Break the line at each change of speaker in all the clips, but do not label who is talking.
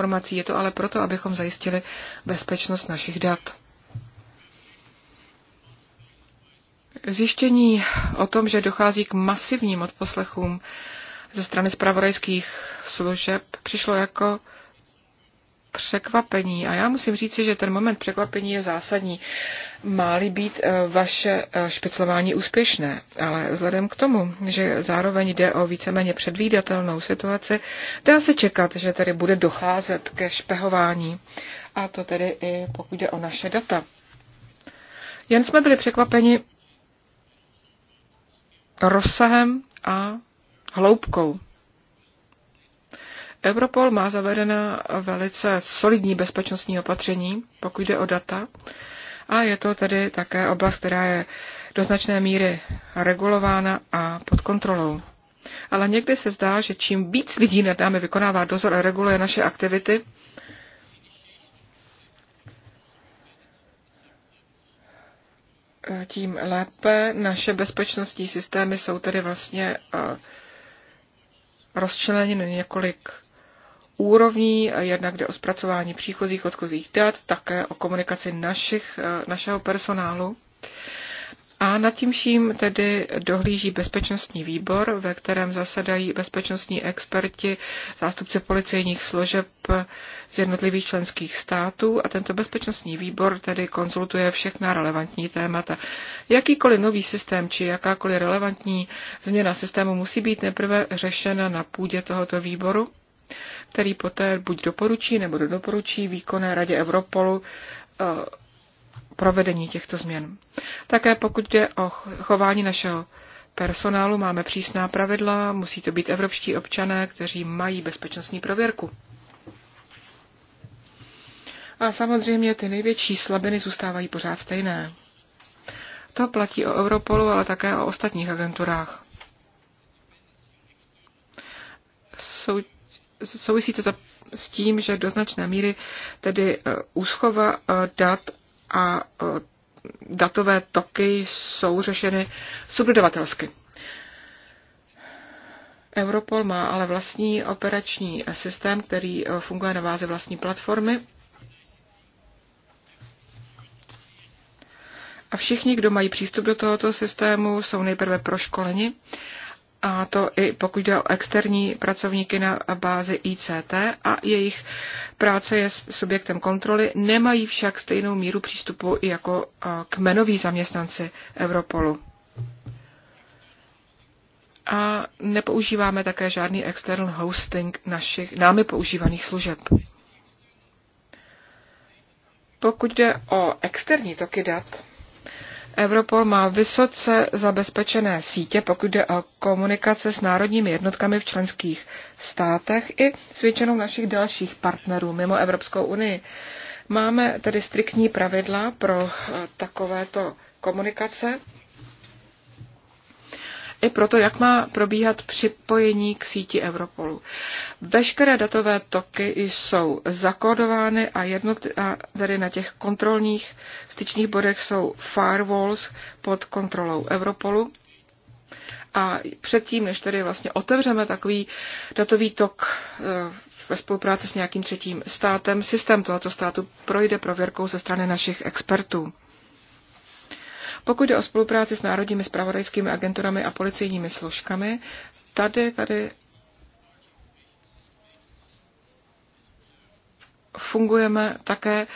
informací. Je to ale proto, abychom zajistili bezpečnost našich dat. Zjištění o tom, že dochází k masivním odposlechům ze strany zpravodajských služeb, přišlo jako překvapení. A já musím říci, že ten moment překvapení je zásadní. Máli být eh, vaše eh, špiclování úspěšné, ale vzhledem k tomu, že zároveň jde o víceméně předvídatelnou situaci, dá se čekat, že tedy bude docházet ke špehování. A to tedy i pokud jde o naše data. Jen jsme byli překvapeni rozsahem a hloubkou Europol má zavedena velice solidní bezpečnostní opatření, pokud jde o data, a je to tedy také oblast, která je do značné míry regulována a pod kontrolou. Ale někdy se zdá, že čím víc lidí nad námi vykonává dozor a reguluje naše aktivity, tím lépe naše bezpečnostní systémy jsou tedy vlastně eh, rozčleněny několik úrovní, jednak jde o zpracování příchozích, odchozích dat, také o komunikaci našich, našeho personálu. A nad tím vším tedy dohlíží bezpečnostní výbor, ve kterém zasedají bezpečnostní experti, zástupci policejních složeb z jednotlivých členských států a tento bezpečnostní výbor tedy konzultuje všechna relevantní témata. Jakýkoliv nový systém či jakákoliv relevantní změna systému musí být nejprve řešena na půdě tohoto výboru který poté buď doporučí nebo doporučí výkonné radě Europolu eh, provedení těchto změn. Také pokud jde o chování našeho personálu, máme přísná pravidla, musí to být evropští občané, kteří mají bezpečnostní prověrku. A samozřejmě ty největší slabiny zůstávají pořád stejné. To platí o Europolu, ale také o ostatních agenturách. Jsou souvisí to za, s tím, že do značné míry tedy eh, úschova eh, dat a eh, datové toky jsou řešeny subdodavatelsky. Europol má ale vlastní operační systém, který funguje na bázi vlastní platformy. A všichni, kdo mají přístup do tohoto systému, jsou nejprve proškoleni a to i pokud jde o externí pracovníky na bázi ICT a jejich práce je subjektem kontroly, nemají však stejnou míru přístupu i jako kmenoví zaměstnanci Europolu. A nepoužíváme také žádný external hosting našich námi používaných služeb. Pokud jde o externí toky dat, Europol má vysoce zabezpečené sítě, pokud jde o komunikace s národními jednotkami v členských státech i s většinou našich dalších partnerů mimo Evropskou unii. Máme tedy striktní pravidla pro eh, takovéto komunikace i proto, jak má probíhat připojení k síti Europolu. Veškeré datové toky jsou zakódovány a, jednot, a tady na těch kontrolních styčných bodech jsou firewalls pod kontrolou Europolu. A předtím, než tady vlastně otevřeme takový datový tok eh, ve spolupráci s nějakým třetím státem, systém tohoto státu projde prověrkou ze strany našich expertů. Pokud jde o spolupráci s národními spravodajskými agenturami a policejními složkami, tady, tady fungujeme také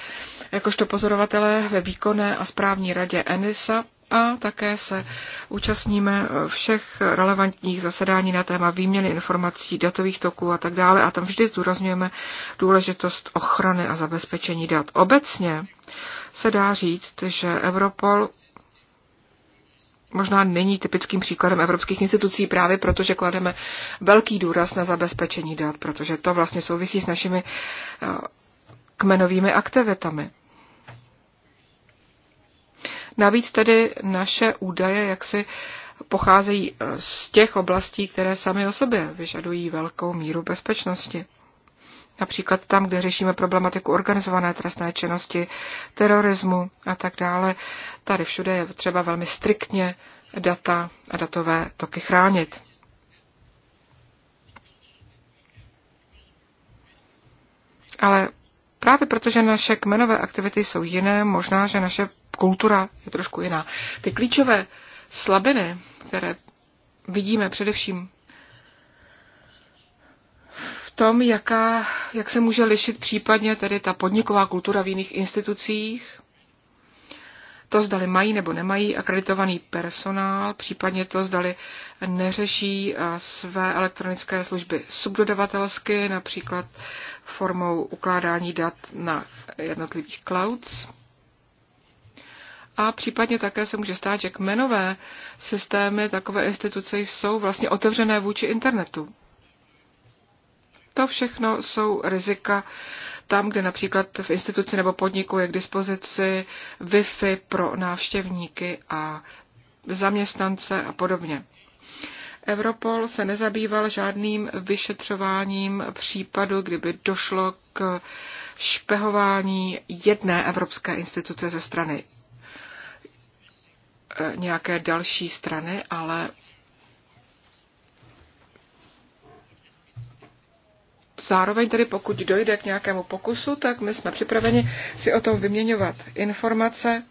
jakožto pozorovatelé ve výkonné a správní radě ENISA a také se účastníme všech relevantních zasedání na téma výměny informací, datových toků a tak dále a tam vždy zdůrazňujeme důležitost ochrany a zabezpečení dat. Obecně se dá říct, že Europol možná není typickým příkladem evropských institucí právě proto, že klademe velký důraz na zabezpečení dat, protože to vlastně souvisí s našimi eh, kmenovými aktivitami. Navíc tedy naše údaje jak si pocházejí eh, z těch oblastí, které sami o sobě vyžadují velkou míru bezpečnosti například tam, kde řešíme problematiku organizované trestné činnosti, terorismu a tak dále. Tady všude je třeba velmi striktně data a datové toky chránit. Ale právě protože naše kmenové aktivity jsou jiné, možná, že naše kultura je trošku jiná. Ty klíčové slabiny, které vidíme především tom, jaká, jak se může lišit případně tedy ta podniková kultura v jiných institucích, to zdali mají nebo nemají akreditovaný personál, případně to zdali neřeší eh, své elektronické služby subdodavatelsky, například formou ukládání dat na jednotlivých clouds. A případně také se může stát, že kmenové systémy takové instituce jsou vlastně otevřené vůči internetu. To všechno jsou rizika tam, kde například v instituci nebo podniku je k dispozici Wi-Fi pro návštěvníky a zaměstnance a podobně. Europol se nezabýval žádným vyšetřováním případu, kdyby došlo k špehování jedné evropské instituce ze strany eh, nějaké další strany, ale Zároveň tedy pokud dojde k nějakému pokusu, tak my jsme připraveni si o tom vyměňovat informace,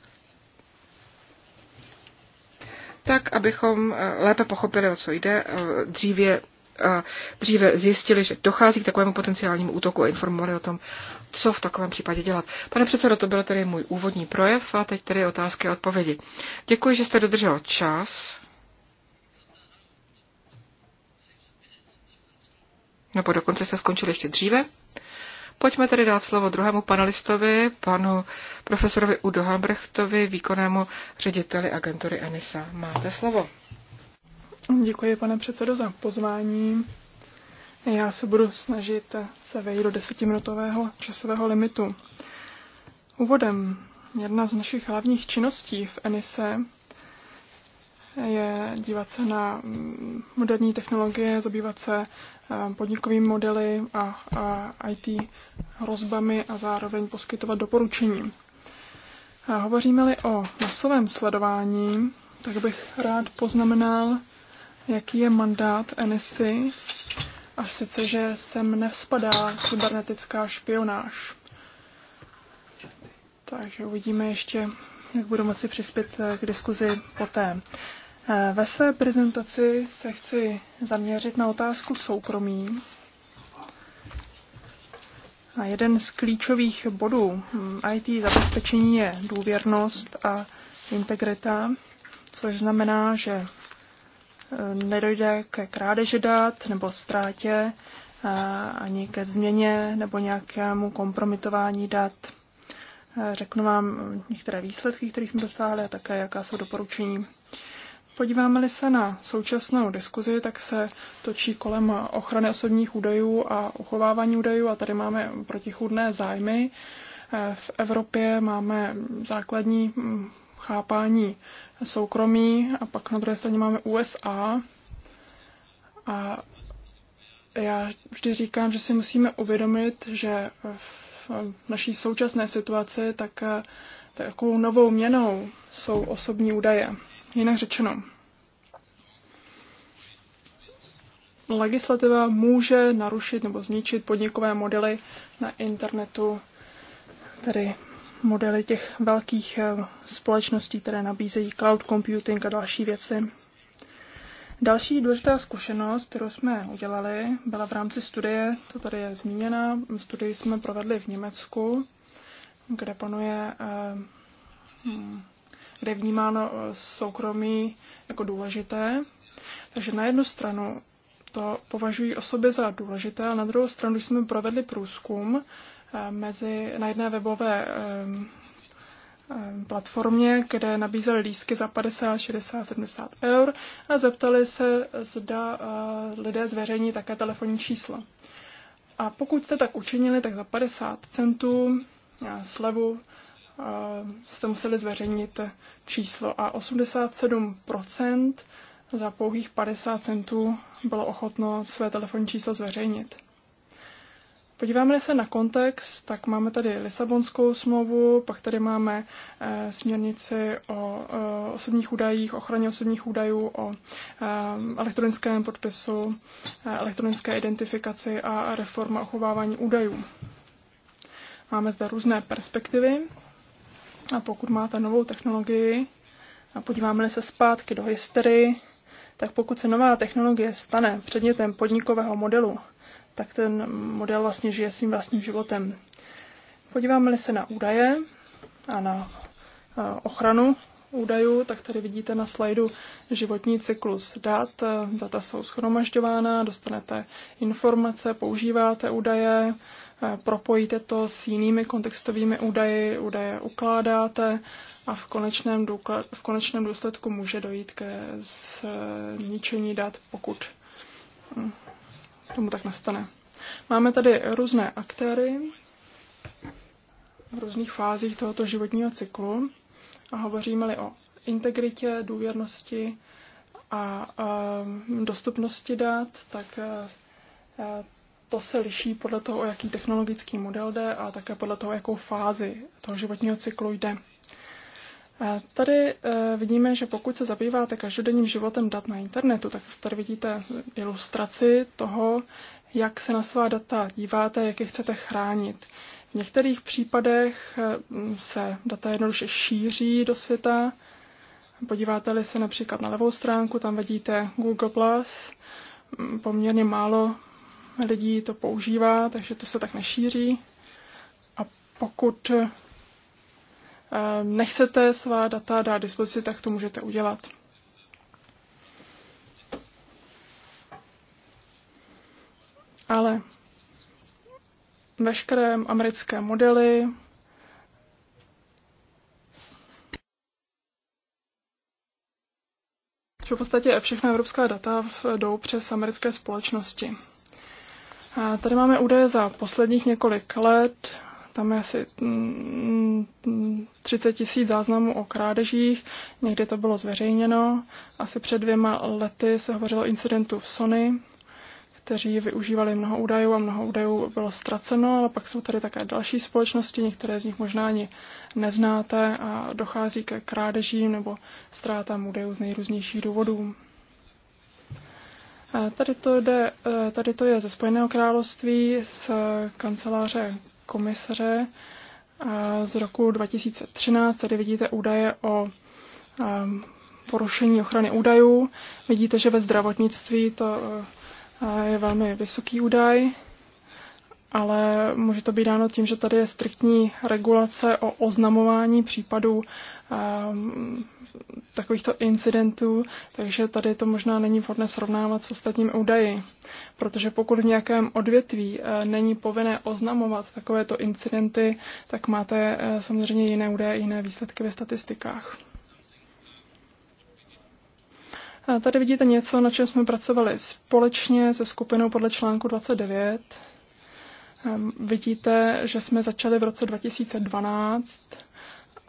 tak abychom eh, lépe pochopili, o co jde, eh, dříve, eh, dříve zjistili, že dochází k takovému potenciálnímu útoku a informovali o tom, co v takovém případě dělat. Pane předsedo, to byl tedy můj úvodní projev a teď tedy otázky a odpovědi. Děkuji, že jste dodržel čas. nebo dokonce se skončil ještě dříve. Pojďme tedy dát slovo druhému panelistovi, panu profesorovi Udo Hambrechtovi, výkonnému řediteli agentury ENISA. Máte
slovo. Děkuji, pane předsedo, za pozvání. Já se budu snažit se vejít do desetiminutového časového limitu. Úvodem jedna z našich hlavních činností v ENISE je dívat se na moderní technologie, zabývat se eh, podnikovými modely a, IT hrozbami a zároveň poskytovat doporučení. Eh, hovoříme-li o masovém sledování, tak bych rád poznamenal, jaký je mandát NSI, a sice, že sem nevzpadá kybernetická špionáž. Takže uvidíme ještě, jak budu moci přispět eh, k diskuzi poté. Eh, ve své prezentaci se chci zaměřit na otázku soukromí. A jeden z klíčových bodů hm, IT zabezpečení je důvěrnost a integrita, což znamená, že eh, nedojde ke krádeži dat nebo ztrátě eh, ani ke změně nebo nějakému kompromitování dat. Řeknu vám některé výsledky, které jsme dosáhli a také jaká jsou doporučení. Podíváme-li se na současnou diskuzi, tak se točí kolem ochrany osobních údajů a uchovávání údajů a tady máme protichůdné zájmy. V Evropě máme základní mm, chápání soukromí a pak na druhé straně máme USA. A já vždy říkám, že si musíme uvědomit, že v naší současné situaci tak takovou novou měnou jsou osobní údaje. Jinak řečeno, legislativa může narušit nebo zničit podnikové modely na internetu, tedy modely těch velkých eh, společností, které nabízejí cloud computing a další věci. Další důležitá zkušenost, kterou jsme udělali, byla v rámci studie, to tady je zmíněna, studii jsme provedli v Německu, kde panuje eh, hmm, kde je vnímáno eh, soukromí jako důležité. Takže na jednu stranu to považují osoby za důležité, ale na druhou stranu, když jsme provedli průzkum eh, mezi, na jedné webové eh, platformě, kde nabízeli lísky za 50, 60, 70 eur a zeptali se, zda lidé zveřejní také telefonní číslo. A pokud jste tak učinili, tak za 50 centů slevu jste museli zveřejnit číslo a 87% za pouhých 50 centů bylo ochotno své telefonní číslo zveřejnit. Podíváme se na kontext, tak máme tady Lisabonskou smlouvu, pak tady máme e, směrnici o e, osobních údajích, ochraně osobních údajů, o e, elektronickém podpisu, e, elektronické identifikaci a reforma ochovávání údajů. Máme zde různé perspektivy a pokud máte novou technologii a podíváme se zpátky do historii, tak pokud se nová technologie stane předmětem podnikového modelu, tak ten model vlastně žije svým vlastním životem. podíváme se na údaje a na eh, ochranu údajů, tak tady vidíte na slajdu životní cyklus dat. Data jsou schromažďována, dostanete informace, používáte údaje, propojíte to s jinými kontextovými údaji, údaje ukládáte a v konečném, důklad, v konečném důsledku může dojít ke zničení dat, pokud hm, tomu tak nastane. Máme tady různé aktéry v různých fázích tohoto životního cyklu a hovoříme-li o integritě, důvěrnosti a dostupnosti dat, tak to se liší podle toho, o jaký technologický model jde a také podle toho, jakou fázi toho životního cyklu jde. Tady e, vidíme, že pokud se zabýváte každodenním životem dat na internetu, tak tady vidíte ilustraci toho, jak se na svá data díváte, jak je chcete chránit. V některých případech e, se data jednoduše šíří do světa. Podíváte-li se například na levou stránku, tam vidíte Google+, poměrně málo lidí to používá, takže to se tak nešíří. A pokud eh, nechcete svá data dát dispozici, tak to můžete udělat. Ale veškeré americké modely že v podstatě všechna evropská data jdou přes americké společnosti. A tady máme údaje za posledních několik let. Tam je asi 30 mm, mm, tisíc záznamů o krádežích. Někdy to bylo zveřejněno. Asi před dvěma lety se hovořilo o incidentu v Sony, kteří využívali mnoho údajů a mnoho údajů bylo ztraceno, ale pak jsou tady také další společnosti, některé z nich možná ani neznáte a dochází ke krádežím nebo ztrátám údajů z nejrůznějších důvodů. Tady to, jde, e, tady to je ze Spojeného království z kanceláře komisaře z roku 2013. Tady vidíte údaje o e, porušení ochrany údajů. Vidíte, že ve zdravotnictví to e, je velmi vysoký údaj ale může to být dáno tím, že tady je striktní regulace o oznamování případů um, takovýchto incidentů, takže tady to možná není vhodné srovnávat s ostatními údaji. Protože pokud v nějakém odvětví eh, není povinné oznamovat takovéto incidenty, tak máte eh, samozřejmě jiné údaje, jiné výsledky ve statistikách. Tady vidíte něco, na čem jsme pracovali společně se skupinou podle článku 29. Ehm, vidíte, že jsme začali v roce 2012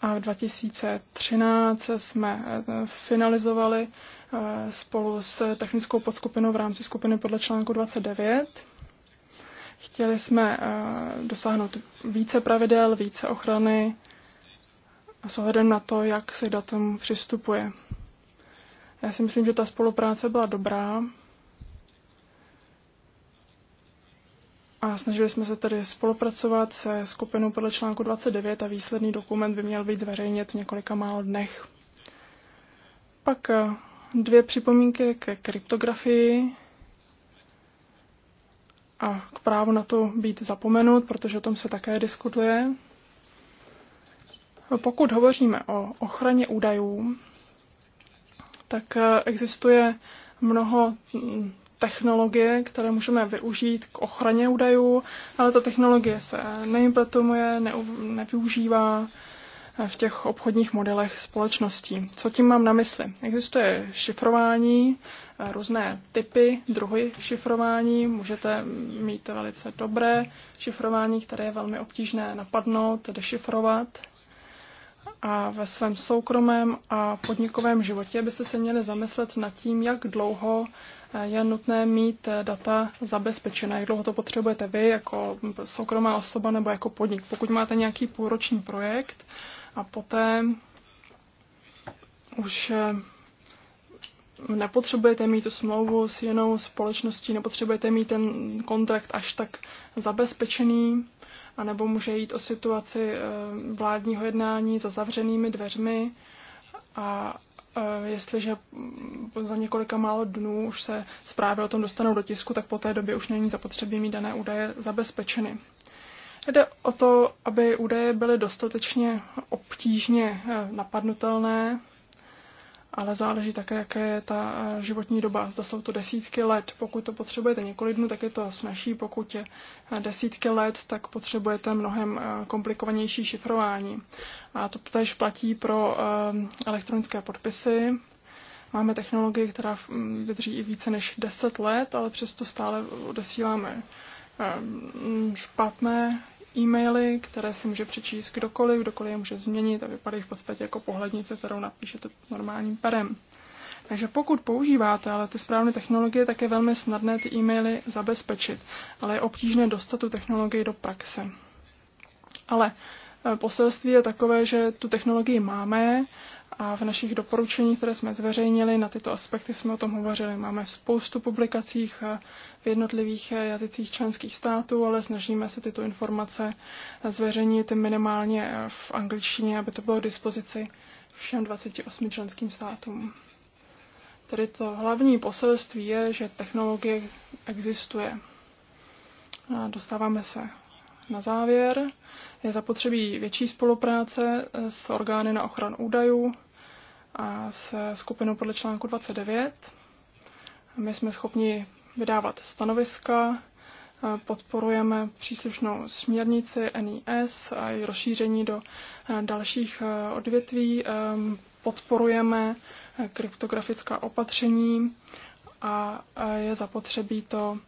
a v 2013 jsme eh, finalizovali eh, spolu s technickou podskupinou v rámci skupiny podle článku 29. Chtěli jsme eh, dosáhnout více pravidel, více ochrany a s ohledem na to, jak se k datům přistupuje. Já si myslím, že ta spolupráce byla dobrá. A snažili jsme se tedy spolupracovat se skupinou podle článku 29 a výsledný dokument by měl být zveřejněn v několika málo dnech. Pak eh, dvě připomínky ke kryptografii a k právu na to být zapomenut, protože o tom se také diskutuje. Pokud hovoříme o ochraně údajů, tak eh, existuje mnoho hm, technologie, které můžeme využít k ochraně údajů, ale ta technologie se neimplementuje, nevyužívá v těch obchodních modelech společností. Co tím mám na mysli? Existuje šifrování, různé typy, druhy šifrování. Můžete mít velice dobré šifrování, které je velmi obtížné napadnout, dešifrovat a ve svém soukromém a podnikovém životě byste se měli zamyslet nad tím, jak dlouho eh, je nutné mít eh, data zabezpečená, jak dlouho to potřebujete vy jako hm, soukromá osoba nebo jako podnik. Pokud máte nějaký půlroční projekt a poté už eh, nepotřebujete mít tu smlouvu s jinou společností, nepotřebujete mít ten kontrakt až tak zabezpečený, anebo může jít o situaci eh, vládního jednání za zavřenými dveřmi a eh, jestliže za několika málo dnů už se zprávy o tom dostanou do tisku, tak po té době už není zapotřebí mít dané údaje zabezpečeny. Jde o to, aby údaje byly dostatečně obtížně eh, napadnutelné, ale záleží také, jaké je ta eh, životní doba. Zda jsou to desítky let. Pokud to potřebujete několik dnů, tak je to snažší. Pokud je eh, desítky let, tak potřebujete mnohem eh, komplikovanější šifrování. A to tež platí pro elektronické podpisy. Máme technologii, která mm, vydrží i více než 10 let, ale přesto stále odesíláme mm, špatné e-maily, které si může přečíst kdokoliv, kdokoliv je může změnit a vypadají v podstatě jako pohlednice, kterou napíšete normálním perem. Takže pokud používáte ale ty správné technologie, tak je velmi snadné ty e-maily zabezpečit, ale je obtížné dostat tu technologii do praxe. Ale eh, poselství je takové, že tu technologii máme a v našich doporučeních, které jsme zveřejnili, na tyto aspekty jsme o tom hovořili. Máme spoustu publikacích eh, v jednotlivých eh, jazycích členských států, ale snažíme se tyto informace zveřejnit minimálně eh, v angličtině, aby to bylo k dispozici všem 28 členským státům. Tedy to hlavní poselství je, že technologie existuje. Dostáváme se na závěr. Je zapotřebí větší spolupráce eh, s orgány na ochranu údajů a se skupinou podle článku 29. My jsme schopni vydávat stanoviska, eh, podporujeme příslušnou směrnici NIS a její rozšíření do eh, dalších odvětví, ehm, podporujeme kryptografická opatření a je zapotřebí to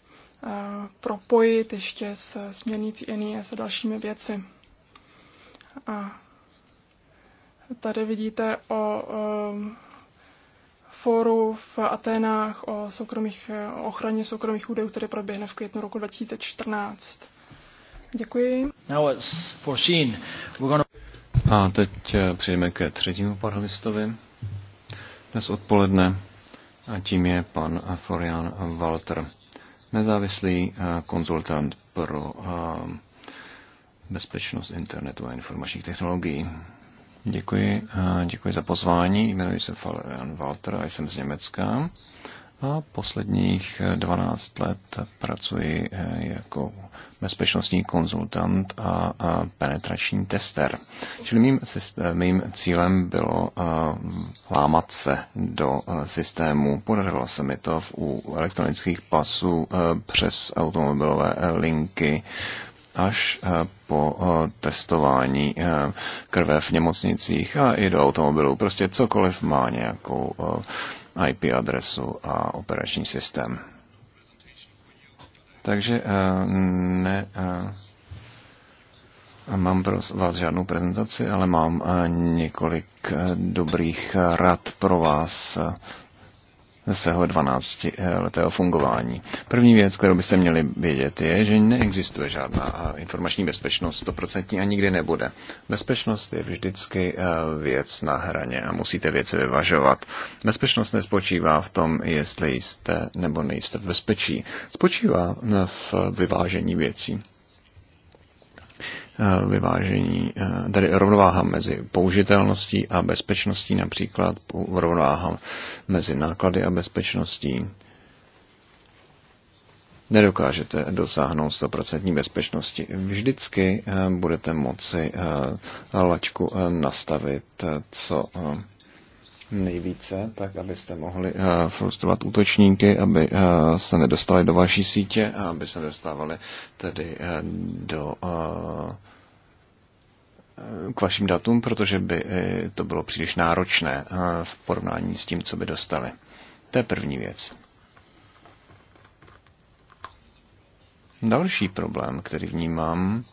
propojit ještě s směrnicí NIS a dalšími věci. A tady vidíte o um, fóru v Aténách o, soukromých, o ochraně soukromých údajů, které proběhne v květnu roku 2014. Děkuji.
Now it's foreseen. We're gonna... A teď eh, přejdeme ke třetímu panelistovi dnes odpoledne a tím je pan Florian Walter nezávislý eh, konzultant pro eh, bezpečnost internetu a informačních technologií. Děkuji, eh, děkuji za pozvání. Jmenuji se Florian Walter a jsem z Německa a posledních 12 let pracuji eh, jako bezpečnostní konzultant a penetrační tester. Čili mým, systém, eh, mým cílem bylo eh, lámat se do systému. Podařilo se mi to v, u elektronických pasů přes automobilové linky až po testování krve v nemocnicích a i do automobilů. Prostě cokoliv má nějakou IP adresu a operační systém. Takže eh, ne, eh, mám pro vás žádnou prezentaci, ale mám eh, několik dobrých rad pro vás ze svého 12 letého fungování. První věc, kterou byste měli vědět, je, že neexistuje žádná informační bezpečnost, stoprocentní a nikdy nebude. Bezpečnost je vždycky e, věc na hraně a musíte věci vyvažovat. Bezpečnost nespočívá v tom, jestli jste nebo nejste v bezpečí. Spočívá v vyvážení věcí. Eh, vyvážení, eh, tedy rovnováha mezi použitelností a bezpečností, například rovnováha mezi náklady a bezpečností. Nedokážete dosáhnout 100% bezpečnosti. Vždycky eh, budete moci lačku nastavit co nejvíce, tak abyste mohli frustrovat útočníky, aby se nedostali do vaší sítě a aby se dostávali tedy do k vašim datům, protože by eh, to bylo příliš náročné eh, v porovnání s tím, co by dostali. To je první věc. Další problém, který vnímám,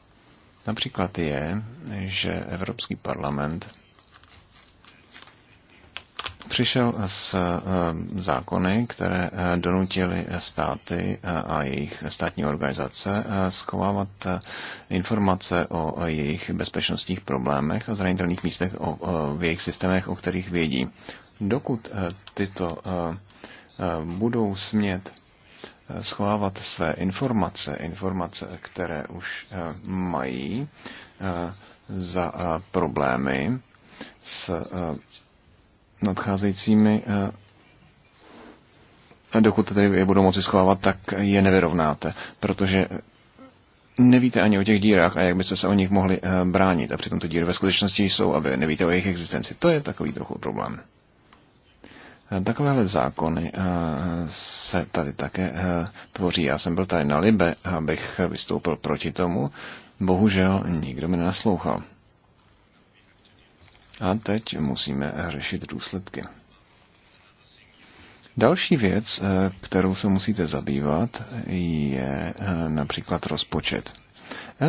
například je, že Evropský parlament přišel s eh, zákony, které eh, donutily státy eh, a jejich státní organizace schovávat informace o jejich bezpečnostních problémech a zranitelných místech v jejich systémech, o kterých vědí. Dokud tyto budou smět schovávat své informace, informace, které už mají za problémy s nadcházejícími eh, dokud tady je budou moci schovávat, tak je nevyrovnáte, protože nevíte ani o těch dírách a jak byste se o nich mohli eh, bránit. A přitom ty díry ve skutečnosti jsou aby nevíte o jejich existenci. To je takový trochu problém. Eh, takovéhle zákony se tady také tvoří. Já jsem byl tady na Libe, abych vystoupil proti tomu. Bohužel nikdo mi nenaslouchal. A teď musíme řešit důsledky. Další věc, eh, kterou se musíte zabývat, je eh, například rozpočet.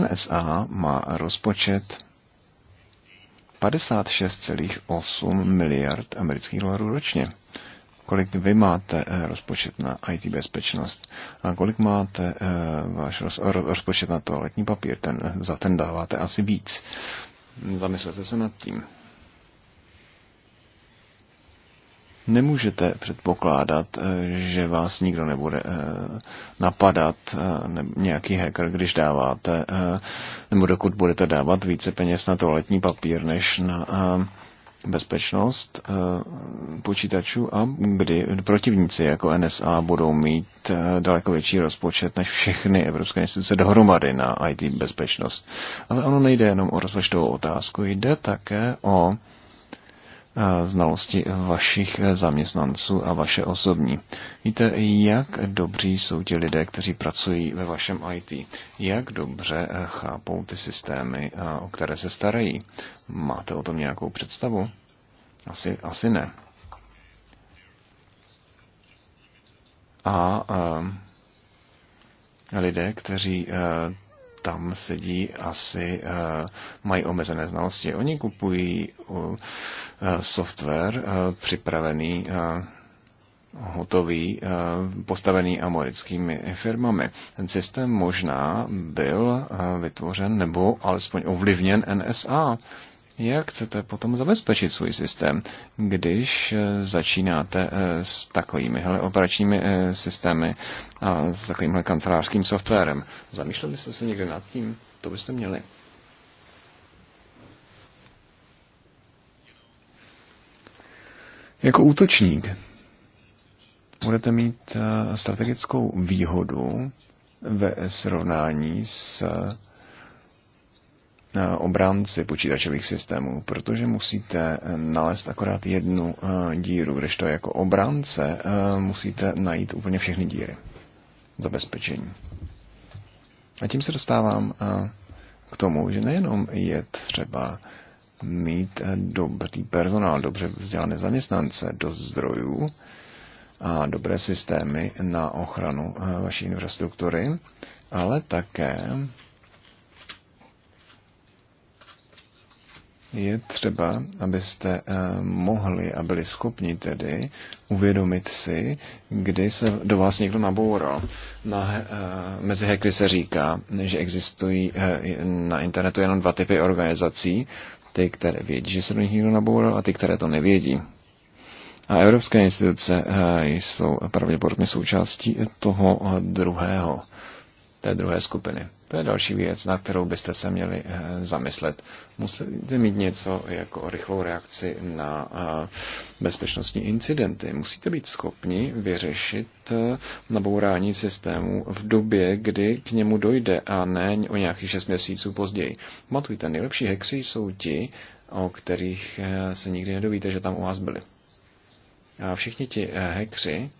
NSA má rozpočet 56,8 miliard amerických dolarů ročně. Kolik vy máte eh, rozpočet na IT bezpečnost a kolik máte váš rozpočet na toaletní papír, ten, za ten dáváte asi víc. Zamyslete se nad tím. nemůžete předpokládat, eh, že vás nikdo nebude eh, napadat eh, nějaký hacker, když dáváte, nebo dokud budete dávat více peněz na toaletní papír než na bezpečnost počítačů a kdy protivníci jako NSA budou mít daleko větší rozpočet než všechny evropské instituce dohromady na IT bezpečnost. Ale ono nejde jenom o rozpočtovou otázku, jde také o Eh, znalosti vašich eh, zaměstnanců a vaše osobní. Víte, jak dobří jsou ti lidé, kteří pracují ve vašem IT? Jak dobře eh, chápou ty systémy, o které se starají? Máte o tom nějakou představu? Asi, asi ne. A, a lidé, kteří tam sedí, asi eh, mají omezené znalosti. Oni kupují eh, software eh, připravený hotový, postavený americkými firmami. Ten systém možná byl vytvořen nebo alespoň ovlivněn NSA, jak chcete potom zabezpečit svůj systém, když eh, začínáte eh, s takovými operačními eh, systémy a s takovýmhle kancelářským softwarem? Zamýšleli jste se někdy nad tím? To byste měli. Jako útočník budete mít strategickou výhodu ve srovnání s Eh, obránci počítačových systémů, protože musíte eh, nalézt akorát jednu eh, díru, kdežto jako obránce musíte najít úplně všechny díry zabezpečení. A tím se dostávám k tomu, že nejenom je třeba mít dobrý personál, dobře vzdělané zaměstnance, do zdrojů a dobré systémy na ochranu vaší infrastruktury, ale také je třeba, abyste eh, mohli a byli schopni tedy uvědomit si, kdy se do vás někdo naboural. Na, eh, mezi hekry se říká, že existují eh, na internetu jenom dva typy organizací, ty, které vědí, že se do nich někdo naboural a ty, které to nevědí. A evropské instituce jsou pravděpodobně součástí toho druhého, té druhé skupiny. To je další věc, na kterou byste se měli eh, zamyslet. Musíte mít něco jako rychlou reakci na eh, bezpečnostní incidenty. Musíte být schopni vyřešit eh, nabourání systému v době, kdy k němu dojde a ne o nějakých 6 měsíců později. Matujte, nejlepší hexy jsou ti, o kterých se nikdy nedovíte, že tam u vás byli. A všichni ti hekři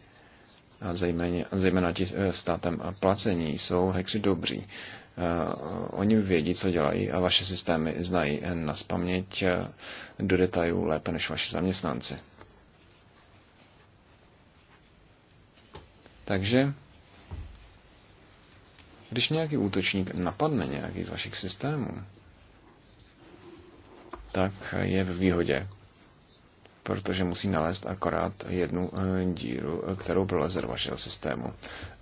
a zejména, zejména ti eh, státem placení, jsou hekři dobří. Eh, oni vědí, co dělají a vaše systémy znají eh, na spaměť do detailů lépe než vaši zaměstnanci. Takže když nějaký útočník napadne nějaký z vašich systémů, tak je v výhodě, protože musí nalézt akorát jednu eh, díru, eh, kterou proleze do vašeho systému.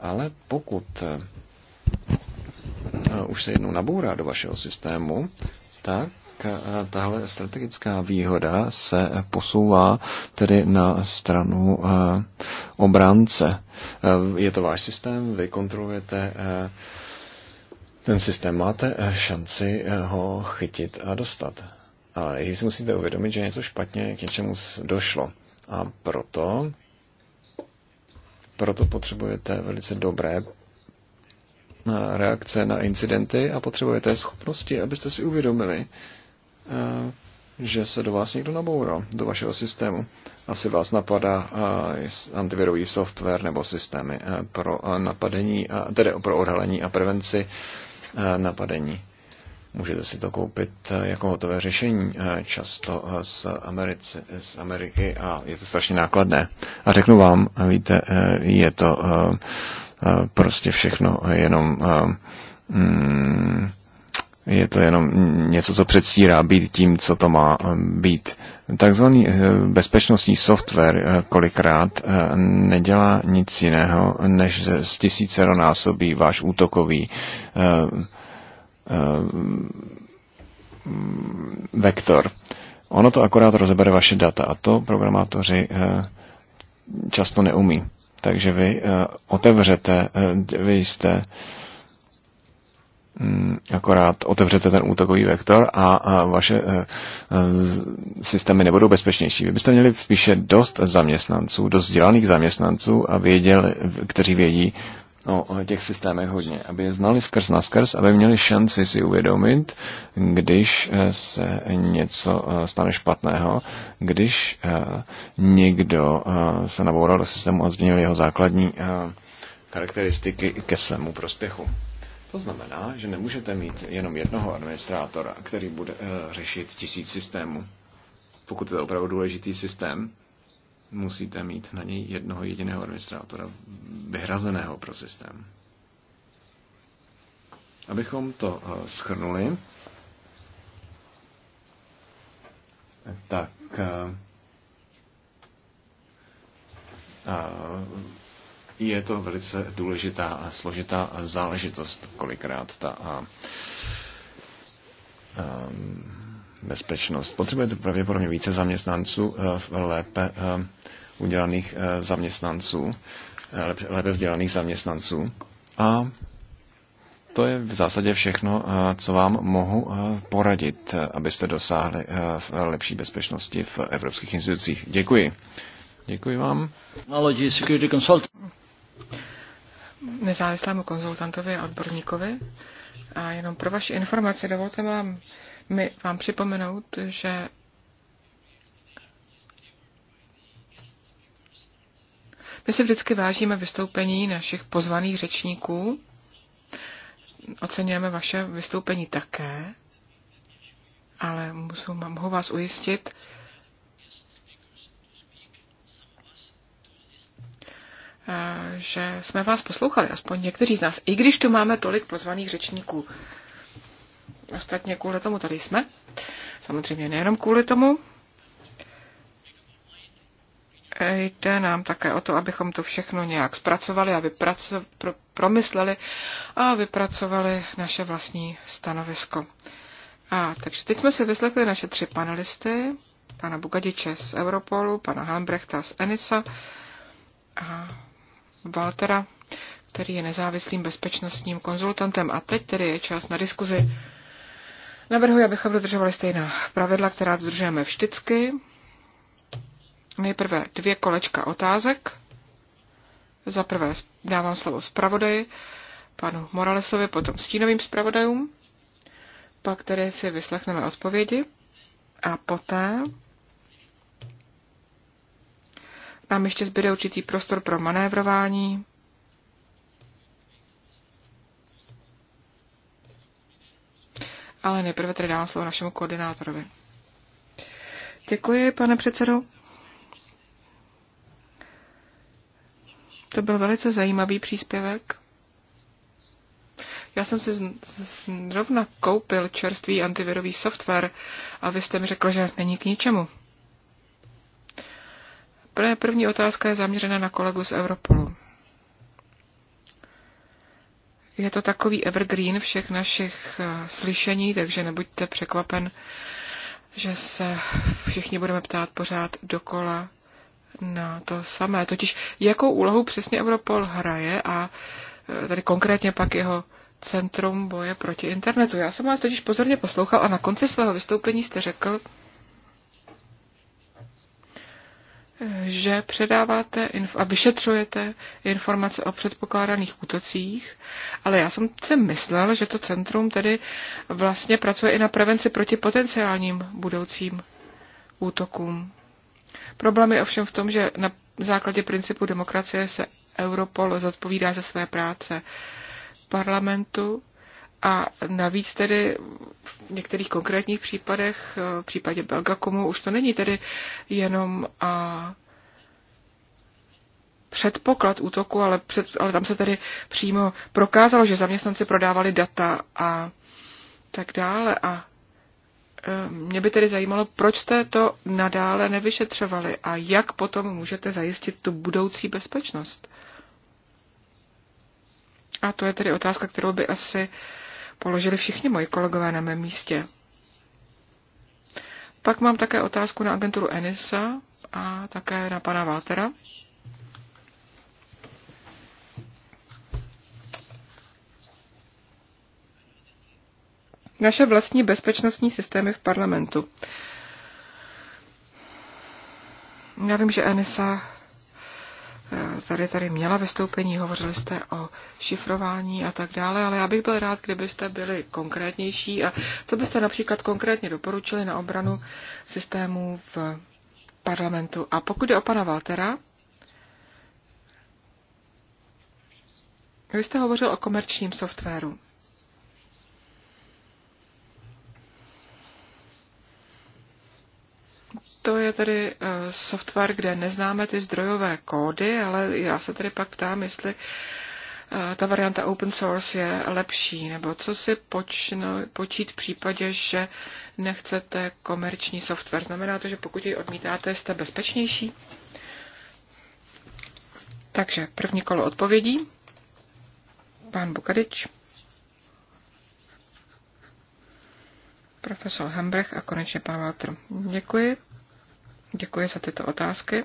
Ale pokud eh, už se jednou nabourá do vašeho systému, tak tahle strategická výhoda se posouvá tedy na stranu obránce. Je to váš systém, vy kontrolujete ten systém, máte šanci ho chytit a dostat. A vy si musíte uvědomit, že něco špatně k něčemu došlo. A proto, proto potřebujete velice dobré eh, reakce na incidenty a potřebujete schopnosti, abyste si uvědomili, eh, že se do vás někdo naboural, do vašeho systému. Asi vás napadá eh, antivirový software nebo systémy pro napadení, tedy pro odhalení a prevenci napadení. Můžete si to koupit eh, jako hotové řešení eh, často eh, z, Americe, z Ameriky a je to strašně nákladné. A řeknu vám, víte, je to prostě všechno jenom mm, je to jenom něco, co předstírá být tím, co to má být. Takzvaný bezpečnostní software kolikrát nedělá nic jiného, než z násobí váš útokový Eh, vektor. Ono to akorát rozebere vaše data a to programátoři eh, často neumí. Takže vy eh, otevřete, vy jste mm, akorát otevřete ten útokový vektor a vaše systémy nebudou bezpečnější. Vy byste měli spíše dost zaměstnanců, dost vzdělaných zaměstnanců, a věděli, kteří vědí, o těch systémech hodně, aby je znali skrz na skrz, aby měli šanci si uvědomit, když eh, se něco eh, stane špatného, když eh, někdo se naboural do systému a změnil jeho základní charakteristiky ke svému prospěchu. To znamená, že nemůžete mít jenom jednoho administrátora, který bude řešit tisíc systémů. Pokud je to opravdu důležitý systém, musíte mít na něj jednoho jediného administrátora vyhrazeného pro systém. Abychom to eh, schrnuli, tak eh, je to velice důležitá a složitá záležitost, kolikrát ta a, a, ehm, bezpečnost. Potřebujete pravděpodobně více zaměstnanců, eh, lépe ehm, udělaných eh, zaměstnanců, eh, lépe vzdělaných zaměstnanců. A to je v zásadě všechno, eh, co vám mohu poradit, abyste dosáhli lepší bezpečnosti v evropských institucích. Děkuji. Děkuji vám.
Nezávislému konzultantovi a odborníkovi. A jenom pro vaši informaci dovolte vám, my vám připomenout, že My si vždycky vážíme vystoupení našich pozvaných řečníků. Oceňujeme vaše vystoupení také, ale musím, mohu vás ujistit, eh, že jsme vás poslouchali, aspoň někteří z nás, i když tu máme tolik pozvaných řečníků. Ostatně kvůli tomu tady jsme. Samozřejmě nejenom kvůli tomu, Jde nám také o to, abychom to všechno nějak zpracovali a vypraco- pro- promysleli a vypracovali naše vlastní stanovisko. A takže teď jsme si vyslechli naše tři panelisty, pana Bugadiče z Europolu, pana Helmbrechta z Enisa a Waltera, který je nezávislým bezpečnostním konzultantem. A teď tedy je čas na diskuzi. Navrhuji, abychom dodržovali stejná pravidla, která dodržujeme vždycky. Nejprve dvě kolečka otázek. Za prvé dávám slovo zpravodaji, panu Moralesovi, potom stínovým zpravodajům. Pak tedy si vyslechneme odpovědi a poté nám ještě zbyde určitý prostor pro manévrování. Ale nejprve tedy dávám slovo našemu koordinátorovi. Děkuji, pane předsedo. To byl velice zajímavý příspěvek. Já jsem si zrovna koupil čerstvý antivirový software a vy jste mi řekl, že není k ničemu. První otázka je zaměřena na kolegu z Europolu. Je to takový evergreen všech našich eh, slyšení, takže nebuďte překvapen, že se všichni budeme ptát pořád dokola na to samé, totiž jakou úlohu přesně Europol hraje a e, tady konkrétně pak jeho Centrum boje proti internetu. Já jsem vás totiž pozorně poslouchal a na konci svého vystoupení jste řekl, že předáváte a vyšetřujete informace o předpokládaných útocích, ale já jsem si myslel, že to centrum tedy vlastně pracuje i na prevenci proti potenciálním budoucím útokům. Problém je ovšem v tom, že na základě principu demokracie se Europol zodpovídá za své práce parlamentu a navíc tedy v některých konkrétních případech, v případě Belgakomu, už to není tedy jenom a, předpoklad útoku, ale, před, ale tam se tedy přímo prokázalo, že zaměstnanci prodávali data a tak dále. A mě by tedy zajímalo, proč jste to nadále nevyšetřovali a jak potom můžete zajistit tu budoucí bezpečnost. A to je tedy otázka, kterou by asi položili všichni moji kolegové na mém místě. Pak mám také otázku na agenturu Enisa a také na pana Waltera. naše vlastní bezpečnostní systémy v parlamentu. Já vím, že Enisa eh, tady, tady měla vystoupení, hovořili jste o šifrování a tak dále, ale já bych byl rád, kdybyste byli konkrétnější a co byste například konkrétně doporučili na obranu systému v parlamentu. A pokud je o pana Waltera, vy jste hovořil o komerčním softwaru. To je tedy eh, software, kde neznáme ty zdrojové kódy, ale já se tedy pak ptám, jestli eh, ta varianta open source je lepší, nebo co si počno, počít v případě, že nechcete komerční software. Znamená to, že pokud ji odmítáte, jste bezpečnější? Takže první kolo odpovědí. Pán Bukadič, profesor Hembrech a konečně pan Walter. Děkuji. Děkuji za tyto otázky.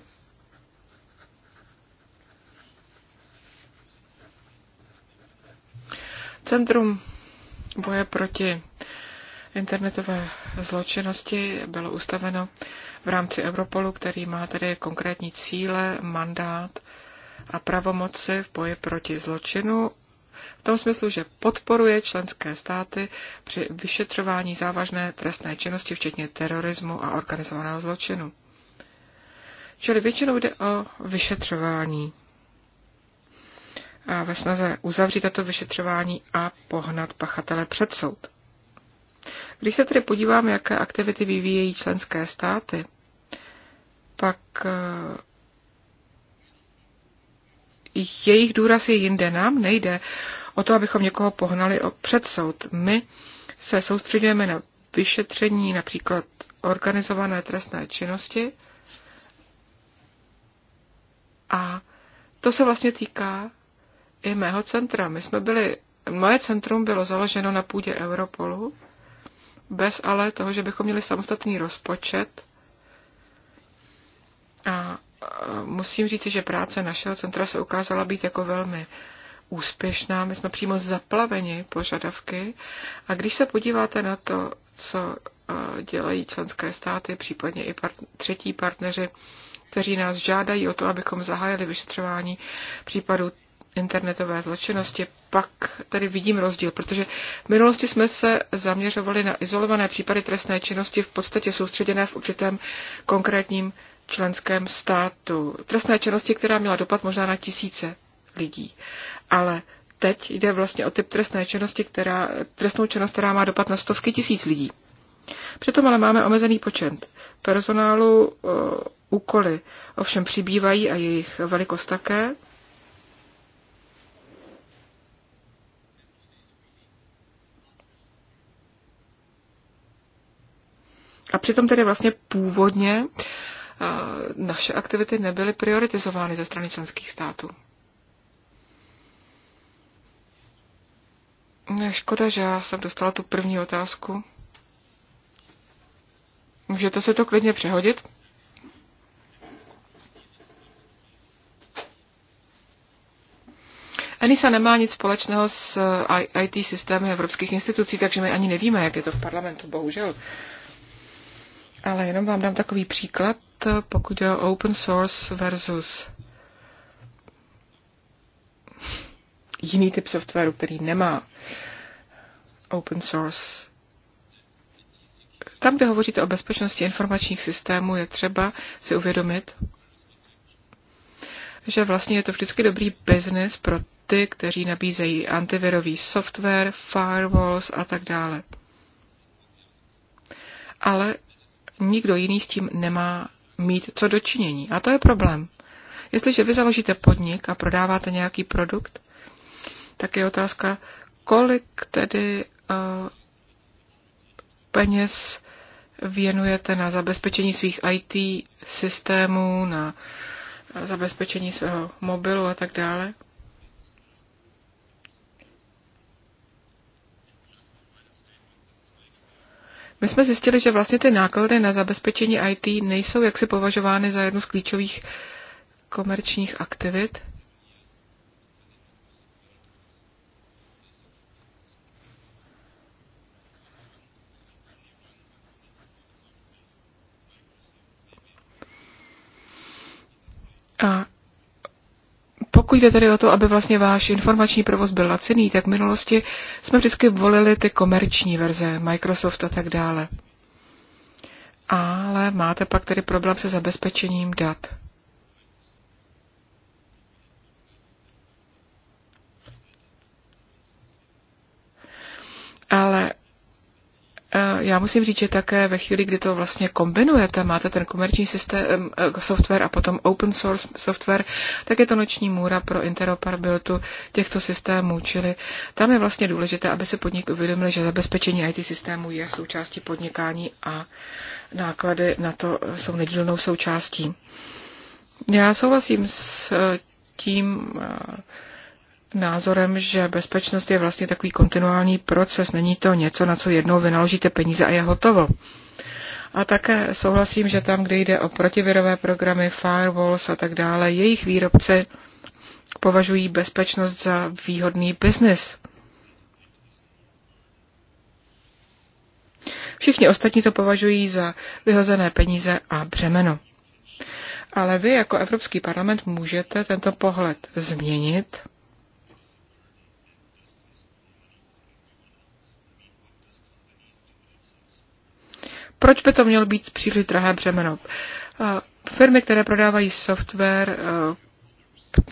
Centrum boje proti internetové zločinnosti bylo ustaveno v rámci Europolu, který má tedy konkrétní cíle, mandát a pravomoci v boji proti zločinu v tom smyslu, že podporuje členské státy při vyšetřování závažné trestné činnosti, včetně terorismu a organizovaného zločinu. Čili většinou jde o vyšetřování. A ve snaze uzavřít tato vyšetřování a pohnat pachatele před soud. Když se tedy podívám, jaké aktivity vyvíjejí členské státy, pak eh, jejich důraz je jinde. Nám nejde o to, abychom někoho pohnali před soud. My se soustředujeme na vyšetření například organizované trestné činnosti a to se vlastně týká i mého centra. My jsme byli, moje centrum bylo založeno na půdě Europolu, bez ale toho, že bychom měli samostatný rozpočet. A e, musím říci, že práce našeho centra se ukázala být jako velmi úspěšná. My jsme přímo zaplaveni požadavky. A když se podíváte na to, co e, dělají členské státy, případně i part- třetí partneři kteří nás žádají o to, abychom zahájili vyšetřování případů internetové zločinnosti, pak tady vidím rozdíl, protože v minulosti jsme se zaměřovali na izolované případy trestné činnosti v podstatě soustředěné v určitém konkrétním členském státu. Trestné činnosti, která měla dopad možná na tisíce lidí. Ale teď jde vlastně o typ trestné činnosti, která, trestnou činnost, která má dopad na stovky tisíc lidí. Přitom ale máme omezený počet personálu, eh, úkoly ovšem přibývají a jejich velikost také. A přitom tedy vlastně původně eh, naše aktivity nebyly prioritizovány ze strany členských států. Škoda, že já jsem dostala tu první otázku. Můžete se to klidně přehodit. Enisa nemá nic společného s eh, IT systémy evropských institucí, takže my ani nevíme, jak je to v parlamentu, bohužel. Ale jenom vám dám takový příklad, eh, pokud je open source versus jiný typ softwaru, který nemá open source tam, kde hovoříte o bezpečnosti informačních systémů, je třeba si uvědomit, že vlastně je to vždycky dobrý biznis pro ty, kteří nabízejí antivirový software, firewalls a tak dále. Ale nikdo jiný s tím nemá mít co dočinění. A to je problém. Jestliže vy založíte podnik a prodáváte nějaký produkt, tak je otázka, kolik tedy uh, peněz věnujete na zabezpečení svých IT systémů, na zabezpečení svého mobilu a tak dále? My jsme zjistili, že vlastně ty náklady na zabezpečení IT nejsou jaksi považovány za jednu z klíčových komerčních aktivit. A pokud jde tedy o to, aby vlastně váš informační provoz byl laciný, tak v minulosti jsme vždycky volili ty komerční verze, Microsoft a tak dále. Ale máte pak tedy problém se zabezpečením dat. Ale já musím říct, že také ve chvíli, kdy to vlastně kombinujete, máte ten komerční systém, eh, software a potom open source software, tak je to noční můra pro interoperabilitu těchto systémů. Čili tam je vlastně důležité, aby se podnik uvědomil, že zabezpečení IT systémů je součástí podnikání a náklady na to eh, jsou nedílnou součástí. Já souhlasím s eh, tím, názorem, že bezpečnost je vlastně takový kontinuální proces, není to něco, na co jednou vynaložíte peníze a je hotovo. A také souhlasím, že tam, kde jde o protivirové programy, firewalls a tak dále, jejich výrobci považují bezpečnost za výhodný biznis. Všichni ostatní to považují za vyhozené peníze a břemeno. Ale vy jako Evropský parlament můžete tento pohled změnit Proč by to mělo být příliš drahé břemeno? Eh, firmy, které prodávají software, eh,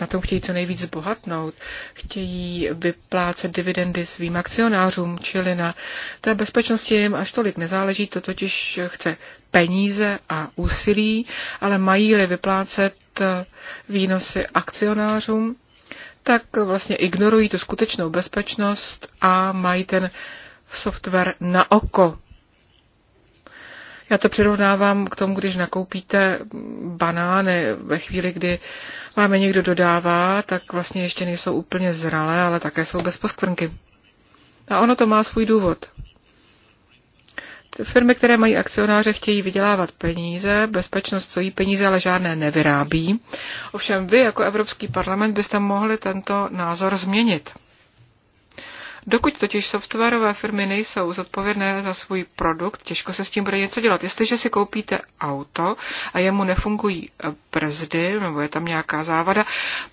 na tom chtějí co nejvíc zbohatnout, chtějí vyplácet dividendy svým akcionářům, čili na té bezpečnosti jim až tolik nezáleží, to totiž chce peníze a úsilí, ale mají-li vyplácet eh, výnosy akcionářům, tak vlastně ignorují tu skutečnou bezpečnost a mají ten software na oko. Já to přirovnávám k tomu, když nakoupíte banány ve chvíli, kdy vám je někdo dodává, tak vlastně ještě nejsou úplně zralé, ale také jsou bez poskvrnky. A ono to má svůj důvod. Firmy, které mají akcionáře, chtějí vydělávat peníze, bezpečnost stojí peníze, ale žádné nevyrábí. Ovšem vy jako Evropský parlament byste mohli tento názor změnit. Dokud totiž softwarové firmy nejsou zodpovědné za svůj produkt, těžko se s tím bude něco dělat. Jestliže si koupíte auto a jemu nefungují eh, brzdy nebo je tam nějaká závada,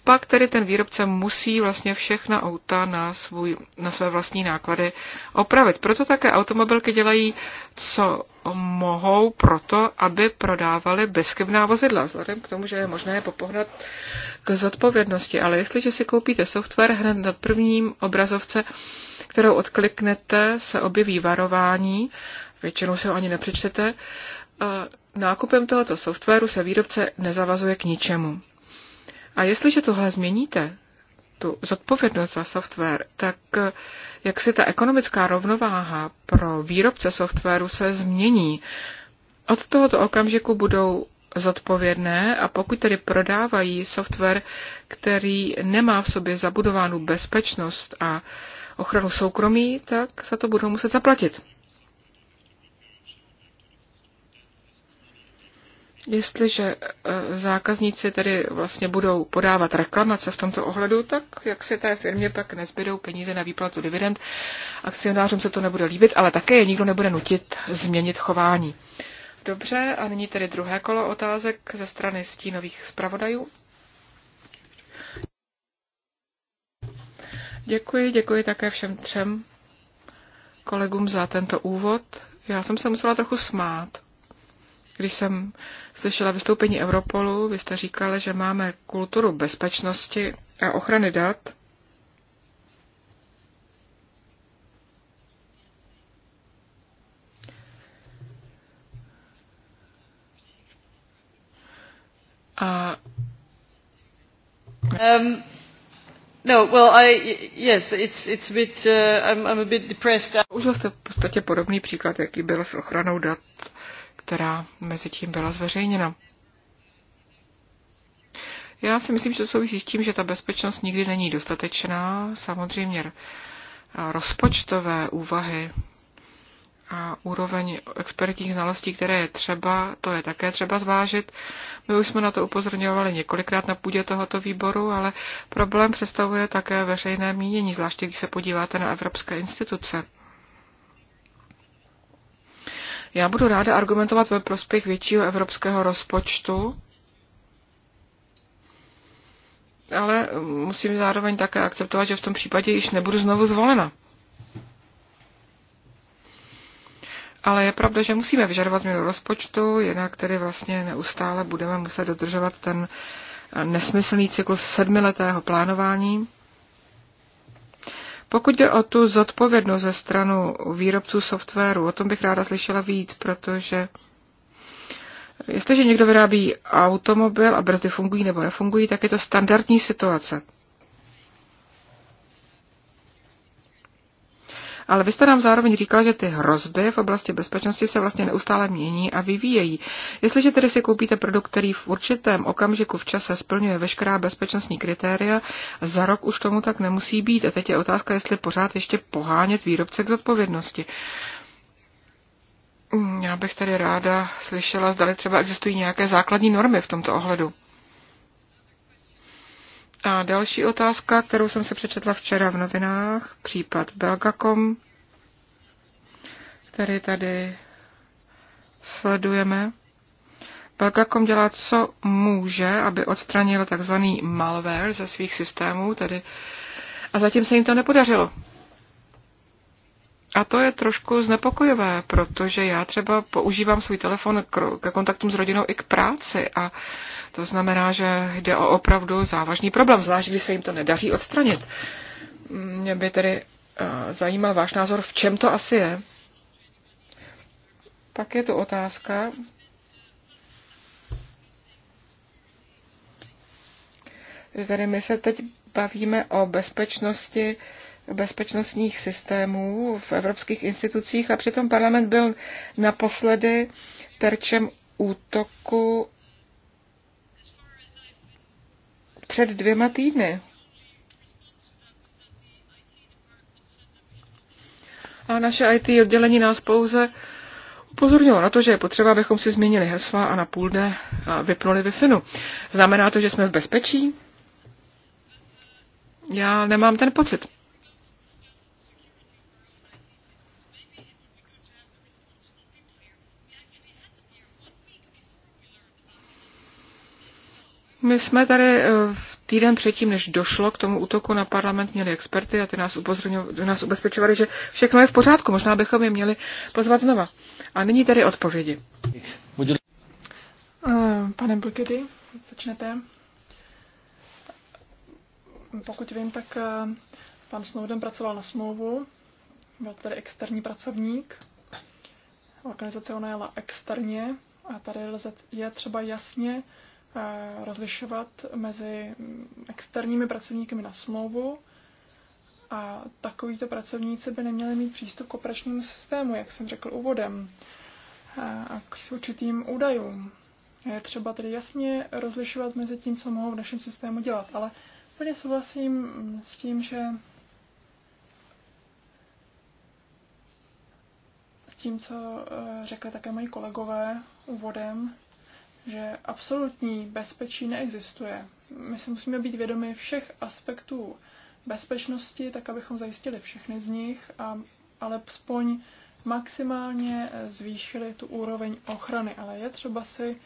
pak tedy ten výrobce musí vlastně všechna auta na, svůj, na své vlastní náklady opravit. Proto také automobilky dělají, co mohou proto, aby prodávali bezchybná vozidla, vzhledem k tomu, že je možné je popohnat k zodpovědnosti. Ale jestliže si koupíte software hned na prvním obrazovce, kterou odkliknete, se objeví varování, většinou se ho ani nepřečtete, nákupem tohoto softwaru se výrobce nezavazuje k ničemu. A jestliže tohle změníte, tu zodpovědnost za software, tak eh, jak si ta ekonomická rovnováha pro výrobce softwaru se změní. Od tohoto okamžiku budou zodpovědné a pokud tedy prodávají software, který nemá v sobě zabudovánu bezpečnost a ochranu soukromí, tak za to budou muset zaplatit. Jestliže e, zákazníci tedy vlastně budou podávat reklamace v tomto ohledu, tak jak se té firmě pak nezbydou peníze na výplatu dividend, akcionářům se to nebude líbit, ale také je nikdo nebude nutit změnit chování. Dobře, a nyní tedy druhé kolo otázek ze strany stínových zpravodajů. Děkuji, děkuji také všem třem kolegům za tento úvod. Já jsem se musela trochu smát, když jsem slyšela vystoupení Europolu, vy jste říkala, že máme kulturu bezpečnosti a ochrany dat.
A um, No, well, I,
yes, it's, it's a bit, uh, I'm, I'm a bit depressed. Užil jste v podstatě podobný příklad, jaký byl s ochranou dat která mezi tím byla zveřejněna. Já si myslím, že to souvisí s tím, že ta bezpečnost nikdy není dostatečná. Samozřejmě rozpočtové úvahy a úroveň expertních znalostí, které je třeba, to je také třeba zvážit. My už jsme na to upozorňovali několikrát na půdě tohoto výboru, ale problém představuje také veřejné mínění, zvláště když se podíváte na evropské instituce. Já budu ráda argumentovat ve prospěch většího evropského rozpočtu, ale musím zároveň také akceptovat, že v tom případě již nebudu znovu zvolena. Ale je pravda, že musíme vyžadovat změnu rozpočtu, jinak tedy vlastně neustále budeme muset dodržovat ten nesmyslný cyklus sedmiletého plánování. Pokud jde o tu zodpovědnost ze stranu výrobců softwaru, o tom bych ráda slyšela víc, protože jestliže někdo vyrábí automobil a brzdy fungují nebo nefungují, tak je to standardní situace. Ale vy jste nám zároveň říkal, že ty hrozby v oblasti bezpečnosti se vlastně neustále mění a vyvíjejí. Jestliže tedy si koupíte produkt, který v určitém okamžiku v čase splňuje veškerá bezpečnostní kritéria, za rok už tomu tak nemusí být. A teď je otázka, jestli pořád ještě pohánět výrobce k zodpovědnosti. Já bych tady ráda slyšela, zda třeba existují nějaké základní normy v tomto ohledu. A další otázka, kterou jsem se přečetla včera v novinách, případ Belgacom, který tady sledujeme. Belgacom dělá, co může, aby odstranil takzvaný malware ze svých systémů, tedy a zatím se jim to nepodařilo. A to je trošku znepokojivé, protože já třeba používám svůj telefon ke kontaktům s rodinou i k práci a to znamená, že jde o opravdu závažný problém, zvlášť když se jim to nedaří odstranit. Mě by tedy eh, zajímal váš názor, v čem to asi je. Pak je tu otázka. Tady my se teď bavíme o bezpečnosti bezpečnostních systémů v evropských institucích a přitom parlament byl naposledy terčem útoku před dvěma týdny. A naše IT oddělení nás pouze upozornilo na to, že je potřeba, abychom si změnili hesla a na půl dne vypnuli wi Znamená to, že jsme v bezpečí? Já nemám ten pocit. My jsme tady eh, v týden předtím, než došlo k tomu útoku na parlament, měli experty a ty nás, nás ubezpečovali, že všechno je v pořádku. Možná bychom je měli pozvat znova. A nyní tady odpovědi. Eh,
pane Blkedy, začnete. Pokud vím, tak eh, pan Snowden pracoval na smlouvu. Byl tady externí pracovník. Organizace ona jela externě a tady je třeba jasně Eh, rozlišovat mezi externími pracovníky na smlouvu a takovýto pracovníci by neměli mít přístup k operačnímu systému, jak jsem řekl úvodem, eh, a k určitým údajům. Je třeba tedy jasně rozlišovat mezi tím, co mohou v našem systému dělat, ale plně souhlasím s tím, že s tím, co eh, řekli také moji kolegové úvodem, že absolutní bezpečí neexistuje. My si musíme být vědomi všech aspektů bezpečnosti, tak abychom zajistili všechny z nich, a, ale spoň maximálně zvýšili tu úroveň ochrany. Ale je třeba si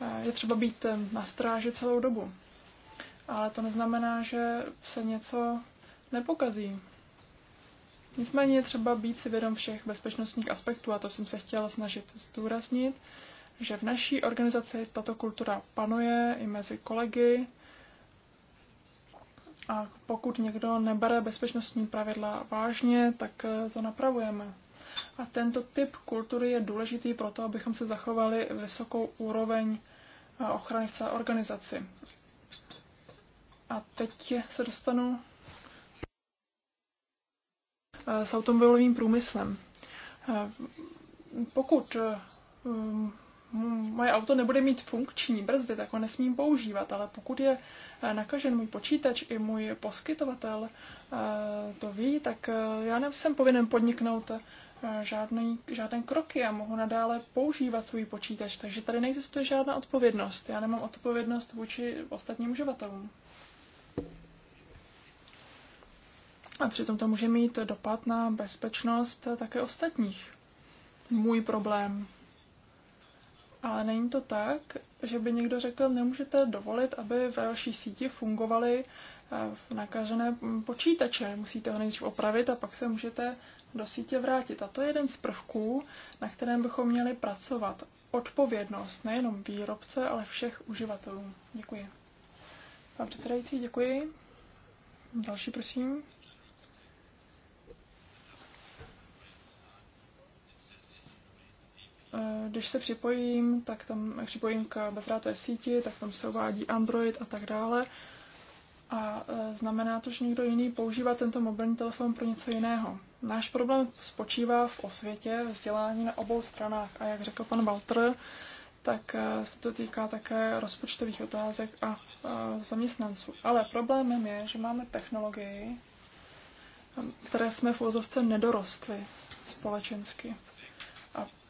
eh, je třeba být eh, na stráži celou dobu. Ale to neznamená, že se něco nepokazí. Nicméně je třeba být si vědom všech bezpečnostních aspektů a to jsem se chtěla snažit zdůraznit že v naší organizaci tato kultura panuje i mezi kolegy. A pokud někdo nebere bezpečnostní pravidla vážně, tak eh, to napravujeme. A tento typ kultury je důležitý pro to, abychom se zachovali vysokou úroveň eh, ochrany v celé organizaci. A teď se dostanu eh, s automobilovým průmyslem. Pokud Hm, moje auto nebude mít funkční brzdy, tak ho nesmím používat, ale pokud je eh, nakažen můj počítač i můj poskytovatel eh, to ví, tak eh, já nejsem povinen podniknout žádný, žádné kroky a mohu nadále používat svůj počítač, takže tady neexistuje žádná odpovědnost. Já nemám odpovědnost vůči ostatním uživatelům. A přitom to může mít dopad na bezpečnost také ostatních. Můj problém ale není to tak, že by někdo řekl, nemůžete dovolit, aby ve vaší síti fungovaly eh, nakažené počítače. Musíte ho nejdřív opravit a pak se můžete do sítě vrátit. A to je jeden z prvků, na kterém bychom měli pracovat. Odpovědnost nejenom výrobce, ale všech uživatelů. Děkuji. Pan předsedající, děkuji. Další, prosím. Eh, když se připojím, tak tam připojím k bezdrátové síti, tak tam se uvádí Android a tak dále. A eh, znamená to, že někdo jiný používá tento mobilní telefon pro něco jiného. Náš problém spočívá v osvětě, vzdělání na obou stranách. A jak řekl pan Walter, tak eh, se to týká také rozpočtových otázek a zaměstnanců. Ale problémem je, že máme technologii, které jsme v úzovce nedorostli společensky.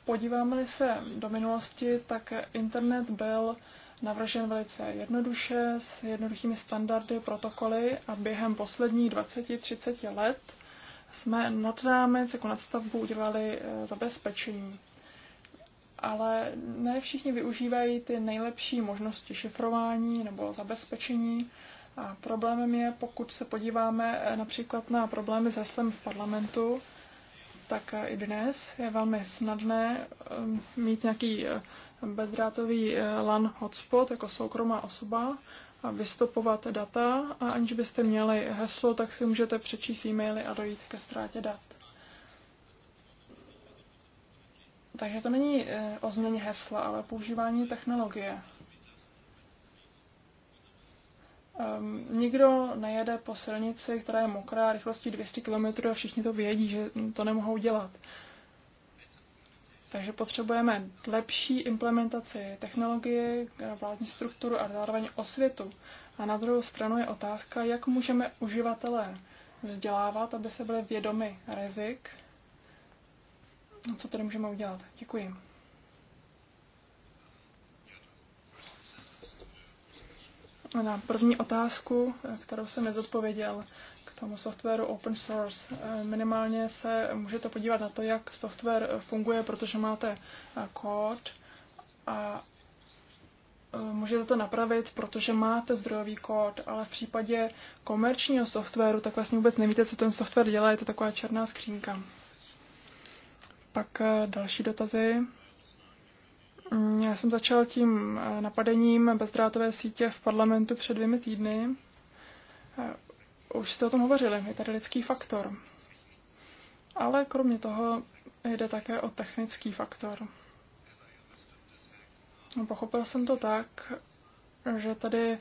Podíváme-li se do minulosti, tak internet byl navržen velice jednoduše, s jednoduchými standardy, protokoly a během posledních 20-30 let jsme nad rámec jako nadstavbu udělali eh, zabezpečení. Ale ne všichni využívají ty nejlepší možnosti šifrování nebo zabezpečení. A problémem je, pokud se podíváme eh, například na problémy s heslem v parlamentu, tak i dnes je velmi snadné um, mít nějaký eh, bezdrátový eh, LAN hotspot jako soukromá osoba a vystupovat data a aniž byste měli heslo, tak si můžete přečíst e-maily a dojít ke ztrátě dat. Takže to není eh, o změně hesla, ale používání technologie. Um, nikdo nejede po silnici, která je mokrá rychlostí 200 km a všichni to vědí, že to nemohou dělat. Takže potřebujeme lepší implementaci technologie, vládní strukturu a zároveň osvětu. A na druhou stranu je otázka, jak můžeme uživatelé vzdělávat, aby se byli vědomi rizik. Co tedy můžeme udělat? Děkuji. na první otázku, kterou jsem nezodpověděl k tomu softwaru open source. Eh, minimálně se můžete podívat na to, jak software funguje, protože máte eh, kód a eh, můžete to napravit, protože máte zdrojový kód, ale v případě komerčního softwaru tak vlastně vůbec nevíte, co ten software dělá, je to taková černá skřínka. Pak další dotazy. Mm, já jsem začal tím eh, napadením bezdrátové sítě v parlamentu před dvěmi týdny. Eh, už jste o tom hovořili, je tady lidský faktor. Ale kromě toho jde také o technický faktor. No, pochopil jsem to tak, že tady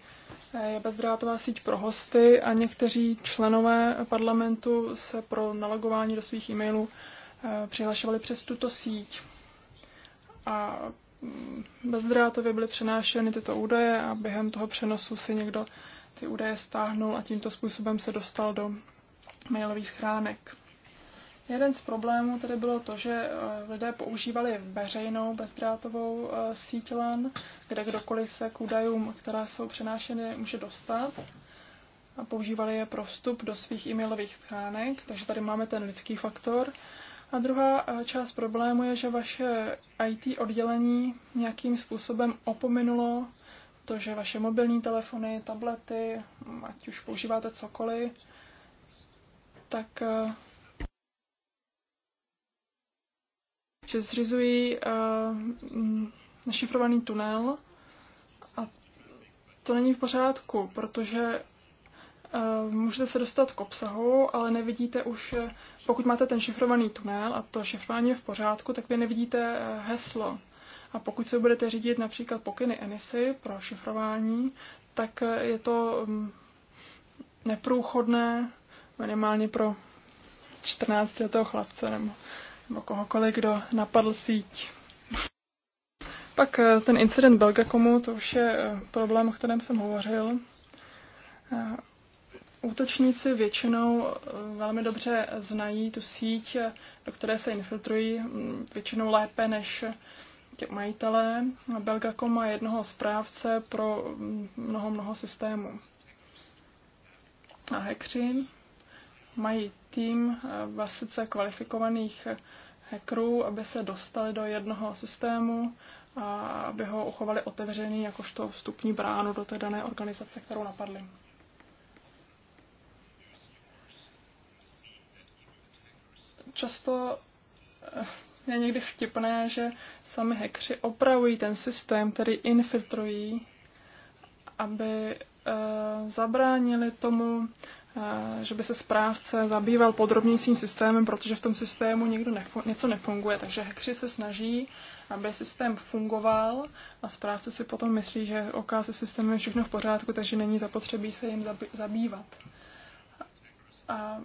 eh, je bezdrátová síť pro hosty a někteří členové parlamentu se pro nalogování do svých e-mailů přihlašovali přes tuto síť. A bezdrátově byly přenášeny tyto údaje a během toho přenosu si někdo ty údaje stáhnul a tímto způsobem se dostal do mailových schránek. Jeden z problémů tedy bylo to, že eh, lidé používali veřejnou bezdrátovou eh, síť LAN, kde kdokoliv se k údajům, která jsou přenášeny, může dostat. A používali je pro vstup do svých e-mailových schránek, takže tady máme ten lidský faktor. A druhá eh, část problému je, že vaše IT oddělení nějakým způsobem opominulo to, že vaše mobilní telefony, tablety, ať už používáte cokoliv, tak eh, že zřizují uh, eh, mm, našifrovaný tunel a to není v pořádku, protože Eh, můžete se dostat k obsahu, ale nevidíte už, eh, pokud máte ten šifrovaný tunel a to šifrování je v pořádku, tak vy nevidíte eh, heslo. A pokud se budete řídit například pokyny Enisy pro šifrování, tak je to mm, neprůchodné minimálně pro 14-letého chlapce nebo, nebo kohokoliv, kdo napadl síť. Pak ten incident Belgakomu, to už je problém, o kterém jsem hovořil. Útočníci většinou eh, velmi dobře znají tu síť, eh, do které se infiltrují, mm, většinou lépe než eh, tě majitelé. Belgacom má jednoho správce pro mm, mnoho, mnoho systémů. A hackři mají tým vlastně kvalifikovaných hackerů, aby se dostali do jednoho systému a aby ho uchovali otevřený jakožto vstupní bránu do té dané organizace, kterou napadli. často eh, je někdy vtipné, že sami hekři opravují ten systém, který infiltrují, aby eh, zabránili tomu, eh, že by se správce zabýval podrobnějším systémem, protože v tom systému někdo nefo- něco nefunguje. Takže hekři se snaží, aby systém fungoval a správce si potom myslí, že OK, se je všechno v pořádku, takže není zapotřebí se jim zabývat. A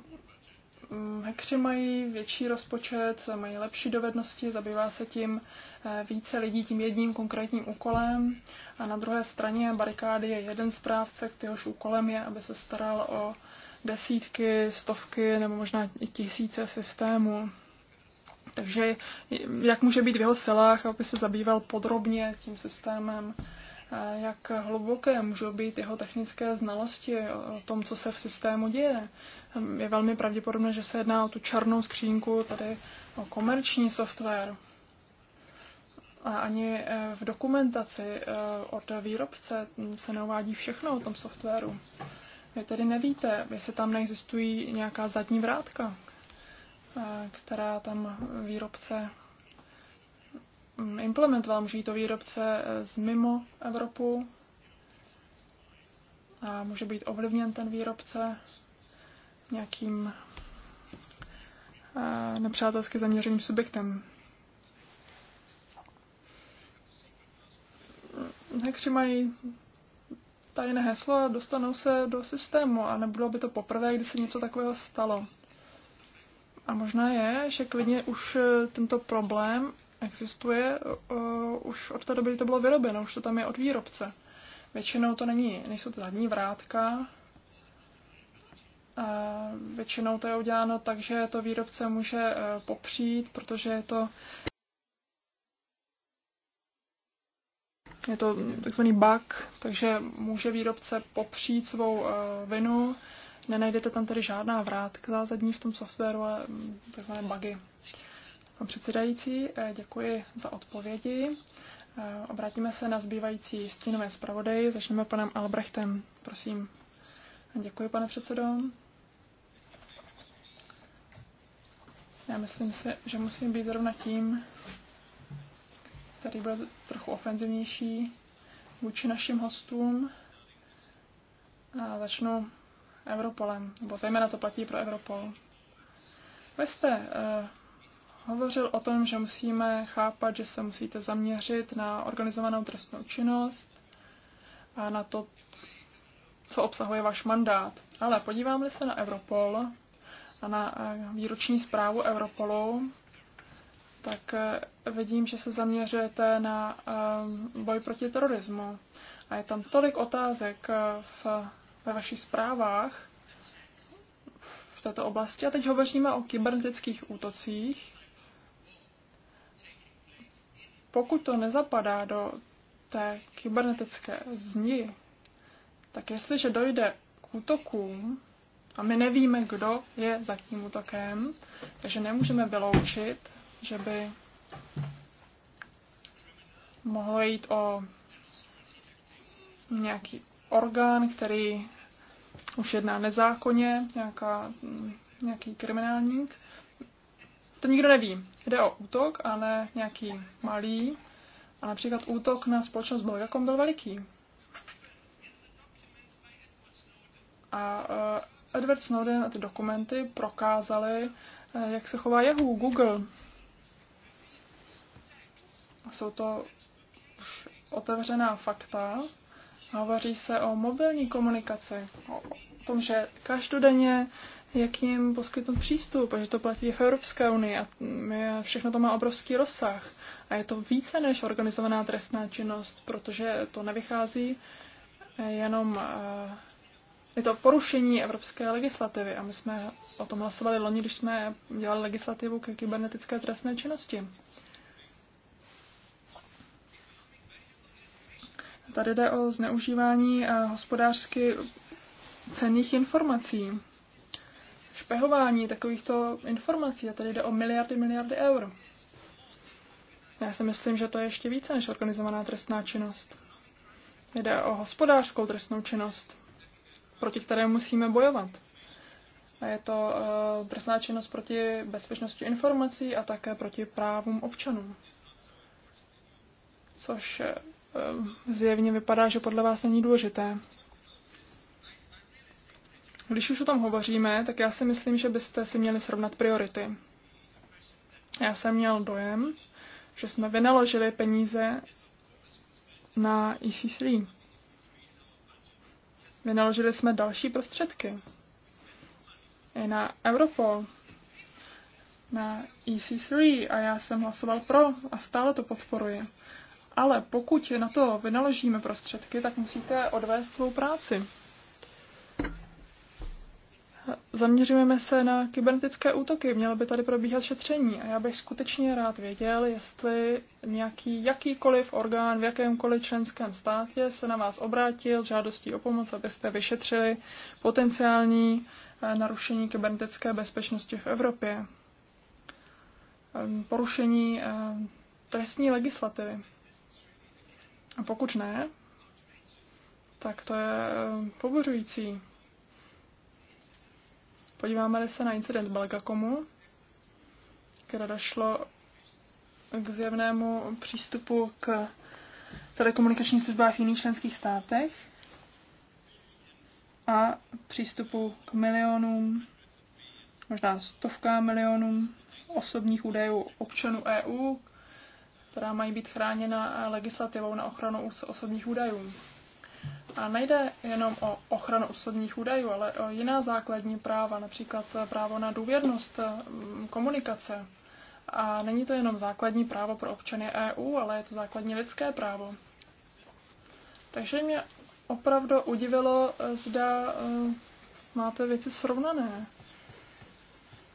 Mm, hekři mají větší rozpočet, mají lepší dovednosti, zabývá se tím eh, více lidí tím jedním konkrétním úkolem. A na druhé straně barikády je jeden zprávce, kterýž úkolem je, aby se staral o desítky, stovky nebo možná i tisíce systémů. Takže jak může být v jeho silách, aby se zabýval podrobně tím systémem jak hluboké můžou být jeho technické znalosti o tom, co se v systému děje. Je velmi pravděpodobné, že se jedná o tu černou skřínku, tady o komerční software. A ani e, v dokumentaci e, od výrobce se neuvádí všechno o tom softwaru. Vy tedy nevíte, jestli tam neexistují nějaká zadní vrátka, e, která tam výrobce implementoval. Může jít to výrobce eh, z mimo Evropu a může být ovlivněn ten výrobce nějakým eh, nepřátelsky zaměřeným subjektem. Hekři mají tajné heslo a dostanou se do systému a nebylo by to poprvé, kdy se něco takového stalo. A možná je, že klidně už eh, tento problém existuje, uh, už od té doby, kdy to bylo vyrobeno, už to tam je od výrobce. Většinou to není, nejsou to zadní vrátka, Uh, většinou to je uděláno tak, že to výrobce může eh, popřít, protože je to je to takzvaný bug, takže může výrobce popřít svou eh, vinu. Nenajdete tam tedy žádná vrátka zadní v tom softwaru, ale mm, takzvané bugy. Pan předsedající, eh, děkuji za odpovědi. Eh, obrátíme se na zbývající stínové zpravodaji. Začneme panem Albrechtem, prosím. Děkuji, pane předsedo. Já myslím si, že musím být zrovna tím, který byl trochu ofenzivnější vůči našim hostům. A začnu Europolem, nebo zejména to platí pro Europol. Vy jste eh, hovořil o tom, že musíme chápat, že se musíte zaměřit na organizovanou trestnou činnost a na to, co obsahuje váš mandát. Ale podíváme se na Europol a na eh, výroční zprávu Europolu, tak eh, vidím, že se zaměřujete na eh, boj proti terorismu. A je tam tolik otázek v, ve vašich zprávách v této oblasti. A teď hovoříme o kybernetických útocích pokud to nezapadá do té kybernetické zni, tak jestliže dojde k útokům, a my nevíme, kdo je za tím útokem, takže nemůžeme vyloučit, že by mohlo jít o nějaký orgán, který už jedná nezákonně, nějaká, nějaký kriminálník to nikdo neví. Jde o útok, ale nějaký malý. A například útok na společnost Belgacom byl veliký. A uh, Edward Snowden a ty dokumenty prokázaly, uh, jak se chová Yahoo, Google. A jsou to už otevřená fakta. Hovoří se o mobilní komunikaci, o tom, že každodenně uh, jak jim poskytnout přístup a že to platí v Evropské unii a všechno to má obrovský rozsah. A je to více než organizovaná trestná činnost, protože to nevychází jenom eh, je to porušení evropské legislativy a my jsme o tom hlasovali loni, když jsme dělali legislativu ke kybernetické trestné činnosti. Tady jde o zneužívání eh, hospodářsky cenných informací špehování takovýchto informací. A tady jde o miliardy, miliardy eur. Já si myslím, že to je ještě více než organizovaná trestná činnost. Jde o hospodářskou trestnou činnost, proti které musíme bojovat. A je to uh, trestná činnost proti bezpečnosti informací a také proti právům občanů. Což uh, zjevně vypadá, že podle vás není důležité. Když už o tom hovoříme, tak já si myslím, že byste si měli srovnat priority. Já jsem měl dojem, že jsme vynaložili peníze na EC3. Vynaložili jsme další prostředky. I na Europol, na EC3 a já jsem hlasoval pro a stále to podporuji. Ale pokud na to vynaložíme prostředky, tak musíte odvést svou práci. Zaměřujeme se na kybernetické útoky, mělo by tady probíhat šetření a já bych skutečně rád věděl, jestli nějaký jakýkoliv orgán v jakémkoliv členském státě se na vás obrátil s žádostí o pomoc, abyste vyšetřili potenciální eh, narušení kybernetické bezpečnosti v Evropě, ehm, porušení eh, trestní legislativy. A pokud ne, tak to je eh, pobořující podíváme se na incident Belgakomu, kde došlo k zjevnému přístupu k telekomunikačních službách v jiných členských státech a přístupu k milionům, možná stovkám milionům osobních údajů občanů EU, která mají být chráněna legislativou na ochranu osobních údajů. A nejde jenom o ochranu osobních údajů, ale o jiná základní práva, například právo na důvěrnost mm, komunikace. A není to jenom základní právo pro občany EU, ale je to základní lidské právo. Takže mě opravdu udivilo, zda eh, máte věci srovnané.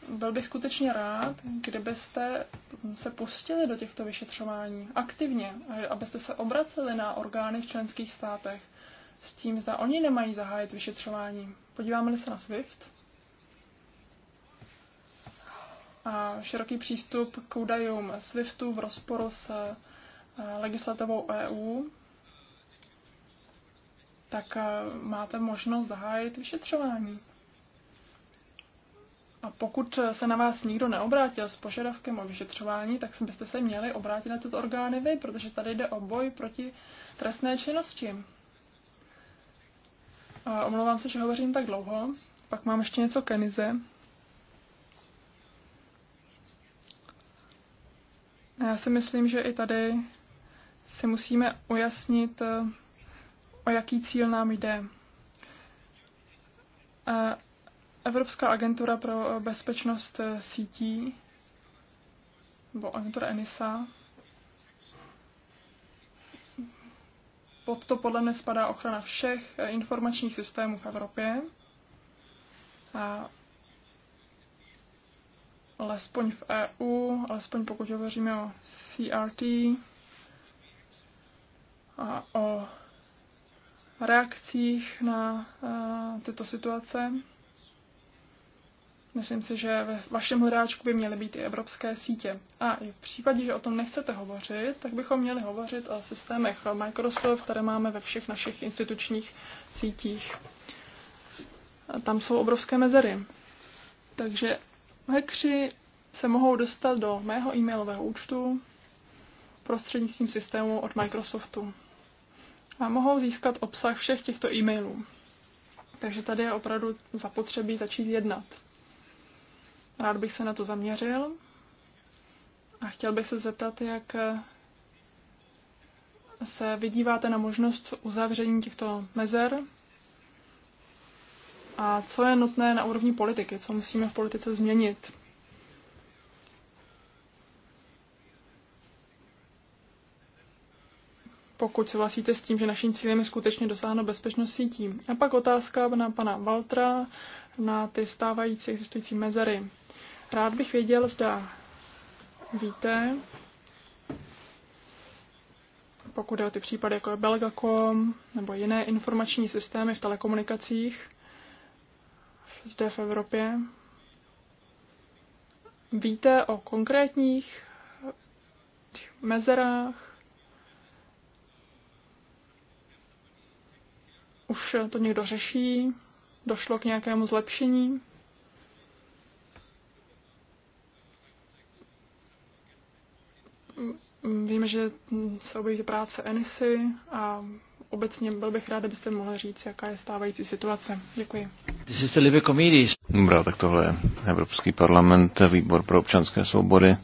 Byl bych skutečně rád, kdybyste se pustili do těchto vyšetřování aktivně, abyste se obraceli na orgány v členských státech s tím, zda oni nemají zahájit vyšetřování. Podíváme-li se na SWIFT a široký přístup k údajům SWIFTu v rozporu s eh, legislativou EU, tak eh, máte možnost zahájit vyšetřování. A pokud eh, se na vás nikdo neobrátil s požadavkem o vyšetřování, tak byste se měli obrátit na tyto orgány vy, protože tady jde o boj proti trestné činnosti. Omlouvám se, že hovořím tak dlouho. Pak mám ještě něco Kenize. Já si myslím, že i tady si musíme ujasnit, eh, o jaký cíl nám jde. Eh, Evropská agentura pro eh, bezpečnost sítí, nebo agentura ENISA, pod to podle mě spadá ochrana všech eh, informačních systémů v Evropě. A alespoň v EU, alespoň pokud hovoříme o CRT a o reakcích na eh, tyto situace. Myslím si, že ve vašem hledáčku by měly být i evropské sítě. A i v případě, že o tom nechcete hovořit, tak bychom měli hovořit o systémech Microsoft, které máme ve všech našich institučních sítích. A tam jsou obrovské mezery. Takže hekři se mohou dostat do mého e-mailového účtu prostřednictvím systému od Microsoftu. A mohou získat obsah všech těchto e-mailů. Takže tady je opravdu zapotřebí začít jednat. Rád bych se na to zaměřil a chtěl bych se zeptat, jak se vydíváte na možnost uzavření těchto mezer a co je nutné na úrovni politiky, co musíme v politice změnit. pokud souhlasíte s tím, že naším cílem je skutečně dosáhnout bezpečnost sítí. A pak otázka na pana Valtra na ty stávající existující mezery. Rád bych věděl, zda víte, pokud jde o ty případy, jako je Belgacom nebo jiné informační systémy v telekomunikacích zde v Evropě. Víte o konkrétních mezerách? Už to někdo řeší? Došlo k nějakému zlepšení? Mm, Víme, že se objevíte práce Enisy a obecně byl bych rád, kdybyste mohli říct, jaká je stávající situace. Děkuji.
Dobrá, tak tohle je Evropský parlament, výbor pro občanské svobody.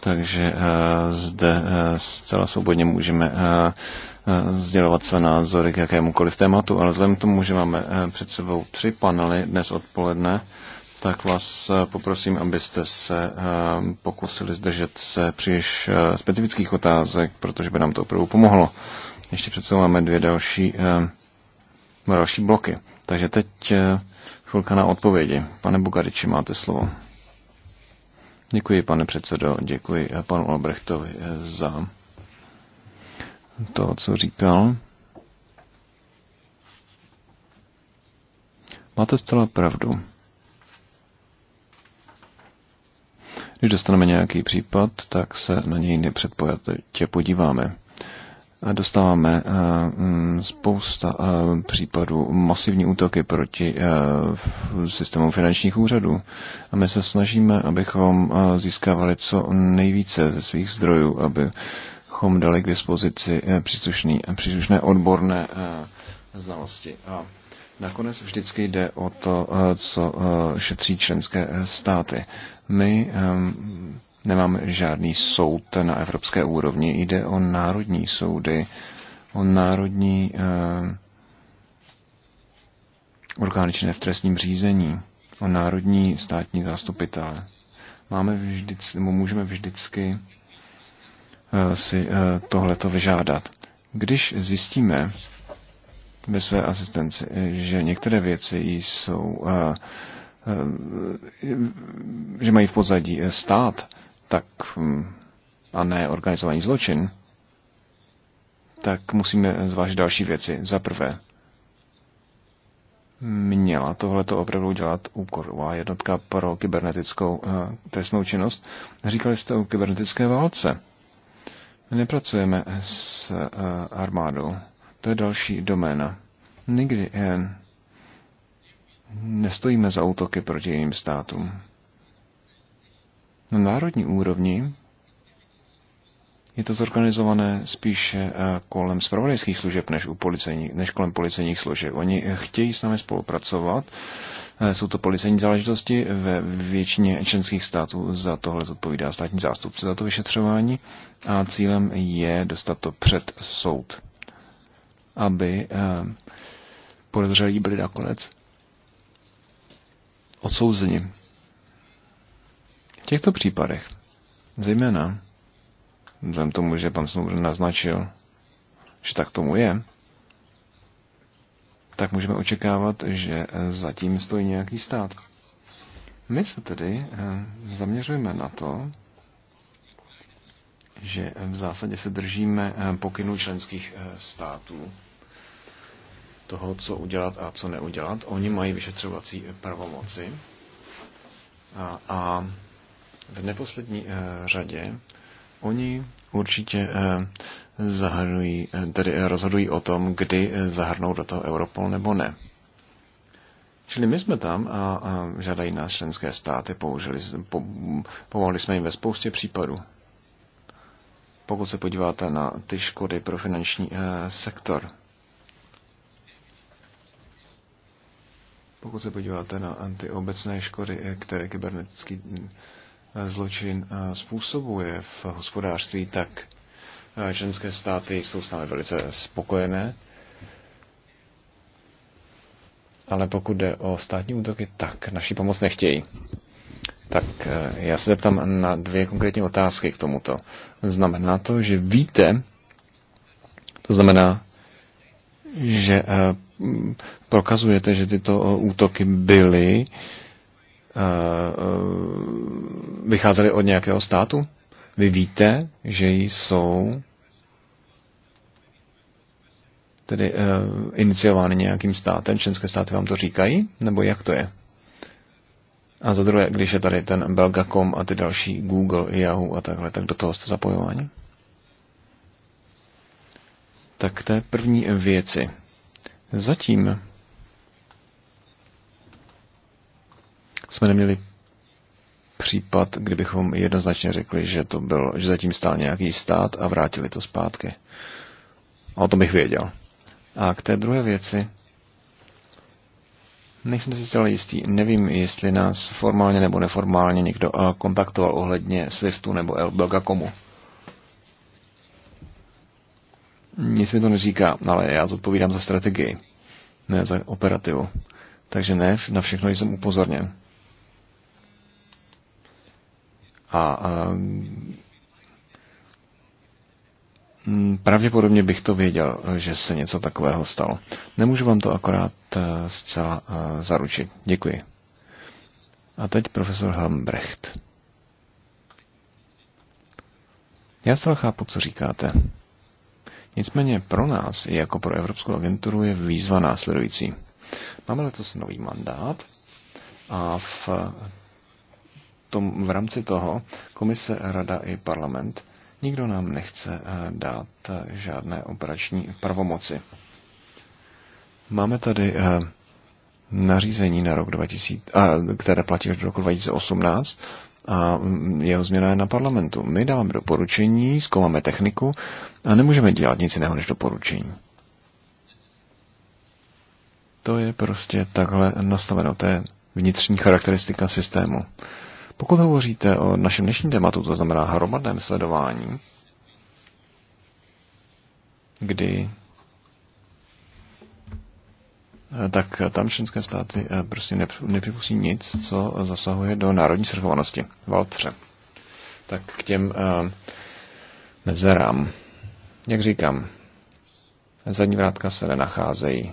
Takže eh, zde eh, zcela svobodně můžeme eh, sdělovat své názory k jakémukoliv tématu, ale vzhledem k tomu, že máme před sebou tři panely dnes odpoledne, tak vás eh, poprosím, abyste se eh, pokusili zdržet se příliš eh, specifických otázek, protože by nám to opravdu pomohlo. Ještě přece máme dvě další, další bloky. Takže teď chvilka na odpovědi. Pane Bugariči, máte slovo. Děkuji, pane předsedo, děkuji panu Albrechtovi za to, co říkal. Máte zcela pravdu. Když dostaneme nějaký případ, tak se na něj nepředpojatě podíváme. Dostáváme eh, mm, spousta eh, případů, masivní útoky proti eh, systému finančních úřadů. A my se snažíme, abychom získávali co nejvíce ze svých zdrojů, abychom dali k dispozici příslušné odborné znalosti a Nakonec vždycky jde o to, eh, co eh, šetří členské eh, státy. My ehm, nemáme žádný soud na evropské úrovni, jde o národní soudy, o národní ehm, orgány činné v trestním řízení, o národní státní zástupitele. Máme vždycky, můžeme vždycky si tohleto vyžádat. Když zjistíme, ve své asistenci, eh, že některé věci jsou, eh, eh, že mají v pozadí stát, tak hm, a ne organizovaný zločin, tak musíme zvážit další věci. Za prvé, měla tohleto opravdu dělat úkorová jednotka pro kybernetickou trestnou činnost. Říkali jste o kybernetické válce. My nepracujeme s armádou. To je další doména. Nikdy jen eh, nestojíme za útoky proti jiným státům. Na národní úrovni je to zorganizované spíše eh, kolem spravodajských služeb než, u policejní, než kolem policejních služeb. Oni eh, chtějí s námi spolupracovat. Jsou to policejní záležitosti. Ve většině členských států za tohle zodpovídá státní zástupce za to vyšetřování a cílem je dostat to před soud aby eh, podezřelí byli nakonec odsouzeni. V těchto případech, zejména vzhledem tomu, že pan Snoubr naznačil, že tak tomu je, tak můžeme očekávat, že eh, zatím stojí nějaký stát. My se tedy eh, zaměřujeme na to, že v zásadě se držíme pokynů členských států toho, co udělat a co neudělat. Oni mají vyšetřovací pravomoci a, a v neposlední eh, řadě oni určitě eh, zahrnují, eh, tedy rozhodují o tom, kdy zahrnou do toho Europol nebo ne. Čili my jsme tam a, a žádají nás členské státy, použili, po, pomohli jsme jim ve spoustě případů. Pokud se podíváte na ty škody pro finanční e, sektor, Pokud se podíváte na eh, ty obecné škody, eh, které kybernetický hm, eh, zločin způsobuje v hospodářství, tak členské státy jsou s námi velice spokojené. Ale pokud jde o státní útoky, tak naší pomoc nechtějí. Tak já se zeptám na dvě konkrétní otázky k tomuto. Znamená to, že víte, to znamená, že eh, prokazujete, že tyto eh, útoky byly, eh, vycházely od nějakého státu? Vy víte, že jsou tedy iniciovány nějakým státem? Členské státy vám to říkají? Nebo jak to je? A za druhé, když je tady ten Belgacom a ty další Google, Yahoo a takhle, tak do toho jste zapojováni? Tak to je první věci. Zatím jsme neměli případ, kdybychom jednoznačně řekli, že to byl, že zatím stál nějaký stát a vrátili to zpátky. O tom bych věděl. A k té druhé věci, nejsem si zcela jistý, nevím, jestli nás formálně nebo neformálně někdo eh, kontaktoval ohledně Swiftu nebo Elbelga komu. Nic mi to neříká, ale já zodpovídám za strategii, ne za operativu. Takže ne, na všechno jsem upozorněn. A, a mm, Pravděpodobně bych to věděl, že se něco takového stalo. Nemůžu vám to akorát eh, zcela eh, zaručit. Děkuji. A teď profesor Hambrecht. Já zcela chápu, co říkáte. Nicméně pro nás, jako pro Evropskou agenturu, je výzva následující. Máme letos nový mandát a v, tom, v rámci toho komise, rada i parlament nikdo nám nechce eh, dát eh, žádné operační pravomoci. Máme tady eh, nařízení na rok 2000, které platí do roku 2018 a jeho změna je na parlamentu. My dáváme doporučení, zkoumáme techniku a nemůžeme dělat nic jiného než doporučení. To je prostě takhle nastaveno, to je vnitřní charakteristika systému. Pokud hovoříte o našem dnešním tématu, to znamená hromadném sledování, kdy Eh, tak eh, tam členské státy eh, prostě nepřipustí nic, co zasahuje do národní srchovanosti. Valtře. Tak k těm mezerám. Jak říkám, zadní vrátka se nenacházejí.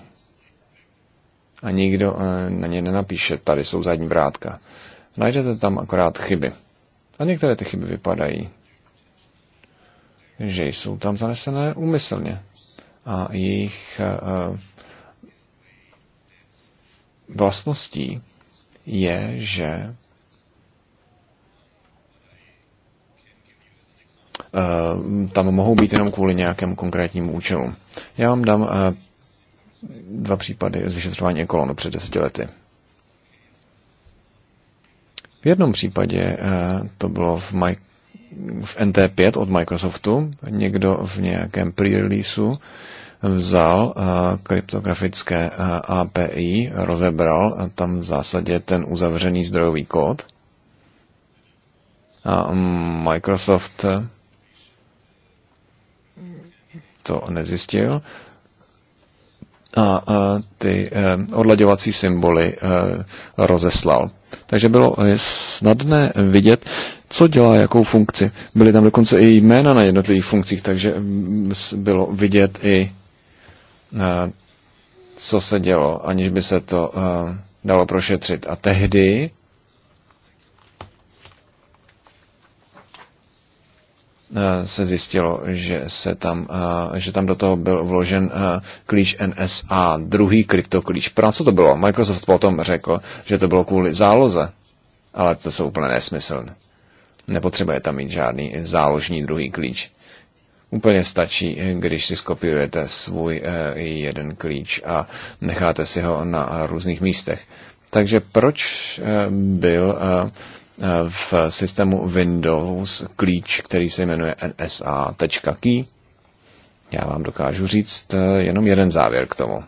A nikdo na ně nenapíše, tady jsou zadní vrátka. Najdete tam akorát chyby. A některé ty chyby vypadají, že jsou tam zanesené úmyslně. A jejich vlastností je, že eh, tam mohou být jenom kvůli nějakému konkrétnímu účelu. Já vám dám eh, dva případy z vyšetřování ekolonu před deseti lety. V jednom případě eh, to bylo v, My, v NT5 od Microsoftu, někdo v nějakém pre-releaseu vzal eh, kryptografické eh, API, rozebral eh, tam v zásadě ten uzavřený zdrojový kód a mm, Microsoft to nezjistil a ty odlaďovací symboly rozeslal. Takže bylo snadné vidět, co dělá jakou funkci. Byly tam dokonce i jména na jednotlivých funkcích, takže mm, bylo vidět i Eh, co se dělo, aniž by se to eh, dalo prošetřit. A tehdy eh, se zjistilo, že, se tam, že tam do toho byl vložen klíč NSA, druhý kryptoklíč. Pro co to bylo? Microsoft potom řekl, že to bylo kvůli záloze, ale to jsou úplně nesmyslné. Nepotřebuje tam mít žádný záložní druhý klíč. Úplně stačí, když si skopírujete svůj eh, jeden klíč a necháte si ho na různých místech. Takže proč eh, byl eh, v systému Windows klíč, který se jmenuje nsa.key? Já vám dokážu říct jenom jeden závěr k tomu.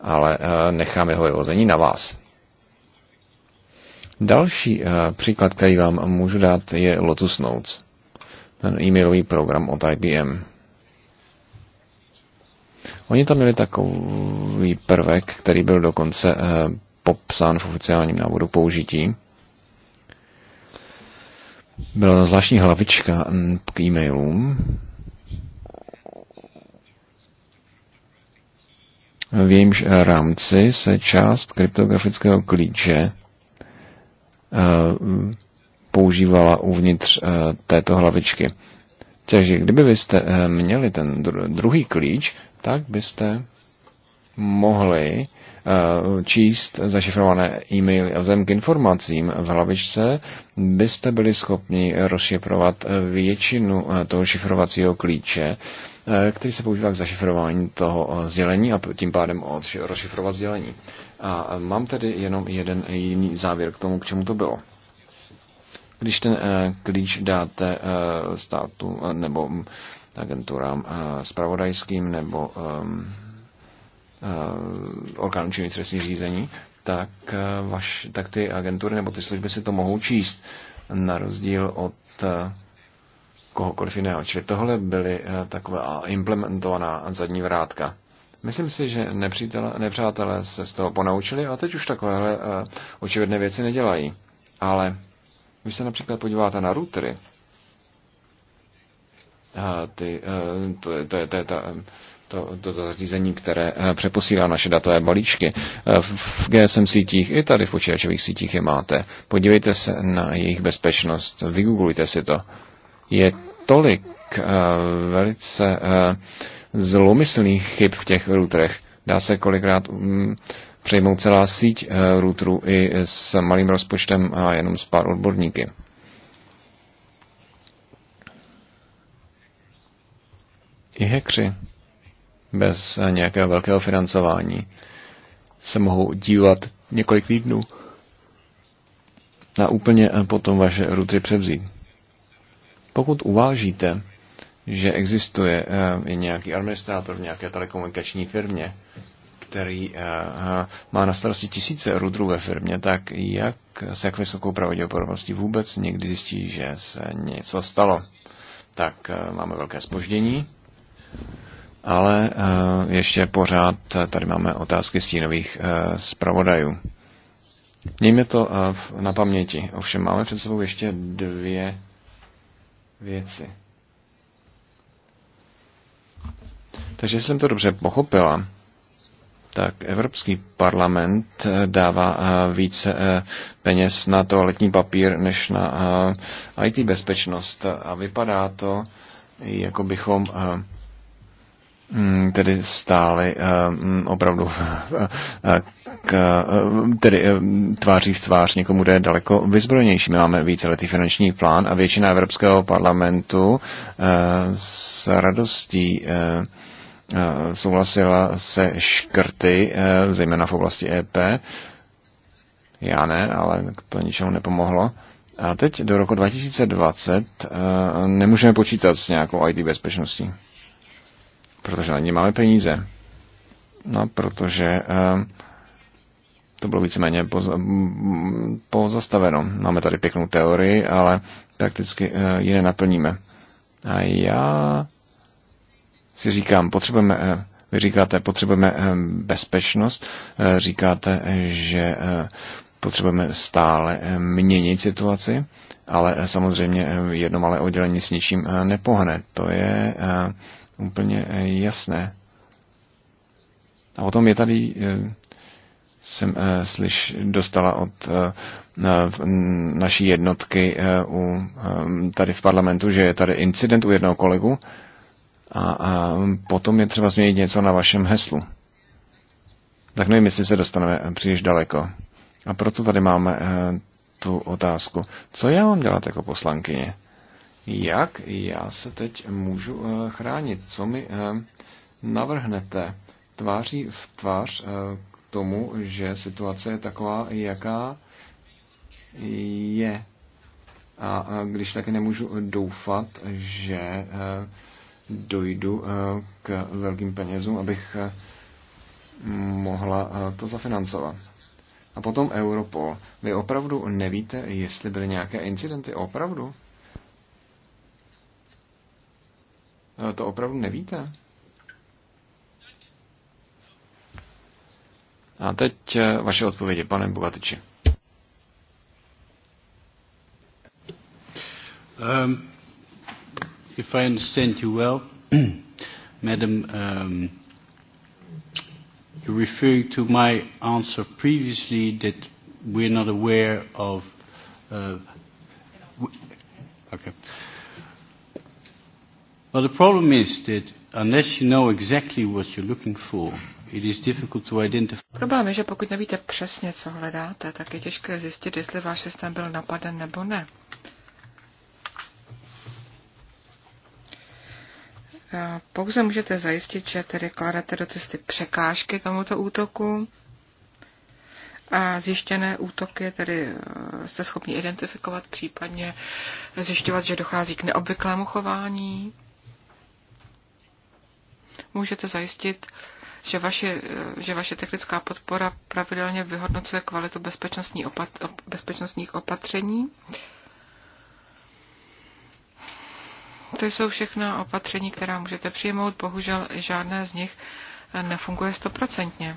Ale nechám jeho vyvození na vás. Další příklad, který vám můžu dát, je Lotus Notes ten e-mailový program od IBM. Oni tam měli takový prvek, který byl dokonce eh, popsán v oficiálním návodu použití. Byla zvláštní hlavička mm, k e-mailům. V jejímž rámci se část kryptografického klíče eh, používala uvnitř eh, této hlavičky. Takže kdyby byste eh, měli ten druhý klíč, tak byste mohli eh, číst zašifrované e-maily a vzem k informacím v hlavičce byste byli schopni rozšifrovat většinu toho šifrovacího klíče, který se používá k zašifrování toho sdělení a tím pádem rozšifrovat sdělení. A mám tedy jenom jeden jiný závěr k tomu, k čemu to bylo. Když ten eh, klíč dáte eh, státu eh, nebo mm, agenturám spravodajským nebo ehm, orgánům činným trestní řízení, tak, vaš, tak ty agentury nebo ty služby si to mohou číst, na rozdíl od kohokoliv jiného. Čili tohle byly taková implementovaná zadní vrátka. Myslím si, že nepřítele, nepřátelé se z toho ponaučili a teď už takovéhle očividné věci nedělají. Ale když se například podíváte na routery, ty, e, to, je, to, je, to, je ta, e, to, to zařízení, které e, přeposílá naše datové balíčky. V GSM sítích i tady v počítačových sítích je máte. Podívejte se na jejich bezpečnost, vygooglujte si to. Je tolik velice zlomyslných chyb v těch routerech. Dá se kolikrát mm, přejmout celá síť eh, routerů i s malým rozpočtem a jenom s pár odborníky. I hekři bez eh, nějakého velkého financování se mohou dívat několik týdnů a úplně eh, potom vaše routery převzít. Pokud uvážíte, že existuje i nějaký administrátor v nějaké telekomunikační firmě, který eh, eh, má na starosti tisíce rudrů ve firmě, tak jak s jak vysokou pravděpodobností vůbec někdy zjistí, že se něco stalo. Tak eh, máme velké spoždění, ale ještě pořád tady máme otázky stínových zpravodajů. Mějme to na paměti. Ovšem máme před sebou ještě dvě věci. Takže jsem to dobře pochopila tak Evropský parlament eh, dává eh, více eh, peněz na toaletní papír než na IT bezpečnost. A vypadá to, jako bychom mm, tedy stáli mm, opravdu k, tedy tváří v tvář někomu, kdo je daleko vyzbrojenější. My máme víceletý finanční plán a většina Evropského parlamentu s radostí Eh, souhlasila se škrty, eh, zejména v oblasti EP. Já ne, ale to ničemu nepomohlo. A teď do roku 2020 eh, nemůžeme počítat s nějakou IT bezpečností, protože na ní máme peníze. No, protože to bylo víceméně pozastaveno. Máme tady pěknou teorii, ale prakticky ji nenaplníme. A já si říkám, potřebujeme, eh, vy říkáte, potřebujeme eh, bezpečnost, eh, říkáte, že potřebujeme stále měnit situaci, ale samozřejmě jedno malé oddělení s ničím nepohne. To je úplně jasné. A o tom je tady, jsem slyš, dostala od naší jednotky u, tady v parlamentu, že je tady incident u jednoho kolegu, a, a potom je třeba změnit něco na vašem heslu. Tak nevím, jestli se dostaneme příliš daleko. A proto tady máme eh, tu otázku. Co já mám dělat jako poslankyně? Jak já se teď můžu eh, chránit? Co mi eh, navrhnete tváří v tvář k tomu, že situace je taková, jaká je? A když taky nemůžu doufat, že dojdu eh, k velkým penězům, abych eh, mohla eh, to zafinancovat. A potom Europol. Vy opravdu nevíte, jestli byly nějaké incidenty? Opravdu? To opravdu nevíte? A teď vaše odpovědi, pane Bogatiči. Ehm, if I understand you well, Madam, um, you're referring to my answer previously that we're not aware of. Uh, okay. Well, the problem is that unless you know exactly what you're looking for, it is difficult to identify.
Problém je, že pokud nevíte přesně, co hledáte, tak je těžké zjistit, jestli váš systém byl napaden nebo ne. pouze můžete zajistit, že tedy kladete do cesty překážky tomuto útoku a zjištěné útoky tedy jste schopni identifikovat, případně zjišťovat, že dochází k neobvyklému chování. Můžete zajistit, že vaše, e, že vaše technická podpora pravidelně vyhodnocuje kvalitu bezpečnostní opat, bezpečnostních opatření. To jsou všechno opatření, která můžete přijmout, bohužel žádné z nich nefunguje stoprocentně.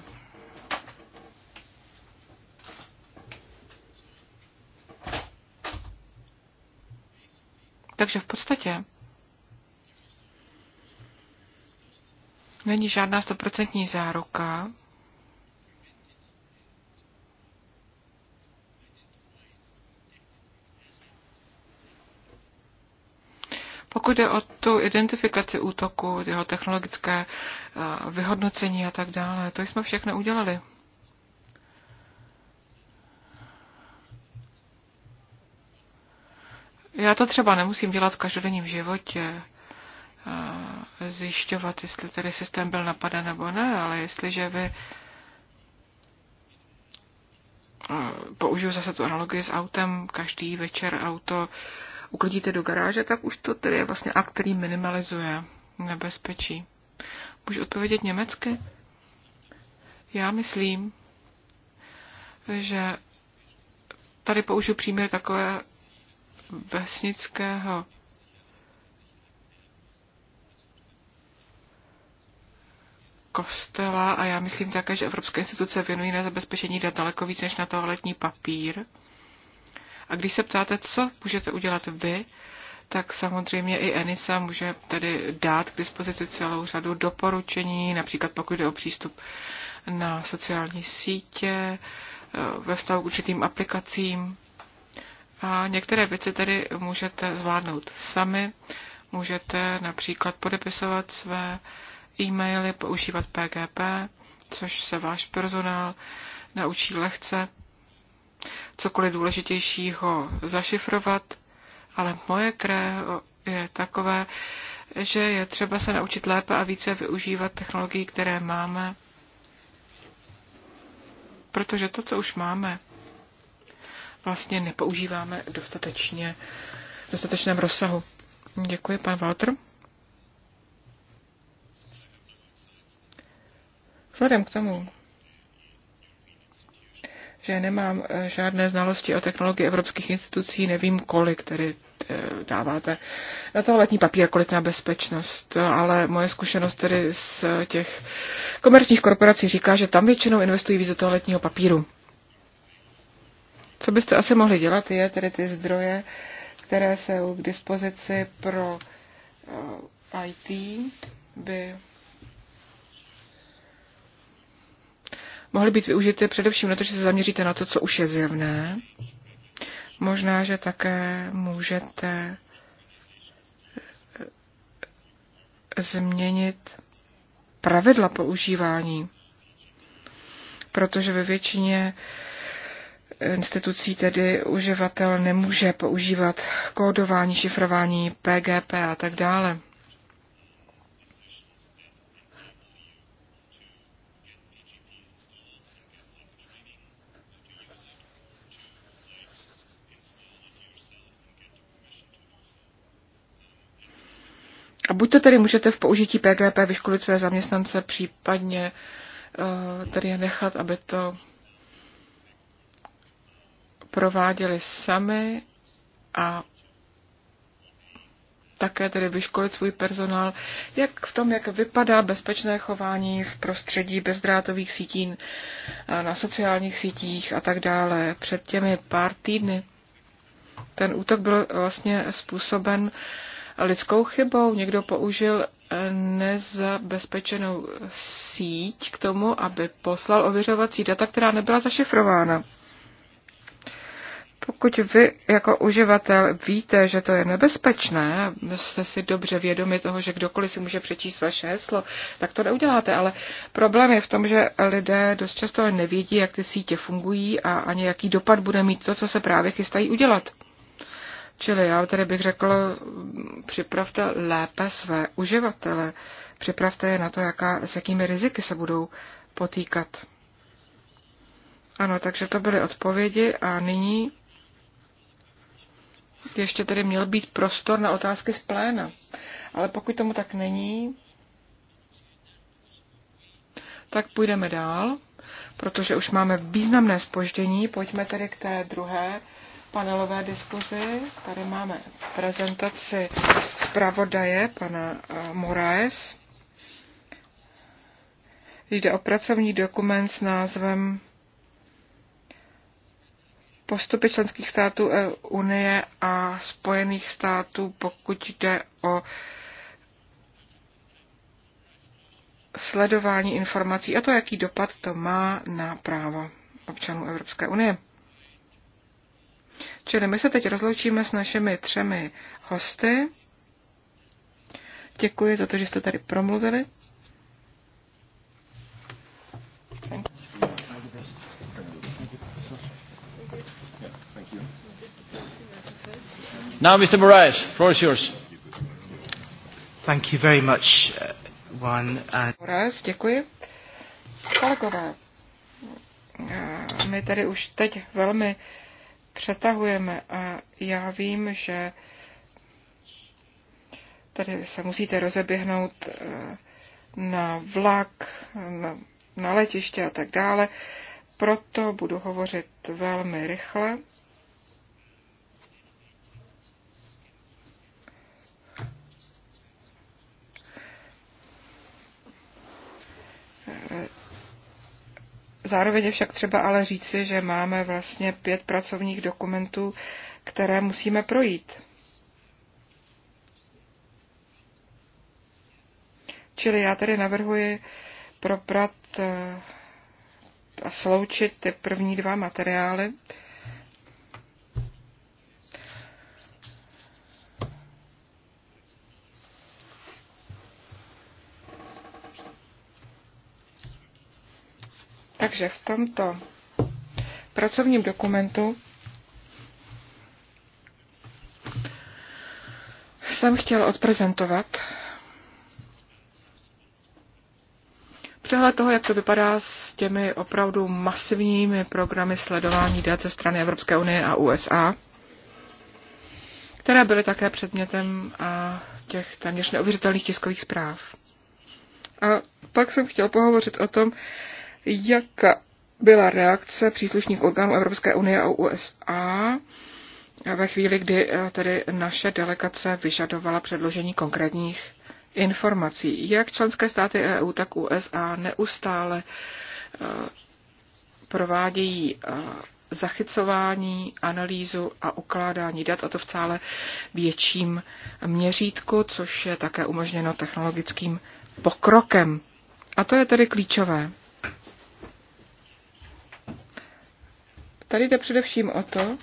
Takže v podstatě není žádná stoprocentní záruka, Pokud jde o tu identifikaci útoku, jeho technologické eh, vyhodnocení a tak dále, to jsme všechno udělali. Já to třeba nemusím dělat v každodenním životě, eh, zjišťovat, jestli tedy systém byl napaden nebo ne, ale jestliže vy eh, použiju zase tu analogii s autem, každý večer auto uklidíte do garáže, tak už to tedy je vlastně akt, který minimalizuje nebezpečí. Můžu odpovědět německy? Já myslím, že tady použiju příměr takové vesnického kostela a já myslím také, že evropské instituce věnují na zabezpečení dat daleko víc než na toaletní papír. A když se ptáte, co můžete udělat vy, tak samozřejmě i Enisa může tedy dát k dispozici celou řadu doporučení, například pokud jde o přístup na sociální sítě, eh, ve vztahu k určitým aplikacím. A některé věci tedy můžete zvládnout sami. Můžete například podepisovat své e-maily, používat PGP, což se váš personál naučí lehce cokoliv důležitějšího zašifrovat, ale moje kréo je takové, že je třeba se naučit lépe a více využívat technologií, které máme, protože to, co už máme, vlastně nepoužíváme dostatečně, v dostatečném rozsahu. Děkuji, pan Walter. Vzhledem k tomu, že nemám eh, žádné znalosti o technologii evropských institucí, nevím, kolik tedy eh, dáváte na to letní papír, kolik na bezpečnost, ale moje zkušenost tedy z těch komerčních korporací říká, že tam většinou investují více toho letního papíru. Co byste asi mohli dělat, je tedy ty zdroje, které jsou k dispozici pro eh, IT, by mohly být využity především na to, že se zaměříte na to, co už je zjevné. Možná, že také můžete eh, změnit pravidla používání, protože ve většině institucí tedy uživatel nemůže používat kódování, šifrování, PGP a tak dále. A buď to tedy můžete v použití PGP vyškolit své zaměstnance, případně eh, tedy je nechat, aby to prováděli sami a také tedy vyškolit svůj personál, jak v tom, jak vypadá bezpečné chování v prostředí bezdrátových sítí, eh, na sociálních sítích a tak dále. Před těmi pár týdny ten útok byl vlastně způsoben lidskou chybou. Někdo použil eh, nezabezpečenou síť k tomu, aby poslal ověřovací data, která nebyla zašifrována. Pokud vy jako uživatel víte, že to je nebezpečné, jste si dobře vědomi toho, že kdokoliv si může přečíst vaše heslo, tak to neuděláte. Ale problém je v tom, že lidé dost často nevědí, jak ty sítě fungují a ani jaký dopad bude mít to, co se právě chystají udělat. Čili já tady bych řekl, připravte lépe své uživatele, připravte je na to, jaká, s jakými riziky se budou potýkat. Ano, takže to byly odpovědi a nyní ještě tedy měl být prostor na otázky z pléna. Ale pokud tomu tak není, tak půjdeme dál, protože už máme významné spoždění. Pojďme tedy k té druhé panelové diskuzi. Tady máme prezentaci zpravodaje pana eh, Moraes. Jde o pracovní dokument s názvem Postupy členských států e- Unie a Spojených států, pokud jde o sledování informací a to, jaký dopad to má na práva občanů Evropské unie. Čili my se teď rozloučíme s našimi třemi hosty. Děkuji za to, že jste tady promluvili.
Now, Mr. Moraes, floor is yours. Thank you very much, uh, Juan. And...
Moraes, děkuji. Kolegové, eh, my tady už teď velmi přetahujeme a já vím, že tady se musíte rozeběhnout eh, na vlak, na, na letiště a tak dále, proto budu hovořit velmi rychle. Zároveň je však třeba ale říci, že máme vlastně pět pracovních dokumentů, které musíme projít. Čili já tedy navrhuji proprat eh, a sloučit ty první dva materiály, Takže v tomto pracovním dokumentu jsem chtěl odprezentovat přehled toho, jak to vypadá s těmi opravdu masivními programy sledování dat ze strany Evropské unie a USA, které byly také předmětem a těch téměř neuvěřitelných tiskových zpráv. A pak jsem chtěl pohovořit o tom, jak byla reakce příslušných orgánů Evropské unie a USA ve chvíli, kdy eh, tedy naše delegace vyžadovala předložení konkrétních informací. Jak členské státy EU, tak USA neustále eh, provádějí eh, zachycování, analýzu a ukládání dat, a to v celé větším měřítku, což je také umožněno technologickým pokrokem. A to je tedy klíčové. Tady jde především o to,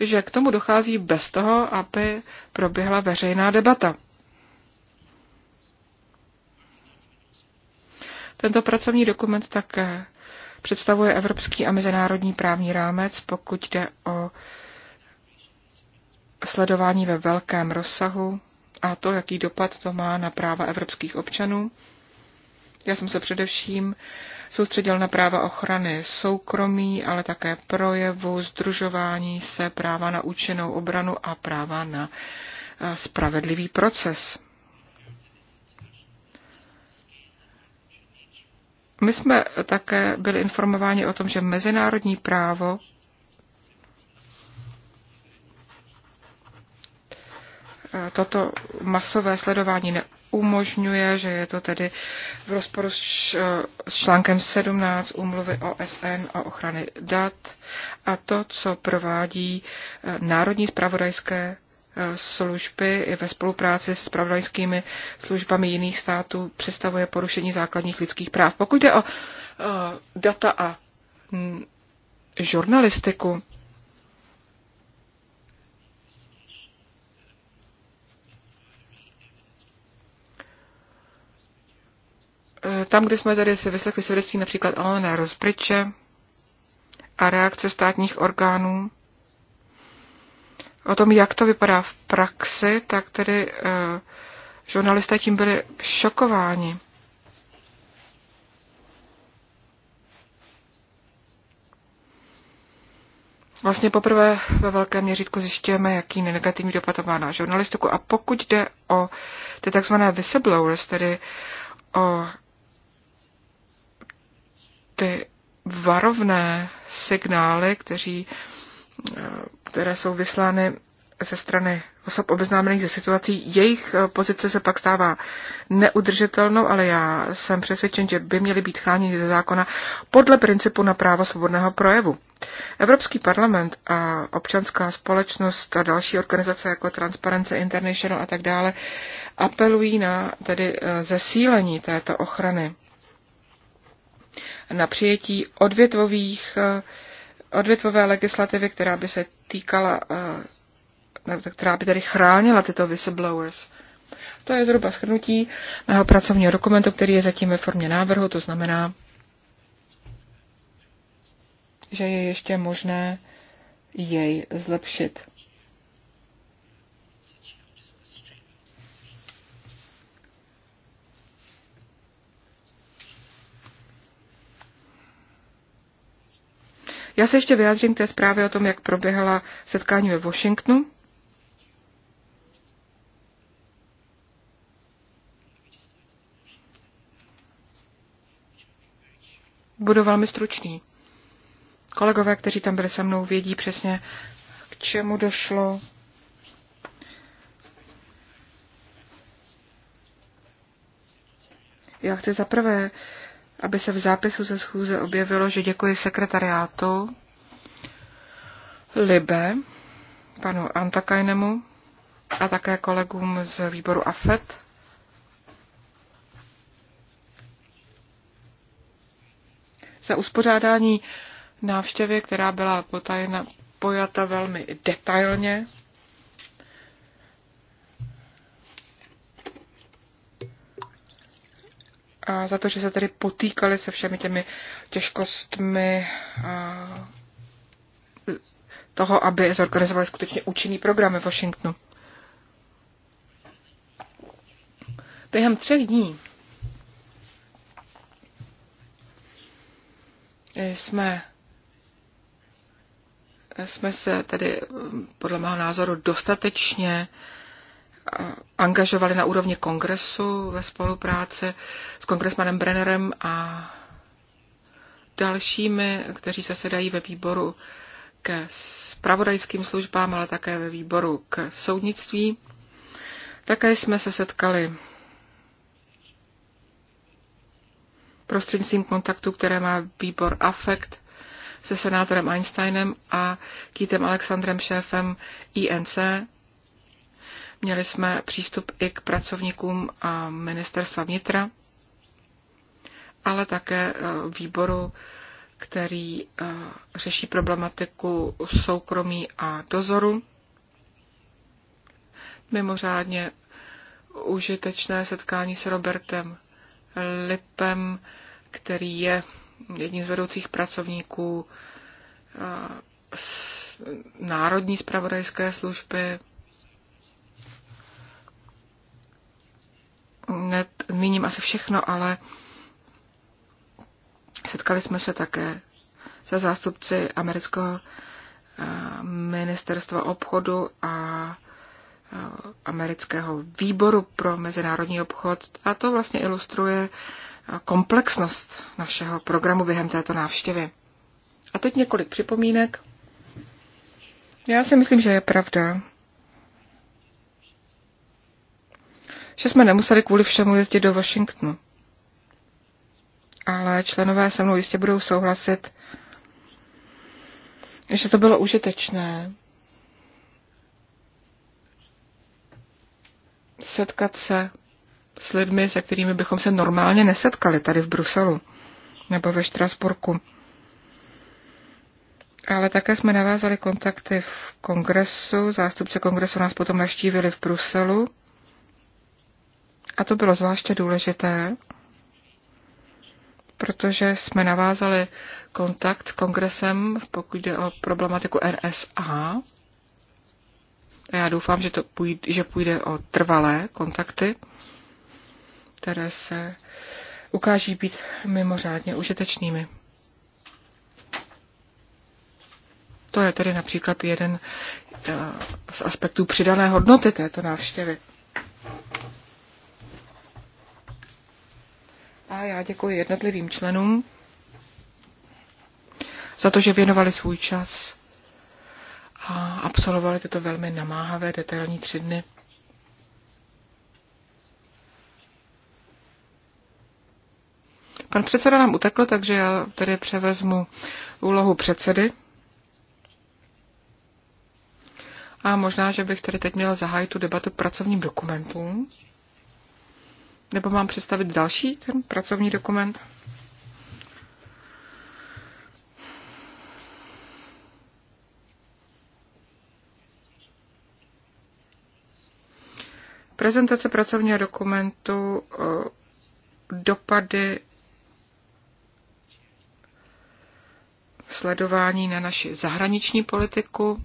že k tomu dochází bez toho, aby proběhla veřejná debata. Tento pracovní dokument také představuje evropský a mezinárodní právní rámec, pokud jde o sledování ve velkém rozsahu a to, jaký dopad to má na práva evropských občanů já jsem se především soustředil na práva ochrany soukromí, ale také projevu, združování se, práva na účinnou obranu a práva na eh, spravedlivý proces. My jsme také byli informováni o tom, že mezinárodní právo eh, toto masové sledování ne umožňuje, že je to tedy v rozporu s, eh, článkem 17 úmluvy OSN o ochrany dat a to, co provádí eh, Národní spravodajské eh, služby i ve spolupráci s spravodajskými službami jiných států představuje porušení základních lidských práv. Pokud jde o data a mm, žurnalistiku, Tam, kde jsme tady si vyslechli svědectví například Alana Rozpryče a reakce státních orgánů, o tom, jak to vypadá v praxi, tak tedy eh, žurnalisté tím byli šokováni. Vlastně poprvé ve velkém měřítku zjišťujeme, jaký negativní dopad to má na žurnalistiku. A pokud jde o ty takzvané whistleblowers, tedy o ty varovné signály, kteří, eh, které jsou vyslány ze strany osob obeznámených ze situací. Jejich eh, pozice se pak stává neudržitelnou, ale já jsem přesvědčen, že by měly být chráněni ze zákona podle principu na právo svobodného projevu. Evropský parlament a občanská společnost a další organizace jako Transparence International a tak dále apelují na tedy eh, zesílení této ochrany na přijetí odvětvových, eh, odvětvové legislativy, která by se týkala, eh, která by tedy chránila tyto whistleblowers. To je zhruba shrnutí mého pracovního dokumentu, který je zatím ve formě návrhu, to znamená, že je ještě možné jej zlepšit. Já se ještě vyjádřím té zprávě o tom, jak proběhla setkání ve Washingtonu. Budu velmi stručný. Kolegové, kteří tam byli se mnou, vědí přesně, k čemu došlo. Já chci zaprvé aby se v zápisu ze schůze objevilo, že děkuji sekretariátu Libe, panu Antakajnemu a také kolegům z výboru AFET. za uspořádání návštěvy, která byla potajena, pojata velmi detailně. a za to, že se tedy potýkali se všemi těmi těžkostmi toho, aby zorganizovali skutečně účinný program v Washingtonu. Během třech dní jsme jsme se tedy podle mého názoru dostatečně angažovali na úrovni kongresu ve spolupráci s kongresmanem Brennerem a dalšími, kteří se sedají ve výboru ke spravodajským službám, ale také ve výboru k soudnictví. Také jsme se setkali prostřednictvím kontaktu, které má výbor AFECT se senátorem Einsteinem a kýtem Alexandrem, šéfem INC, Měli jsme přístup i k pracovníkům ministerstva vnitra, ale také eh, výboru, který eh, řeší problematiku soukromí a dozoru. Mimořádně užitečné setkání s Robertem Lipem, který je jedním z vedoucích pracovníků eh, Národní spravodajské služby zmíním asi všechno, ale setkali jsme se také se zástupci amerického eh, ministerstva obchodu a eh, amerického výboru pro mezinárodní obchod a to vlastně ilustruje eh, komplexnost našeho programu během této návštěvy. A teď několik připomínek. Já si myslím, že je pravda, že jsme nemuseli kvůli všemu jezdit do Washingtonu. Ale členové se mnou jistě budou souhlasit, že to bylo užitečné setkat se s lidmi, se kterými bychom se normálně nesetkali tady v Bruselu nebo ve Štrasburku. Ale také jsme navázali kontakty v kongresu, zástupce kongresu nás potom naštívili v Bruselu a to bylo zvláště důležité, protože jsme navázali kontakt s kongresem, pokud jde o problematiku RSA. A já doufám, že, to půjde, že půjde o trvalé kontakty, které se ukáží být mimořádně užitečnými. To je tedy například jeden eh, z aspektů přidané hodnoty této návštěvy. A já děkuji jednotlivým členům za to, že věnovali svůj čas a absolvovali tyto velmi namáhavé detailní tři dny. Pan předseda nám utekl, takže já tedy převezmu úlohu předsedy. A možná, že bych tedy teď měla zahájit tu debatu k pracovním dokumentům. Nebo mám představit další ten pracovní dokument? Prezentace pracovního dokumentu, eh, dopady sledování na naši zahraniční politiku,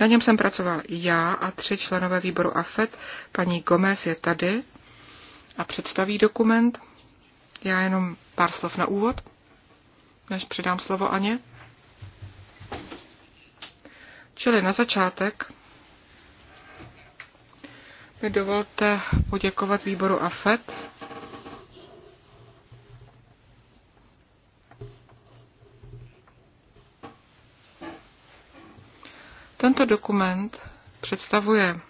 Na něm jsem pracoval já a tři členové výboru AFET. Paní Gomez je tady a představí dokument. Já jenom pár slov na úvod, než předám slovo Aně. Čili na začátek mi dovolte poděkovat výboru AFET Tento dokument představuje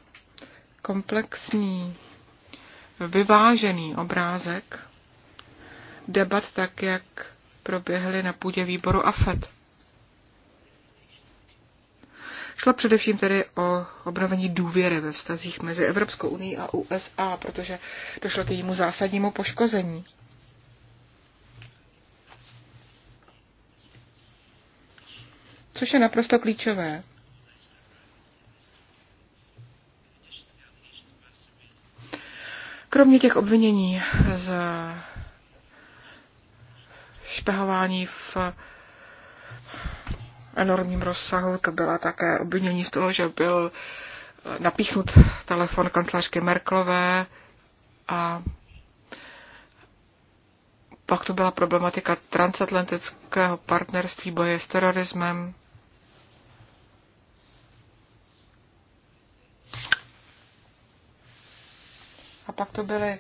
komplexní, vyvážený obrázek debat tak, jak proběhly na půdě výboru AFED. Šlo především tedy o obnovení důvěry ve vztazích mezi Evropskou unii a USA, protože došlo k jejímu zásadnímu poškození. Což je naprosto klíčové Kromě těch obvinění z špehování v enormním rozsahu, to byla také obvinění z toho, že byl eh, napíchnut telefon kancelářky Merklové a pak to byla problematika transatlantického partnerství boje s terorismem. pak to byly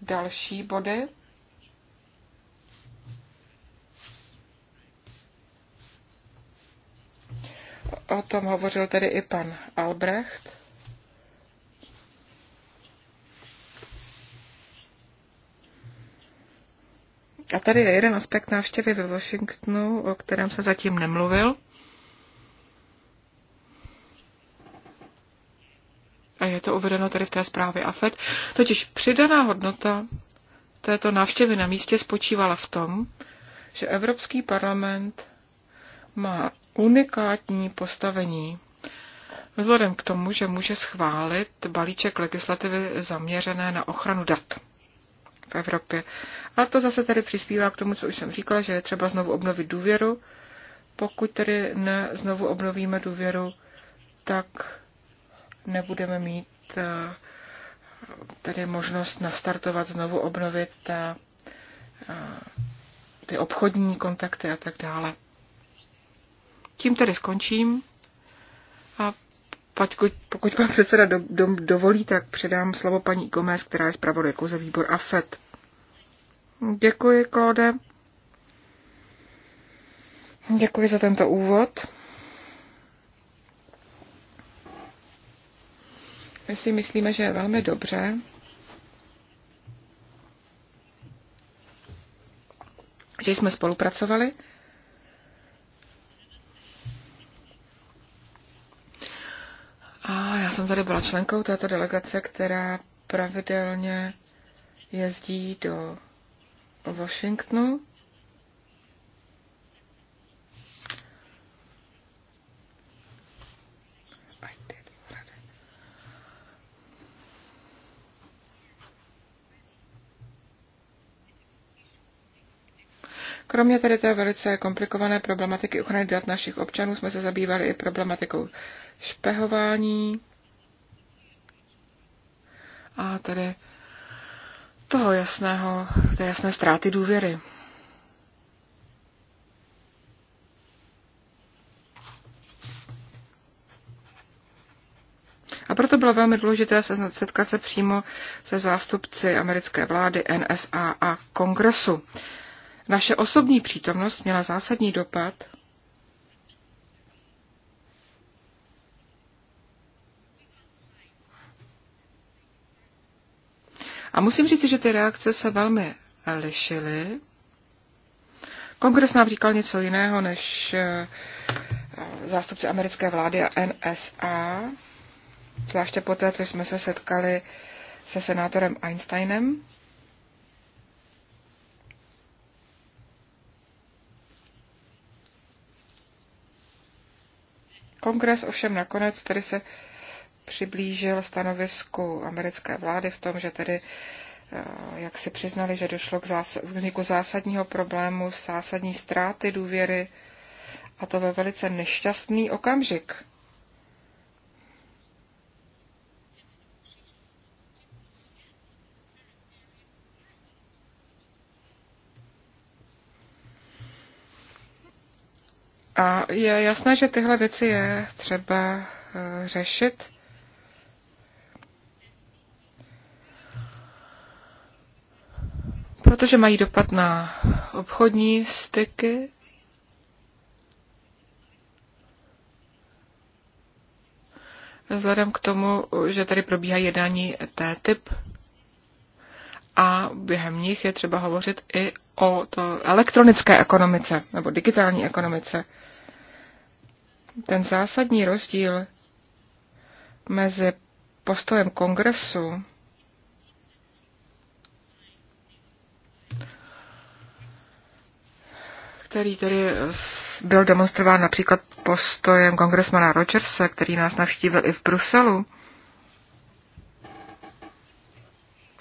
další body. O tom hovořil tedy i pan Albrecht. A tady je jeden aspekt návštěvy ve Washingtonu, o kterém se zatím nemluvil. a je to uvedeno tady v té zprávě AFED, totiž přidaná hodnota této návštěvy na místě spočívala v tom, že Evropský parlament má unikátní postavení vzhledem k tomu, že může schválit balíček legislativy zaměřené na ochranu dat v Evropě. A to zase tady přispívá k tomu, co už jsem říkala, že je třeba znovu obnovit důvěru. Pokud tedy ne znovu obnovíme důvěru, tak nebudeme mít eh, tady možnost nastartovat, znovu obnovit ta, eh, eh, ty obchodní kontakty a tak dále. Tím tedy skončím a pokud, pokud pan předseda do, do, dovolí, tak předám slovo paní Gomez, která je zpravodajkou za výbor AFET. Děkuji, Klode. Děkuji za tento úvod. My si myslíme, že je velmi dobře, že jsme spolupracovali. A já jsem tady byla členkou této delegace, která pravidelně jezdí do Washingtonu Kromě tedy té velice komplikované problematiky ochrany dat našich občanů jsme se zabývali i problematikou špehování a tedy toho jasného, té jasné ztráty důvěry. A proto bylo velmi důležité se setkat se přímo se zástupci americké vlády, NSA a kongresu. Naše osobní přítomnost měla zásadní dopad A musím říct, že ty reakce se velmi lišily. Kongres nám říkal něco jiného než eh, zástupci americké vlády a NSA, zvláště poté, co jsme se setkali se senátorem Einsteinem. Kongres ovšem nakonec tedy se přiblížil stanovisku americké vlády v tom, že tedy eh, jak si přiznali, že došlo k vzniku zásadního problému, zásadní ztráty důvěry a to ve velice nešťastný okamžik. A je jasné, že tyhle věci je třeba eh, řešit. Protože mají dopad na obchodní styky, vzhledem k tomu, že tady probíhá jednání TTIP a během nich je třeba hovořit i o to elektronické ekonomice nebo digitální ekonomice ten zásadní rozdíl mezi postojem kongresu který tedy byl demonstrován například postojem kongresmana Rogersa, který nás navštívil i v Bruselu,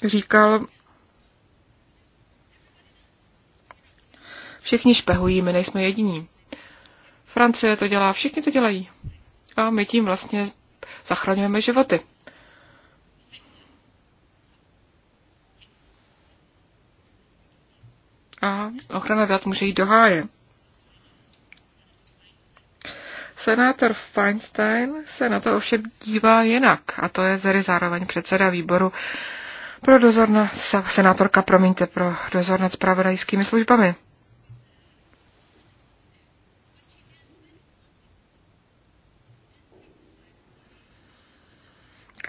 říkal, všichni špehují, my nejsme jediní. Francie to dělá, všichni to dělají. A my tím vlastně zachraňujeme životy. A ochrana dat může jít do háje. Senátor Feinstein se na to ovšem dívá jinak, a to je zary zároveň předseda výboru pro dozor na, senátorka, promiňte, pro dozor nad spravodajskými službami.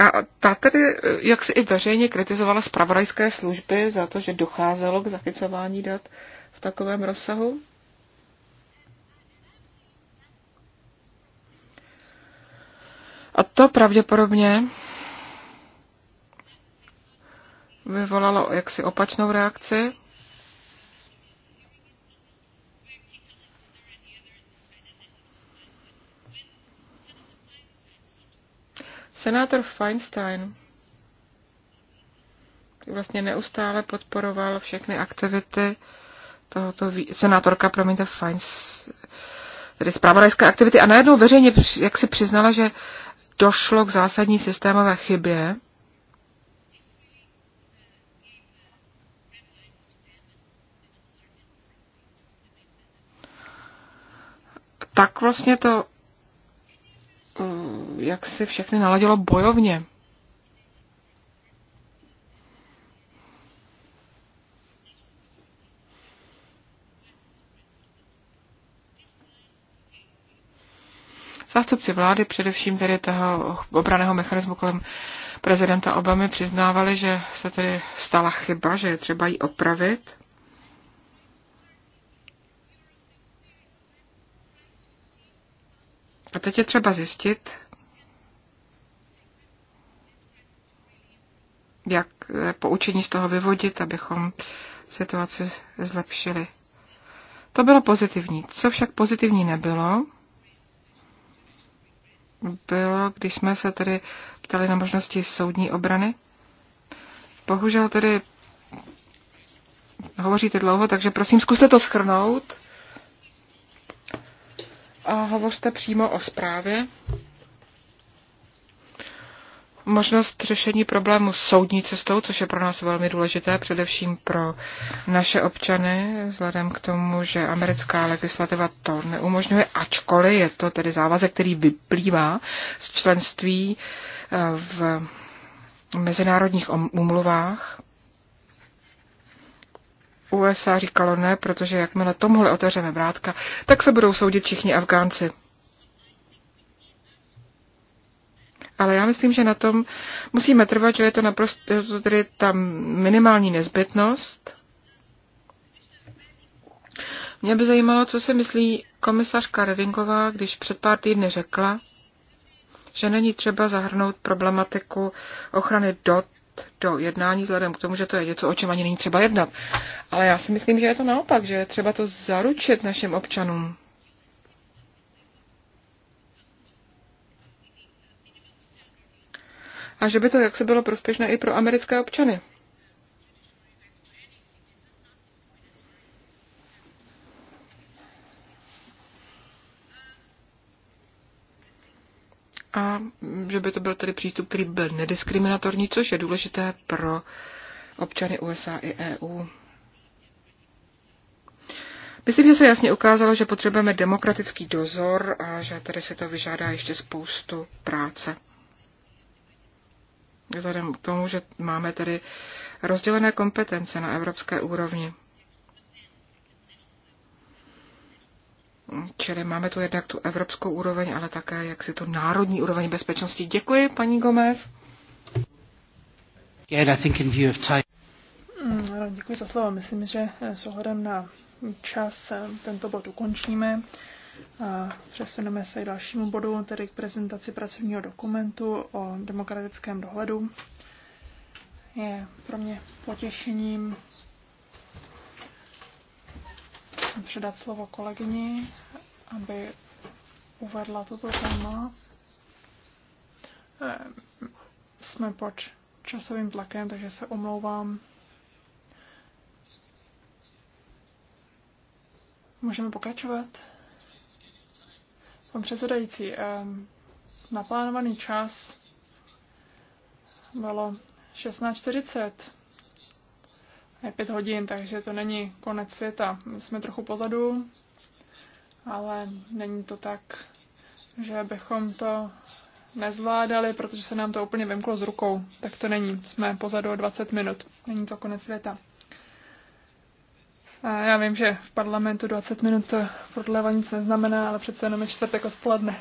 A ta tedy, eh, jak si i veřejně kritizovala zpravodajské služby za to, že docházelo k zachycování dat v takovém rozsahu? A to pravděpodobně vyvolalo jaksi opačnou reakci Senátor Feinstein vlastně neustále podporoval všechny aktivity tohoto vý... senátorka, promiňte, Feinstein, tedy zpravodajské aktivity a najednou veřejně jak si přiznala, že došlo k zásadní systémové chybě, tak vlastně to jak se všechny naladilo bojovně. Zástupci vlády, především tedy toho obraného mechanismu kolem prezidenta Obamy, přiznávali, že se tedy stala chyba, že je třeba ji opravit. A teď je třeba zjistit, jak poučení z toho vyvodit, abychom situaci zlepšili. To bylo pozitivní. Co však pozitivní nebylo, bylo, když jsme se tedy ptali na možnosti soudní obrany. Bohužel tedy hovoříte dlouho, takže prosím, zkuste to schrnout a hovořte přímo o zprávě možnost řešení problému soudní cestou, což je pro nás velmi důležité, především pro naše občany, vzhledem k tomu, že americká legislativa to neumožňuje, ačkoliv je to tedy závazek, který vyplývá z členství eh, v mezinárodních umluvách. USA říkalo ne, protože jakmile tomuhle otevřeme vrátka, tak se budou soudit všichni Afgánci. Ale já myslím, že na tom musíme trvat, že je to naprosto to tedy ta minimální nezbytnost. Mě by zajímalo, co si myslí komisařka Redingová, když před pár týdny řekla, že není třeba zahrnout problematiku ochrany DOT do jednání, vzhledem k tomu, že to je něco, o čem ani není třeba jednat. Ale já si myslím, že je to naopak, že je třeba to zaručit našim občanům. a že by to jaksi bylo prospěšné i pro americké občany. a že by to byl tedy přístup, který byl nediskriminatorní, což je důležité pro občany USA i EU. Myslím, že se jasně ukázalo, že potřebujeme demokratický dozor a že tady se to vyžádá ještě spoustu práce vzhledem k tomu, že máme tedy rozdělené kompetence na evropské úrovni. Čili máme tu jednak tu evropskou úroveň, ale také jak si tu národní úroveň bezpečnosti. Děkuji, paní Gomez.
Mm, děkuji za slovo. Myslím, že s ohledem na čas eh, tento bod ukončíme. Přesuneme se k dalšímu bodu, tedy k prezentaci pracovního dokumentu o demokratickém dohledu. Je pro mě potěšením předat slovo kolegyni, aby uvedla toto téma. Ehm, jsme pod časovým tlakem, takže se omlouvám. Můžeme pokračovat? Pan předsedající, eh, naplánovaný čas bylo 16.40. Je 5 hodin, takže to není konec světa. My jsme trochu pozadu, ale není to tak, že bychom to nezvládali, protože se nám to úplně vymklo z rukou. Tak to není. Jsme pozadu o 20 minut. Není to konec světa. Já vím, že v parlamentu 20 minut prodleva nic neznamená, ale přece jenom je čtvrtek odpoledne.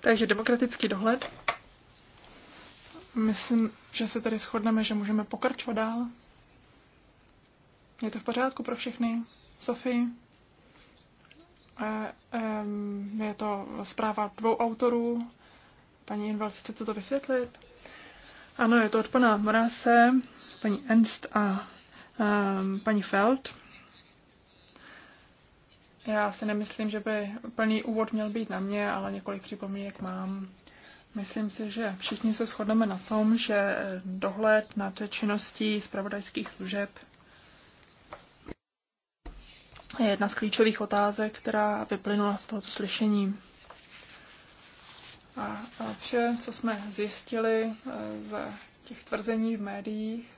Takže demokratický dohled. Myslím, že se tady shodneme, že můžeme pokračovat dál. Je to v pořádku pro všechny? Sofie? E, je to zpráva dvou autorů. Paní Inval, chcete to vysvětlit? Ano, je to od pana Morase paní Enst a um, paní Feld. Já si nemyslím, že by plný úvod měl být na mě, ale několik připomínek mám. Myslím si, že všichni se shodneme na tom, že dohled nad činností zpravodajských služeb je jedna z klíčových otázek, která vyplynula z tohoto slyšení. A vše, co jsme zjistili e, ze těch tvrzení v médiích,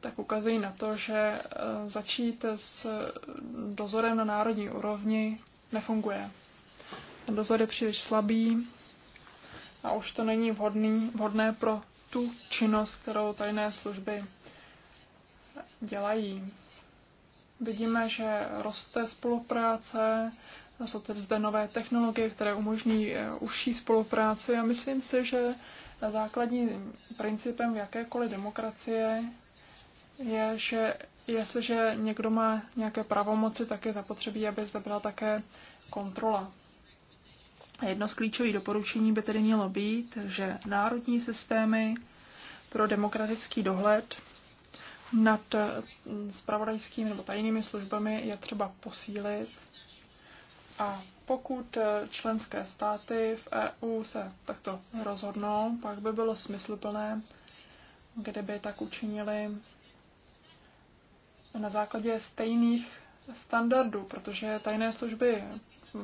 tak ukazují na to, že e, začít s dozorem na národní úrovni nefunguje. Ten dozor je příliš slabý a už to není vhodný, vhodné pro tu činnost, kterou tajné služby dělají. Vidíme, že roste spolupráce jsou tedy zde nové technologie, které umožní eh, užší spolupráci a myslím si, že základním principem jakékoliv demokracie je, že jestliže někdo má nějaké pravomoci, tak je zapotřebí, aby zde byla také kontrola. A jedno z klíčových doporučení by tedy mělo být, že národní systémy pro demokratický dohled nad eh, spravodajskými nebo tajnými službami je třeba posílit a pokud eh, členské státy v EU se takto rozhodnou, pak by bylo smysluplné, kdyby tak učinili na základě stejných standardů, protože tajné služby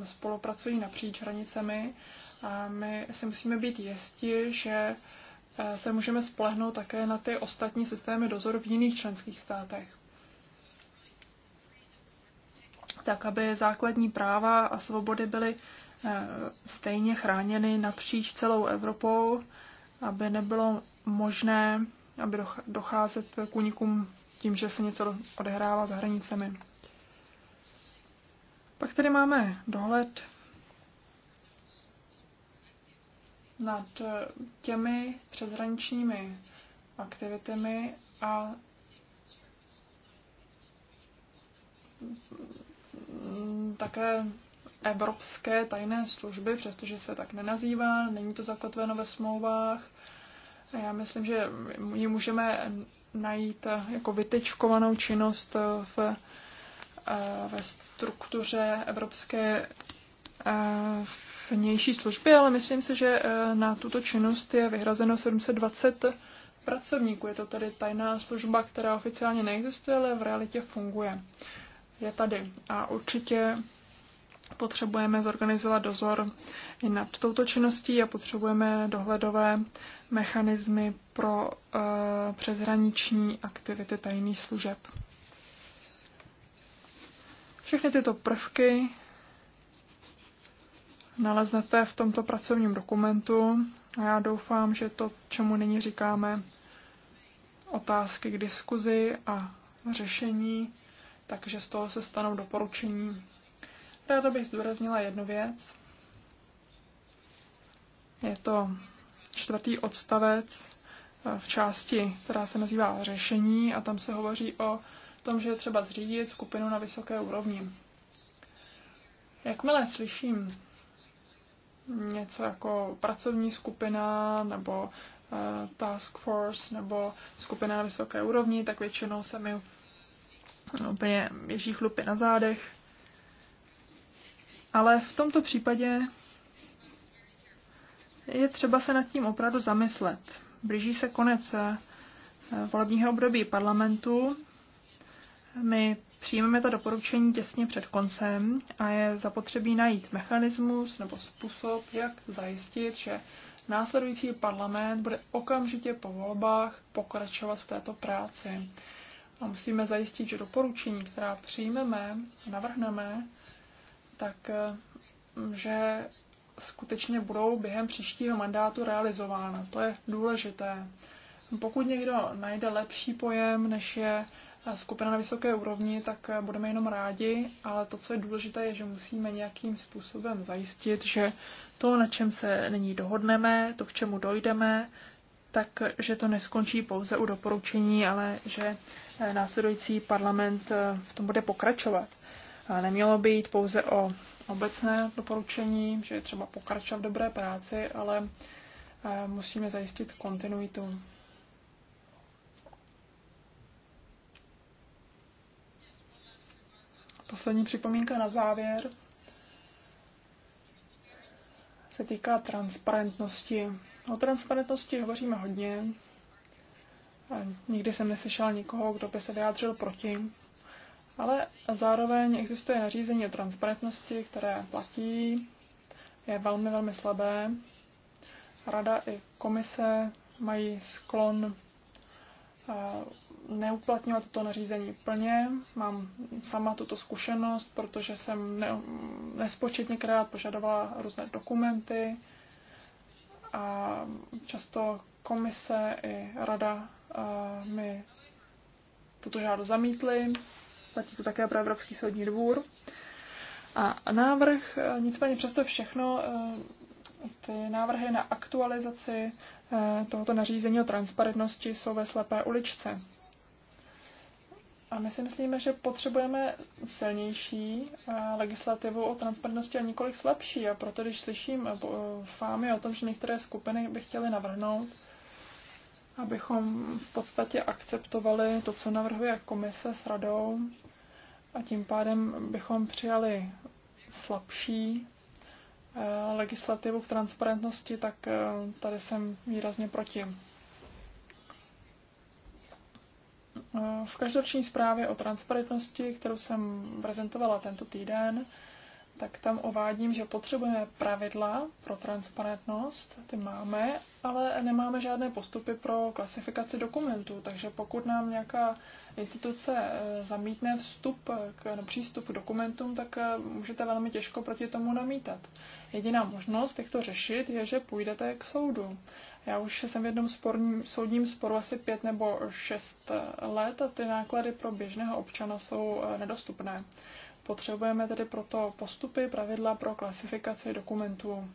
spolupracují napříč hranicemi a my si musíme být jistí, že eh, se můžeme spolehnout také na ty ostatní systémy dozoru v jiných členských státech. tak aby základní práva a svobody byly eh, stejně chráněny napříč celou Evropou, aby nebylo možné, aby docházet k únikům tím, že se něco odehrává za hranicemi. Pak tady máme dohled nad eh, těmi přeshraničními aktivitami a Mm, také evropské tajné služby, přestože se tak nenazývá, není to zakotveno ve smlouvách. Já myslím, že ji můžeme najít eh, jako vytečkovanou činnost eh, v, eh, ve struktuře evropské vnější služby, ale myslím si, že na tuto činnost je vyhrazeno 720 pracovníků. Je to tedy tajná služba, která oficiálně neexistuje, ale v realitě funguje je tady. A určitě potřebujeme zorganizovat dozor i nad touto činností a potřebujeme dohledové mechanismy pro e, přeshraniční aktivity tajných služeb. Všechny tyto prvky naleznete v tomto pracovním dokumentu a já doufám, že to, čemu nyní říkáme otázky k diskuzi a řešení, takže z toho se stanou doporučení. Ráda bych zdůraznila jednu věc. Je to čtvrtý odstavec eh, v části, která se nazývá řešení a tam se hovoří o tom, že je třeba zřídit skupinu na vysoké úrovni. Jakmile slyším něco jako pracovní skupina nebo eh, task force nebo skupina na vysoké úrovni, tak většinou se mi No, úplně ježí chlupy na zádech. Ale v tomto případě je třeba se nad tím opravdu zamyslet. Blíží se konec eh, volebního období parlamentu. My přijmeme ta doporučení těsně před koncem a je zapotřebí najít mechanismus nebo způsob, jak zajistit, že následující parlament bude okamžitě po volbách pokračovat v této práci. A musíme zajistit, že doporučení, která přijmeme, navrhneme, tak eh, že skutečně budou během příštího mandátu realizována. To je důležité. Pokud někdo najde lepší pojem, než je eh, skupina na vysoké úrovni, tak eh, budeme jenom rádi, ale to, co je důležité, je, že musíme nějakým způsobem zajistit, že to, na čem se nyní dohodneme, to, k čemu dojdeme, tak že to neskončí pouze u doporučení, ale že eh, následující parlament eh, v tom bude pokračovat. A nemělo by jít pouze o obecné doporučení, že je třeba pokračovat v dobré práci, ale eh, musíme zajistit kontinuitu. Poslední připomínka na závěr se týká transparentnosti O transparentnosti hovoříme hodně. Nikdy jsem neslyšel nikoho, kdo by se vyjádřil proti. Ale zároveň existuje nařízení o transparentnosti, které platí, je velmi, velmi slabé. Rada i komise mají sklon eh, neuplatňovat toto nařízení plně. Mám sama tuto zkušenost, protože jsem ne, nespočetněkrát požadovala různé dokumenty, a často komise i rada mi tuto žádost zamítly. Platí to také pro Evropský soudní dvůr. A návrh, e, nicméně přesto všechno, e, ty návrhy na aktualizaci e, tohoto nařízení o transparentnosti jsou ve slepé uličce. A my si myslíme, že potřebujeme silnější eh, legislativu o transparentnosti a nikoli slabší. A proto, když slyším eh, eh, fámy o tom, že některé skupiny by chtěly navrhnout, abychom v podstatě akceptovali to, co navrhuje komise s radou, a tím pádem bychom přijali slabší legislativu k transparentnosti, tak tady jsem výrazně proti. V každoroční zprávě o transparentnosti, kterou jsem prezentovala tento týden, tak tam ovádím, že potřebujeme pravidla pro transparentnost, ty máme, ale nemáme žádné postupy pro klasifikaci dokumentů, takže pokud nám nějaká instituce eh, zamítne vstup k, no, přístup k dokumentům, tak eh, můžete velmi těžko proti tomu namítat. Jediná možnost, jak to řešit, je, že půjdete k soudu. Já už jsem v jednom sporním, soudním sporu asi pět nebo šest eh, let a ty náklady pro běžného občana jsou nedostupné. Potřebujeme tedy proto postupy, pravidla pro klasifikaci dokumentů.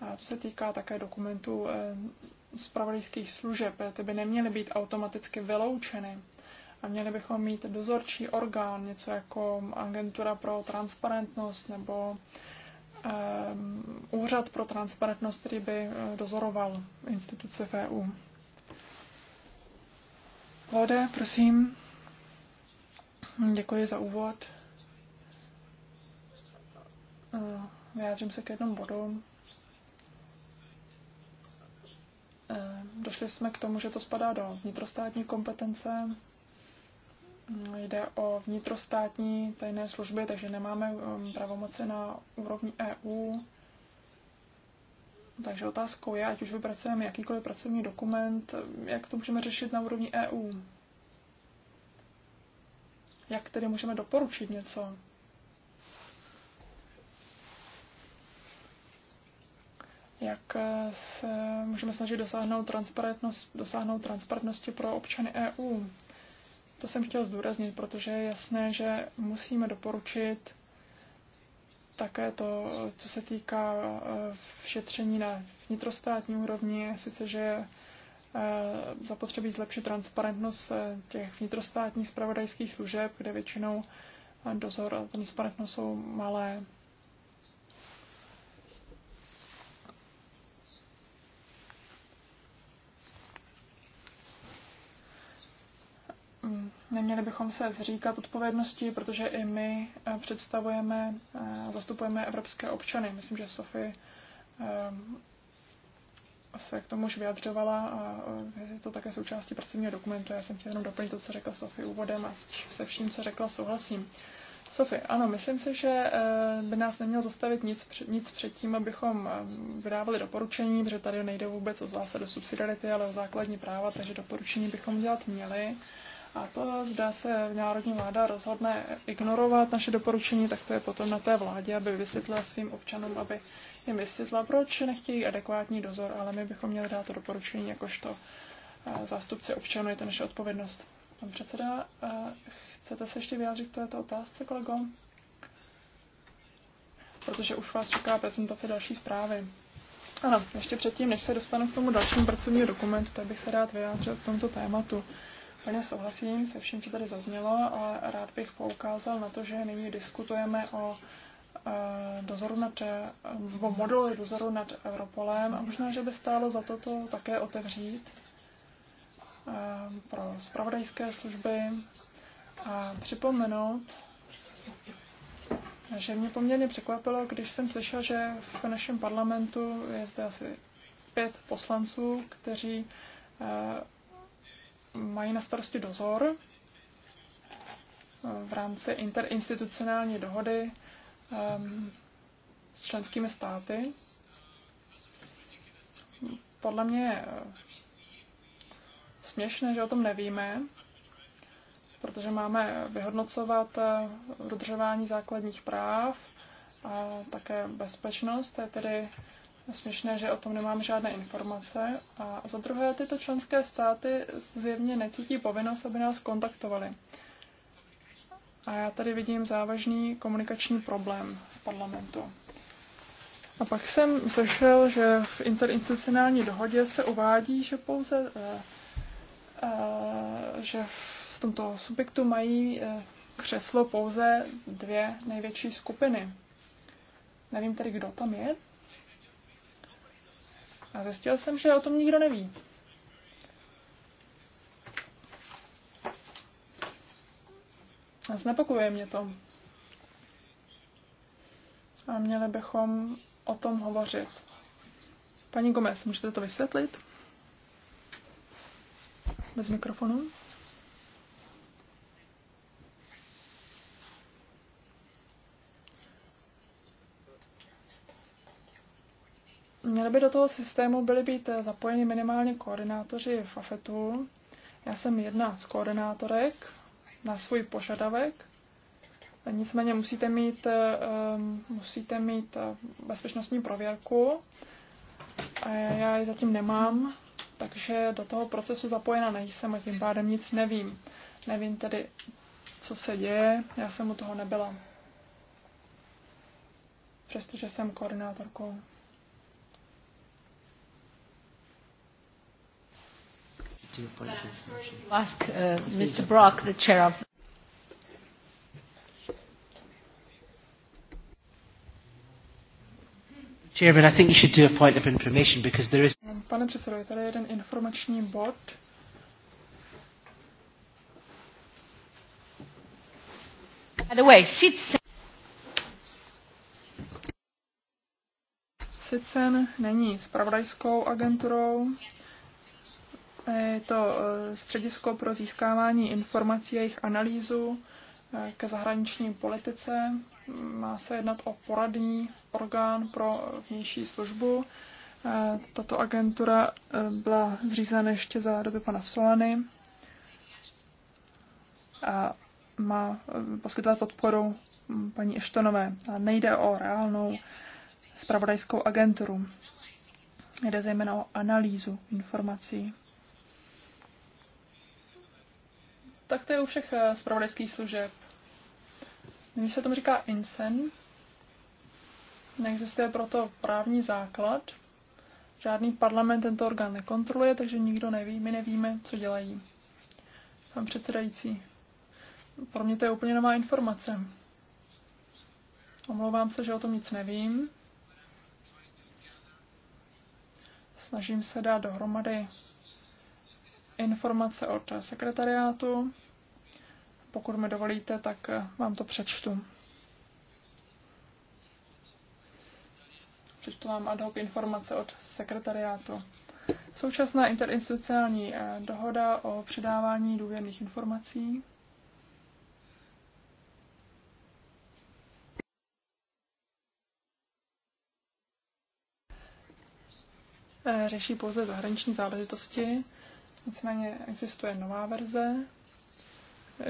A to se týká také dokumentů eh, zpravodajských služeb. Ty by neměly být automaticky vyloučeny. A měli bychom mít dozorčí orgán, něco jako agentura pro transparentnost nebo eh, úřad pro transparentnost, který by eh, dozoroval instituce VU. E Lode, prosím. Děkuji za úvod vyjádřím se k jednom bodu. E, došli jsme k tomu, že to spadá do vnitrostátní kompetence. Jde o vnitrostátní tajné služby, takže nemáme um, pravomoci na úrovni EU. Takže otázkou je, ať už vypracujeme jakýkoliv pracovní dokument, jak to můžeme řešit na úrovni EU. Jak tedy můžeme doporučit něco? jak eh, se můžeme snažit dosáhnout, transparentnost, dosáhnout transparentnosti pro občany EU. To jsem chtěl zdůraznit, protože je jasné, že musíme doporučit také to, co se týká eh, šetření na vnitrostátní úrovni, sice, že eh, zapotřebí zlepšit transparentnost těch vnitrostátních spravodajských služeb, kde většinou dozor a transparentnost jsou malé. neměli bychom se zříkat odpovědnosti, protože i my eh, představujeme, eh, zastupujeme evropské občany. Myslím, že Sofie eh, se k tomu už vyjadřovala a je to také součástí pracovního dokumentu. Já jsem chtěla jenom doplnit to, co řekla Sofie úvodem a se vším, co řekla, souhlasím. Sofie, ano, myslím si, že by nás nemělo zastavit nic, nic tím, abychom vydávali doporučení, protože tady nejde vůbec o zásadu subsidiarity, ale o základní práva, takže doporučení bychom dělat měli. A to zda se národní vláda rozhodne ignorovat naše doporučení, tak to je potom na té vládě, aby vysvětlila svým občanům, aby jim vysvětlila, proč nechtějí adekvátní dozor, ale my bychom měli dát to doporučení jakožto eh, zástupci občanů, je to naše odpovědnost. Pan předseda, eh, chcete se ještě vyjádřit k této otázce, kolego? Protože už vás čeká prezentace další zprávy. Ano, ještě předtím, než se dostanu k tomu dalšímu pracovnímu dokumentu, tak bych se rád vyjádřil k tomto tématu. Plně souhlasím se vším, co tady zaznělo, ale rád bych poukázal na to, že nyní diskutujeme o eh, dozoru nad, eh, nebo modelu dozoru nad Europolem a možná, že by stálo za to to také otevřít eh, pro spravodajské služby a připomenout, že mě poměrně překvapilo, když jsem slyšel, že v našem parlamentu je zde asi pět poslanců, kteří mají na starosti dozor eh, v rámci interinstitucionální dohody eh, s členskými státy. Podle mě je eh, směšné, že o tom nevíme, protože máme vyhodnocovat dodržování základních práv a také bezpečnost. To je tedy směšné, že o tom nemám žádné informace. A za druhé, tyto členské státy zjevně necítí povinnost, aby nás kontaktovali. A já tady vidím závažný komunikační problém v parlamentu. A pak jsem slyšel, že v interinstitucionální dohodě se uvádí, že pouze eh, eh, že v tomto subjektu mají eh, křeslo pouze dvě největší skupiny. Nevím tedy, kdo tam je, a zjistil jsem, že o tom nikdo neví. A znepokuje mě to. A měli bychom o tom hovořit. Paní Gomez, můžete to vysvětlit? Bez mikrofonu. měly by do toho systému byly být eh, zapojeni minimálně koordinátoři v AFETu. Já jsem jedna z koordinátorek na svůj požadavek. Nicméně musíte mít, eh, eh, musíte mít bezpečnostní prověrku. Já ji zatím nemám, takže do toho procesu zapojena nejsem a tím pádem nic nevím. Nevím tedy, co se děje, já jsem u toho nebyla. Přestože jsem koordinátorkou.
Ask uh, Mr. Brock, the chair of Chairman, I think you should do a point of information because there is.
Pane předsedo, je tady jeden informační bod.
By the way, Sitsen.
Sitsen není spravodajskou agenturou, Eh, je to eh, středisko pro získávání informací a jejich analýzu eh, ke zahraniční politice. Mm, má se jednat o poradní orgán pro vnější službu. Tato agentura byla zřízena ještě za doby pana Solany a má poskytovat podporu mm, paní Eštonové. A nejde o reálnou spravodajskou agenturu. Jde zejména o analýzu informací. tak to je u všech eh, zpravodajských služeb. Nyní se tomu říká INSEN. Neexistuje proto právní základ. Žádný parlament tento orgán nekontroluje, takže nikdo neví, my nevíme, co dělají. Pan předsedající, pro mě to je úplně nová informace. Omlouvám se, že o tom nic nevím. Snažím se dát dohromady informace od sekretariátu. Pokud mi dovolíte, tak vám to přečtu. Přečtu vám ad hoc informace od sekretariátu. Současná interinstitucionální eh, dohoda o předávání důvěrných informací. Eh, řeší pouze zahraniční záležitosti Nicméně existuje nová verze,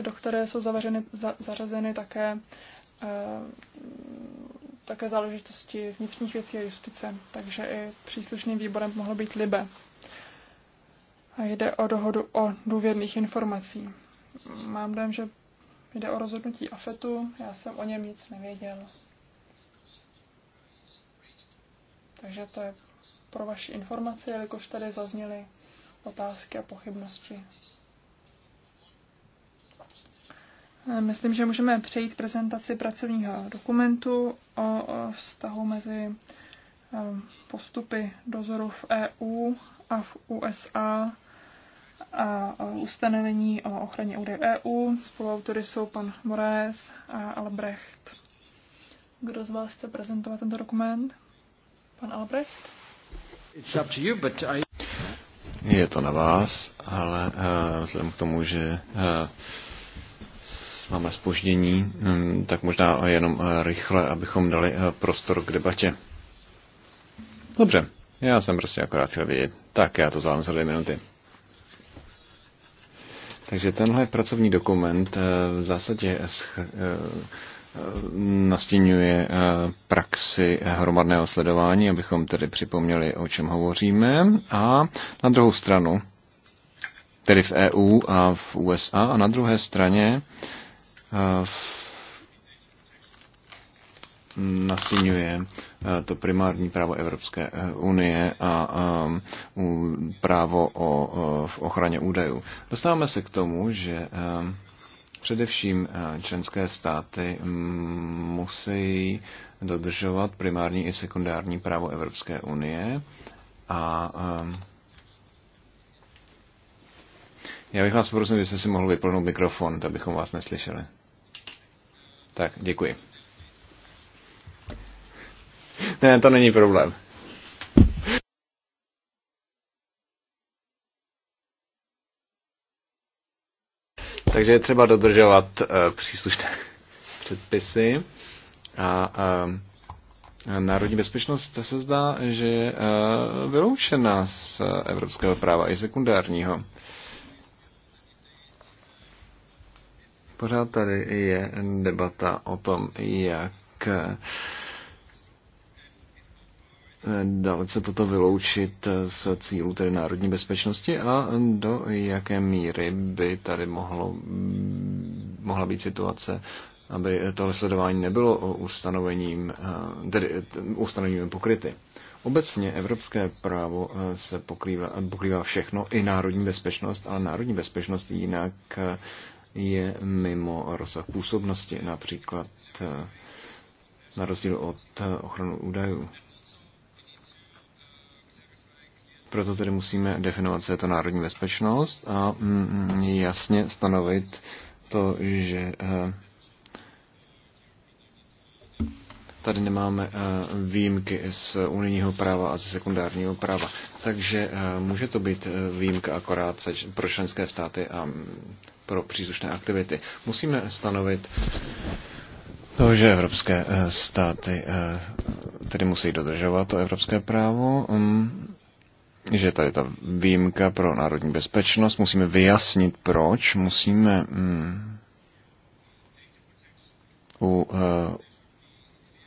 do které jsou zavařeny, za, zařazeny také, e, také záležitosti vnitřních věcí a justice, takže i příslušným výborem mohlo být LIBE. A jde o dohodu o důvěrných informací. Mám dojem, že jde o rozhodnutí AFETu, já jsem o něm nic nevěděl. Takže to je pro vaši informaci, jelikož tady zazněly otázky a pochybnosti. E, myslím, že můžeme přejít prezentaci pracovního dokumentu o vztahu mezi e, postupy dozoru v EU a v USA a ustanovení o ochraně údajů EU. Spoluautory jsou pan Moraes a Albrecht. Kdo z vás chce prezentovat tento dokument? Pan
Albrecht? It's up to you, but I je to na vás, ale eh, vzhledem k tomu, že eh, máme spoždění, mm, tak možná jenom eh, rychle, abychom dali prostor k debatě. Dobře, já jsem prostě akorát chtěl vědět. Tak já to zvládnu za dvě minuty. Takže tenhle pracovní dokument v zásadě nastínuje eh, praxi hromadného sledování, abychom tedy připomněli, o čem hovoříme. A na druhou stranu, tedy v EU a v USA, a na druhé straně eh, nastínuje eh, to primární právo Evropské unie a právo o ochraně údajů. Dostáváme se k tomu, že Především eh, členské státy mm, musí dodržovat primární i sekundární právo Evropské unie a eh, já bych vás poprosil, jestli si mohl vyplnout mikrofon, abychom vás neslyšeli. Tak, děkuji. Ne, to není problém. Takže je třeba dodržovat eh, příslušné předpisy. A, uh, národní bezpečnost se zdá, že je eh, vyloučena z evropského práva i sekundárního. Pořád tady je debata o tom, jak dalece toto vyloučit z cílu tedy národní bezpečnosti a do jaké míry by tady mohlo, mohla být situace, aby tohle sledování nebylo ustanovením, tedy ustanovením pokryty. Obecně evropské právo se pokrývá, pokrývá všechno, i národní bezpečnost, ale národní bezpečnost jinak je mimo rozsah působnosti, například na rozdíl od ochranu údajů. Proto tedy musíme definovat, co je to národní bezpečnost a mm, mm, jasně stanovit to, že eh, tady nemáme eh, výjimky z unijního práva a ze sekundárního práva. Takže eh, může to být výjimka akorát pro členské státy a mm, pro příslušné aktivity. Musíme stanovit to, že evropské státy tedy musí dodržovat to evropské právo že tady ta výjimka pro národní bezpečnost, musíme vyjasnit proč, musíme mm, u uh,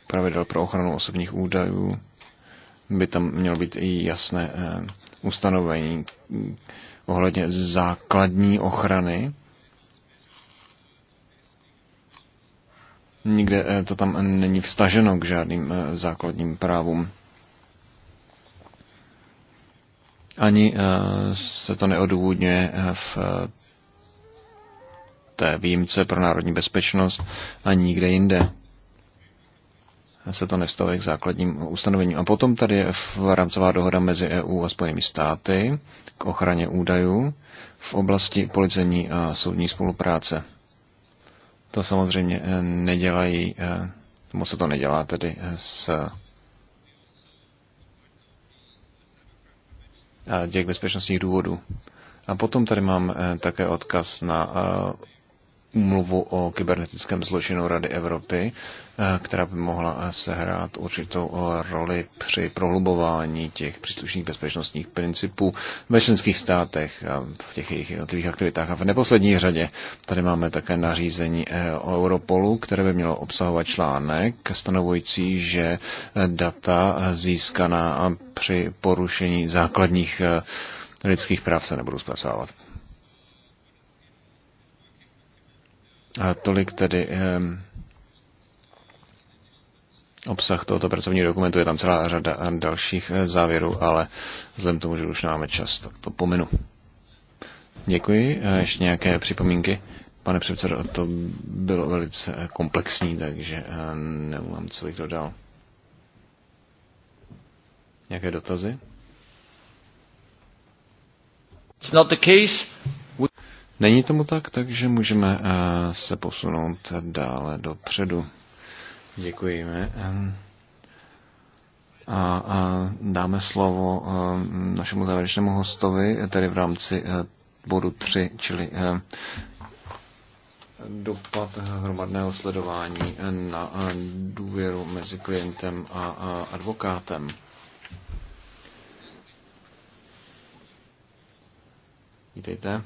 pravidel pro ochranu osobních údajů by tam mělo být i jasné uh, ustanovení mm, ohledně základní ochrany. Nikde eh, to tam není vstaženo k žádným základním právům. Ani eh, se to neodůvodňuje eh, v eh, té výjimce pro národní bezpečnost ani nikde jinde se to nevstavuje k základním ustanovením. A potom tady je rámcová dohoda mezi EU a Spojenými státy k ochraně údajů v oblasti policení a soudní spolupráce. To samozřejmě nedělají, moc se to nedělá tedy s těch bezpečnostních důvodů. A potom tady mám eh, také odkaz na eh, úmluvu o kybernetickém zločinu Rady Evropy, eh, která by mohla sehrát určitou eh, roli při prohlubování těch příslušných bezpečnostních principů ve členských státech, v těch jejich jednotlivých aktivitách. A v neposlední řadě tady máme také nařízení eh, o Europolu, které by mělo obsahovat článek stanovující, že data získaná při porušení základních lidských práv se nebudou zpracovávat. A tolik tedy ehm, obsah tohoto pracovního dokumentu. Je tam celá řada dalších eh, závěrů, ale vzhledem k tomu, že už máme čas, tak to pominu. Děkuji. A ještě nějaké připomínky? Pane předsedo, to bylo velice eh, komplexní, takže eh, nemám, co bych dodal. Nějaké dotazy? It's not the case. Není tomu tak, takže můžeme eh, se posunout dále dopředu. Děkujeme. A, a dáme slovo eh, našemu závěrečnému hostovi, tedy v rámci eh, bodu 3, čili dopad hromadného sledování na důvěru mezi klientem a advokátem. Vítejte.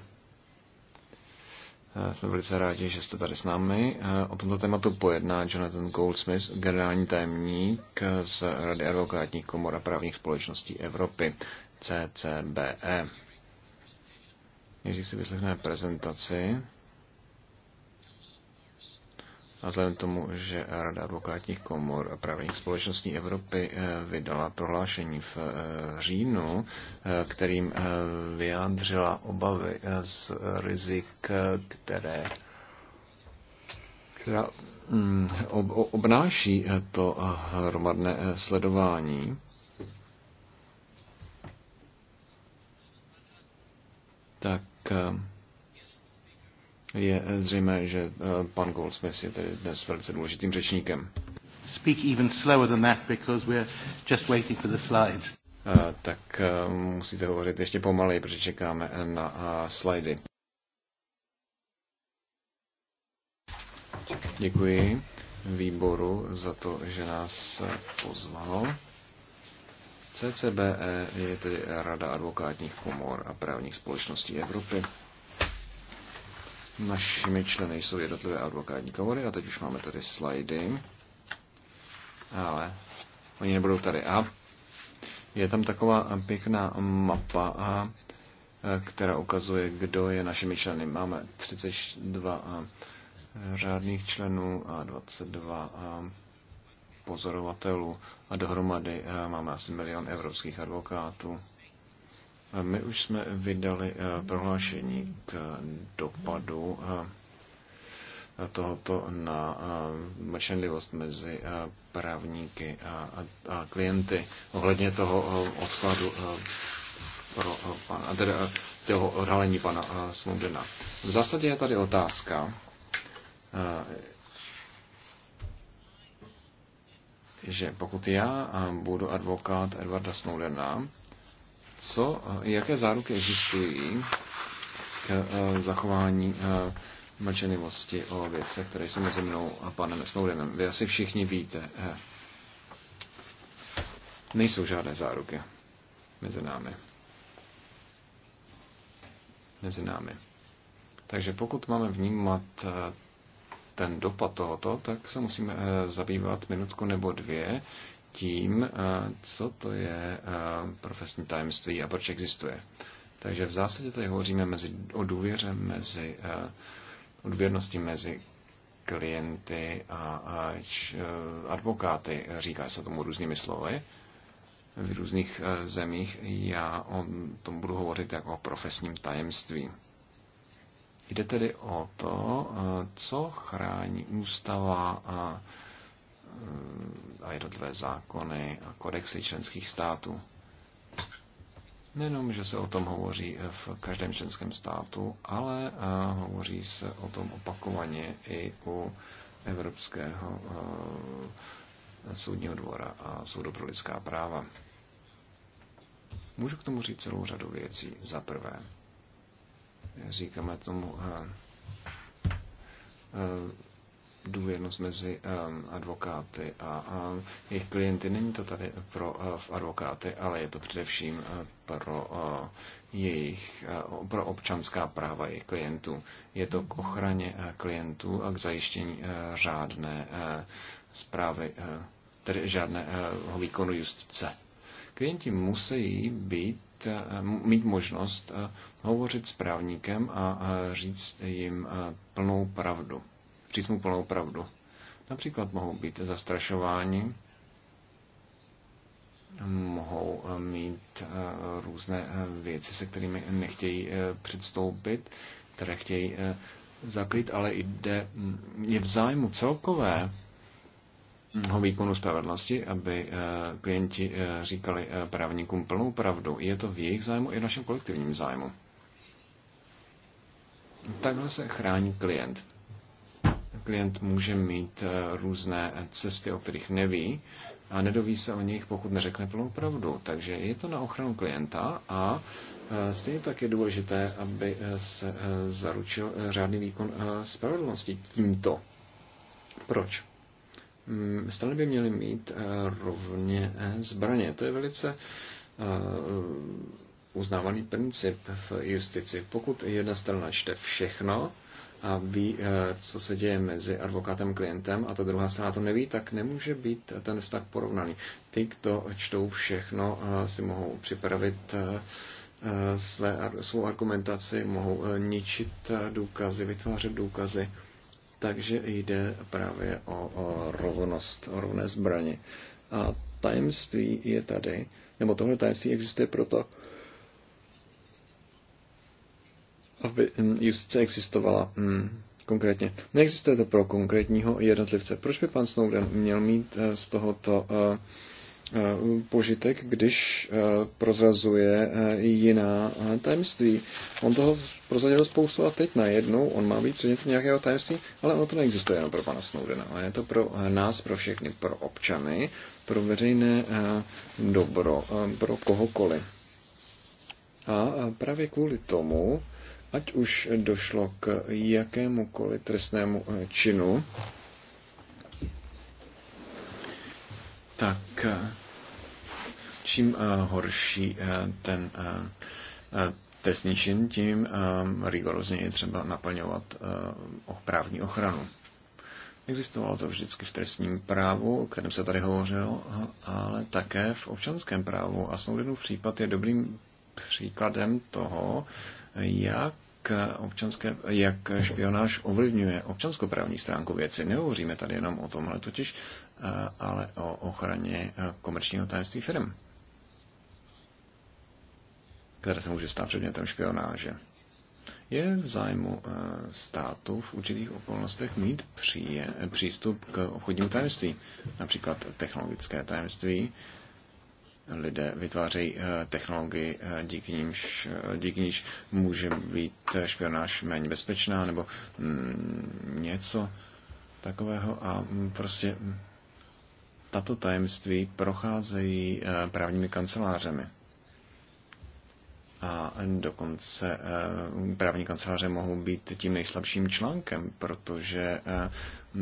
Eh, jsme velice rádi, že jste tady s námi. Eh, o tomto tématu pojedná Jonathan Goldsmith, generální tajemník z Rady advokátních komor a právních společností Evropy, CCBE. Nejdřív si vyslechneme prezentaci a vzhledem k tomu, že Rada advokátních komor a právních společností Evropy eh, vydala prohlášení v eh, říjnu, eh, kterým vyjádřila obavy z rizik, které která mm, obnáší to hromadné sledování. Tak je zřejmé, že eh, pan Goldsmith je tedy dnes velice důležitým řečníkem. Speak even slower than that because we're just waiting for the slides. Eh, tak eh, musíte hovořit ještě pomaleji, protože čekáme na slidy. Děkuji výboru za to, že nás pozval. CCBE je tedy Rada advokátních komor a právních společností Evropy. Našimi členy jsou jednotlivé advokátní komory a teď už máme tady slidy, ale oni nebudou tady. A je tam taková pěkná mapa, a, která ukazuje, kdo je našimi členy. Máme 32 a, řádných členů a 22 a, pozorovatelů a dohromady máme asi milion evropských advokátů. My už jsme vydali eh, prohlášení k dopadu eh, tohoto na eh, mlčenlivost mezi právníky a klienty ohledně toho odkladu pro pana, teda toho odhalení pana Snowdena. V zásadě je tady otázka, že pokud já budu advokát Edwarda Snowdena, co, eh, jaké záruky existují k eh, zachování eh, mlčenlivosti o věcech, které jsou mezi mnou a panem Snowdenem. Vy asi všichni víte, nejsou žádné záruky mezi námi. Mezi námi. Takže pokud máme vnímat ten dopad tohoto, tak se musíme zabývat minutku nebo dvě tím, eh, co to je eh, profesní tajemství a proč existuje. Takže v zásadě tady hovoříme mezi, o důvěře mezi, eh, o důvěrnosti mezi klienty a, a č, advokáty, říká se tomu různými slovy, v různých zemích. Já o tom budu hovořit jako o profesním tajemství. Jde tedy o to, co chrání ústava a a jednotlivé zákony a kodexy členských států. Nejenom, že se o tom hovoří v každém členském státu, ale eh, hovoří se o tom opakovaně i u Evropského eh, soudního dvora a soudu pro lidská práva. Můžu k tomu říct celou řadu věcí. Za prvé, říkáme tomu eh, důvěrnost mezi um, advokáty a jejich klienty. Není to tady pro uh, advokáty, ale je to především uh, pro uh, jejich, pro občanská práva jejich klientů. Je to k ochraně klientů a k zajištění řádné zprávy, tedy žádného výkonu justice. Klienti musí být mít možnost hovořit s právníkem a říct jim plnou pravdu mu plnou pravdu. Například mohou být zastrašováni, mohou eh, mít eh, různé eh, věci, se kterými nechtějí předstoupit, které chtějí zakrýt, ale jde, hm, je v zájmu celkové hm, výkonu spravedlnosti, aby klienti říkali právníkům plnou pravdu. Je to v jejich zájmu i v našem kolektivním zájmu. Takhle se chrání klient klient může mít eh, různé cesty, o kterých neví a nedoví se o nich, pokud neřekne plnou pravdu. Takže je to na ochranu klienta a eh, stejně tak je důležité, aby eh, se zaručil řádný výkon spravedlnosti tímto. Proč? Mm, strany by měly mít rovně zbraně. To je velice uznávaný princip v justici. Pokud jedna strana čte všechno, a ví, eh, co se děje mezi advokátem a klientem a ta druhá strana to neví, tak nemůže být ten vztah porovnaný. Ty, kdo čtou všechno, eh, si mohou připravit eh, své, svou argumentaci, mohou ničit důkazy, vytvářet důkazy. Takže jde právě o, o rovnost, o rovné zbraně. A tajemství je tady, nebo tohle tajemství existuje proto, aby justice existovala mm, konkrétně. Neexistuje to pro konkrétního jednotlivce. Proč by pan Snowden měl mít eh, z tohoto eh, eh, požitek, když prozrazuje jiná tajemství. On toho prozradil spoustu a teď najednou on má být předmětem nějakého tajemství, ale ono to neexistuje jenom pro pana Snowdena, ale je to pro nás, pro všechny, pro občany, pro veřejné dobro, pro kohokoliv. A právě kvůli tomu ať už došlo k jakémukoliv trestnému eh, činu, tak eh, čím eh, horší ten trestný čin, tím rigorozně je třeba naplňovat právní ochranu. Existovalo to vždycky v trestním právu, o kterém se tady hovořilo, ale také v občanském právu. A Snowdenův případ je dobrým příkladem toho, jak občanské, jak špionáž ovlivňuje občanskoprávní stránku věci. Nehovoříme tady jenom o tomhle totiž, eh, ale o ochraně eh, komerčního tajemství firm, které se může stát předmětem špionáže. Je v zájmu eh, státu v určitých okolnostech mít příje, přístup k obchodnímu tajemství, například technologické tajemství, lidé vytvářejí eh, technologii, eh, díky, nímž, eh, díky níž může být špionáž méně bezpečná nebo mm, něco takového a mm, prostě mm, tato tajemství procházejí právními kancelářemi a dokonce eh, právní kanceláře mohou být tím nejslabším článkem, protože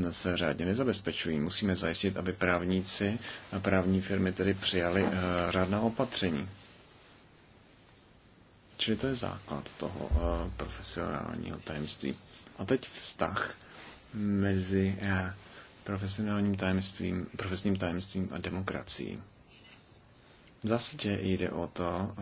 eh, se řádně nezabezpečují. Musíme zajistit, aby právníci a právní firmy tedy přijali eh, řádná opatření. Čili to je základ toho profesionálního tajemství. A teď vztah mezi profesionálním tajemstvím, profesním tajemstvím a demokracií. V zásadě jde o to,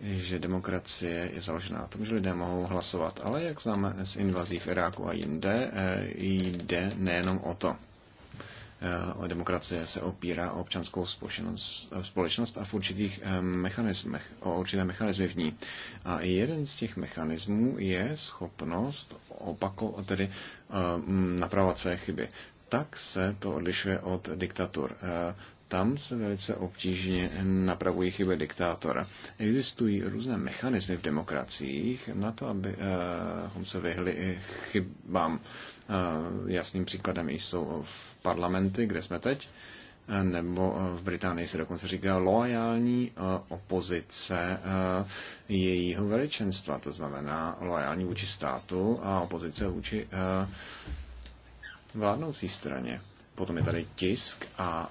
že demokracie je založena na tom, že lidé mohou hlasovat. Ale jak známe z invazí v Iráku a jinde, eh, jde nejenom o to. Eh, o demokracie se opírá o občanskou společnost a v určitých eh, mechanismech, o určité mechanismy v ní. A jeden z těch mechanismů je schopnost opako, tedy napravovat své chyby. Tak se to odlišuje od diktatur tam se velice obtížně napravují chyby diktátora. Existují různé mechanismy v demokraciích na to, abychom eh, se vyhli i chybám. Eh, jasným příkladem jsou v parlamenty, kde jsme teď, eh, nebo v Británii se dokonce říká loajální opozice jejího veličenstva, to znamená loajální vůči státu a opozice vůči vládnoucí straně potom je tady tisk a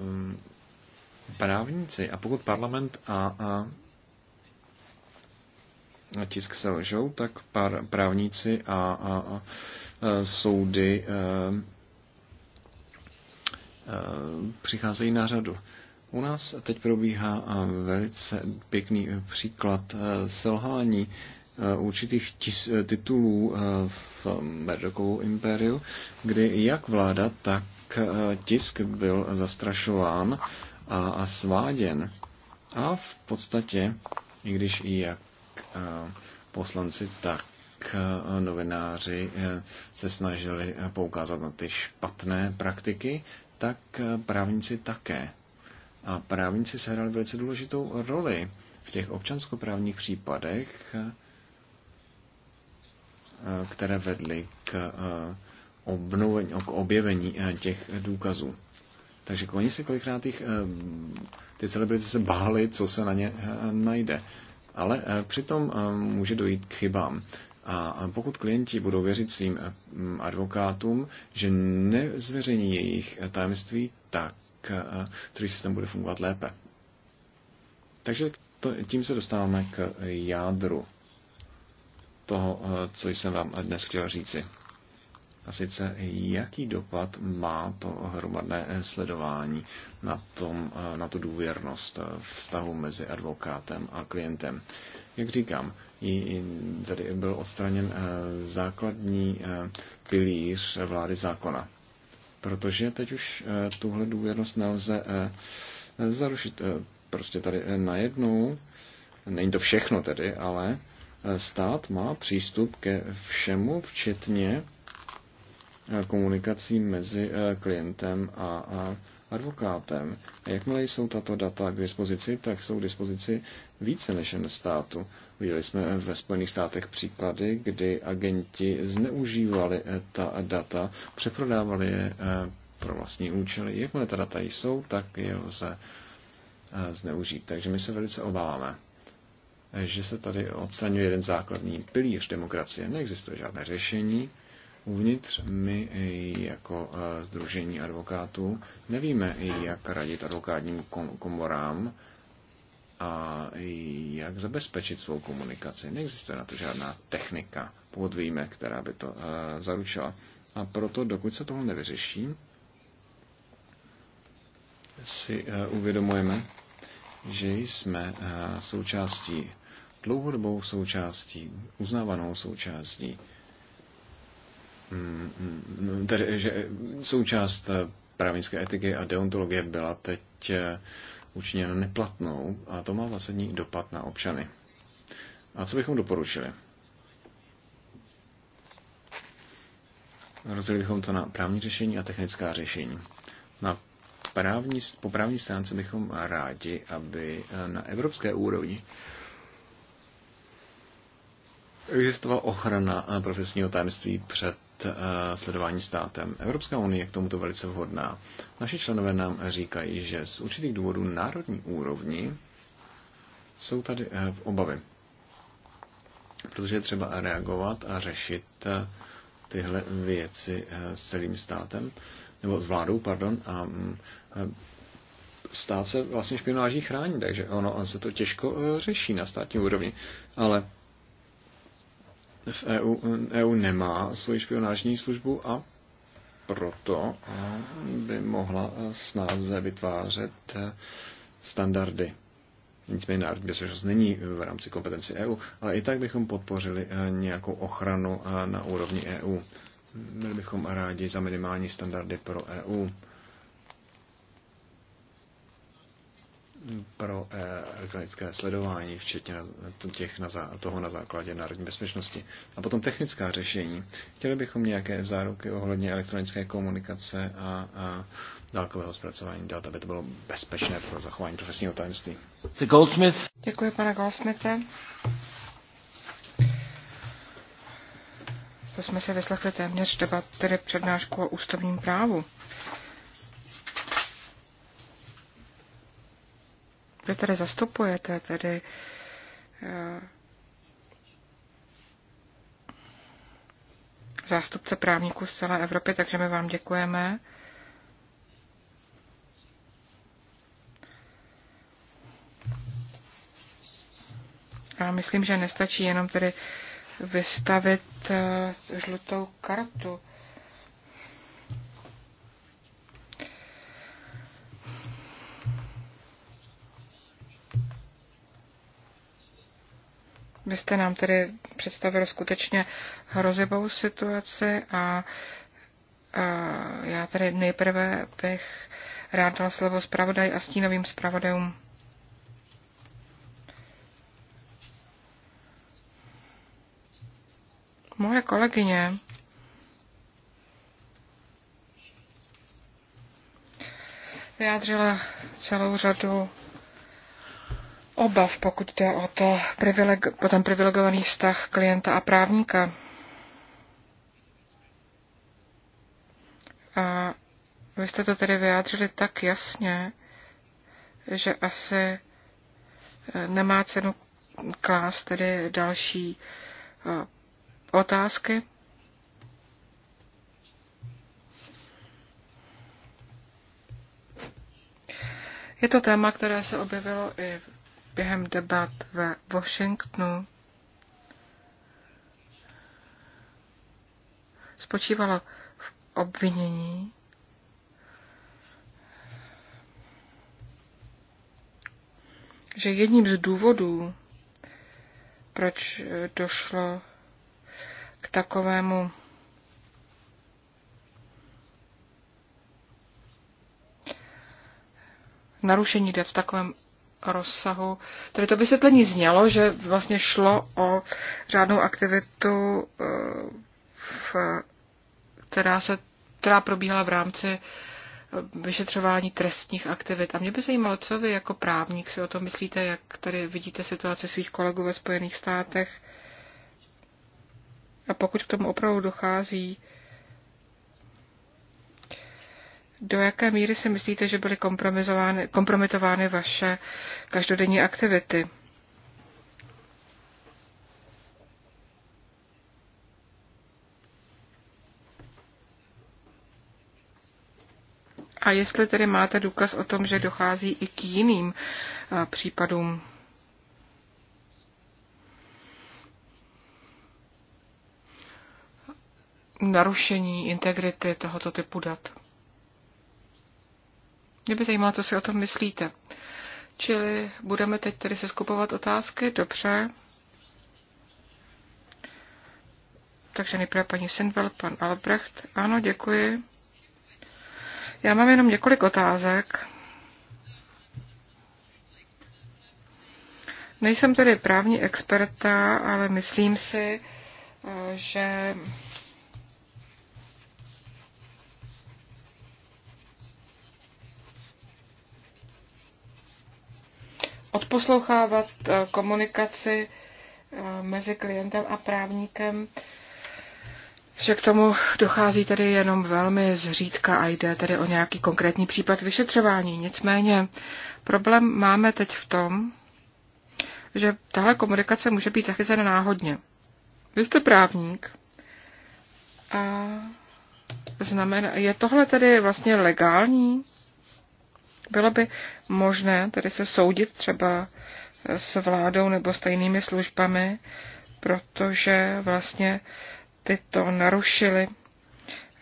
mm, právníci. A pokud parlament a, a tisk se lžou, tak par, právníci a, a, a e, soudy a, e, a, e, přicházejí na řadu. U nás teď probíhá velice pěkný příklad selhání určitých tis, titulů v Merdokovou impériu, kdy jak vláda, tak tak eh, tisk byl zastrašován a sváděn. A v podstatě, i když i jak eh, poslanci, tak eh, novináři se snažili poukázat na ty špatné praktiky, tak právníci také. A právníci sehrali velice důležitou roli v těch občanskoprávních případech, které vedly k obnovení, k objevení eh, těch eh, důkazů. Takže oni se kolikrát jich, eh, ty celebrity se báli, co se na ně najde. Ale přitom může dojít k chybám. A pokud klienti budou věřit svým advokátům, že nezveřejní jejich tajemství, tak celý systém bude fungovat lépe. Takže to, tím se dostáváme k jádru toho, co jsem vám dnes chtěl říci. A sice, jaký dopad má to hromadné sledování na, tom, na tu důvěrnost vztahu mezi advokátem a klientem. Jak říkám, i tady byl odstraněn eh, základní eh, pilíř vlády zákona. Protože teď už eh, tuhle důvěrnost nelze zarušit. Prostě tady najednou, není to všechno tedy, ale stát má přístup ke všemu, včetně Eh, komunikací mezi eh, klientem a advokátem. A jakmile jsou tato data k dispozici, tak jsou k dispozici více než jen státu. Viděli jsme eh, ve Spojených státech příklady, kdy agenti zneužívali ta data, přeprodávali je pro vlastní účely. Jakmile ta data jsou, tak je lze zneužít. Takže my se velice obáváme, že se tady odstraňuje jeden základní pilíř demokracie. Neexistuje žádné řešení, Uvnitř my jako e, Združení advokátů nevíme, jak radit advokátním komorám a jak zabezpečit svou komunikaci. Neexistuje na to žádná technika, pokud víme, která by to e, zaručila. A proto, dokud se toho nevyřeší, si e, uvědomujeme, že jsme součástí, dlouhodobou součástí, uznávanou součástí Mm, mm, mm, tedy, že součást eh, právnické etiky a deontologie byla teď eh, učiněna neplatnou a to má zásadní dopad na občany. A co bychom doporučili? Rozdělili bychom to na právní řešení a technická řešení. Na právní, po právní stránce bychom rádi, aby eh, na evropské úrovni existovala ochrana eh, profesního tajemství před eh, sledování státem. Evropská unie je k tomuto velice vhodná. Naši členové nám říkají, že z určitých důvodů národní úrovni jsou tady v eh, obavy. Protože je třeba reagovat a řešit tyhle věci s celým státem, nebo s vládou, pardon, a mm, stát se vlastně špionáží chrání, takže ono se to těžko řeší na státní úrovni. Ale v EU, EU nemá svoji špionážní službu a proto by mohla snáze vytvářet standardy. Nicméně národní bezpečnost není v rámci kompetenci EU, ale i tak bychom podpořili nějakou ochranu na úrovni EU. Byli bychom rádi za minimální standardy pro EU. pro eh, elektronické sledování, včetně těch na, toho na základě národní bezpečnosti. A potom technická řešení. Chtěli bychom nějaké záruky ohledně elektronické komunikace a, a dálkového zpracování dat, aby to bylo bezpečné pro zachování profesního tajemství. Goldsmith.
Děkuji, pane Goldsmithe. To jsme se vyslechli téměř debat, tedy přednášku o ústavním právu. Vy tady zastupujete tedy eh, zástupce právníků z celé Evropy, takže my vám děkujeme. A myslím, že nestačí jenom tedy vystavit eh, žlutou kartu. Vy jste nám tedy představil skutečně hrozivou situaci a, a já tedy nejprve bych rád dal slovo zpravodaj a stínovým zpravodajům. Moje kolegyně vyjádřila celou řadu obav, pokud jde o, to, o ten privilegovaný vztah klienta a právníka. A vy jste to tedy vyjádřili tak jasně, že asi eh, nemá cenu klást tedy další eh, otázky. Je to téma, které se objevilo i během debat ve Washingtonu spočívalo v obvinění že jedním z důvodů, proč došlo k takovému narušení dat v takovém rozsahu. Tady to vysvětlení znělo, že vlastně šlo o řádnou aktivitu, eh, v, která, se, která probíhala v rámci eh, vyšetřování trestních aktivit. A mě by zajímalo, co vy jako právník si o tom myslíte, jak tady vidíte situaci svých kolegů ve Spojených státech. A pokud k tomu opravdu dochází, do jaké míry si myslíte, že byly kompromitovány vaše každodenní aktivity? A jestli tedy máte důkaz o tom, že dochází i k jiným eh, případům? narušení integrity tohoto typu dat. Mě by zajímalo, co si o tom myslíte. Čili budeme teď tedy se skupovat otázky, dobře. Takže nejprve paní Sindvel, pan Albrecht. Ano, děkuji. Já mám jenom několik otázek. Nejsem tedy právní experta, ale myslím si, eh, že odposlouchávat eh, komunikaci eh, mezi klientem a právníkem, že k tomu dochází tedy jenom velmi zřídka a jde tedy o nějaký konkrétní případ vyšetřování. Nicméně problém máme teď v tom, že tahle komunikace může být zachycena náhodně. Vy jste právník a znamená, je tohle tedy vlastně legální? Bylo by možné tedy se soudit třeba s vládou nebo stejnými službami, protože vlastně tyto narušily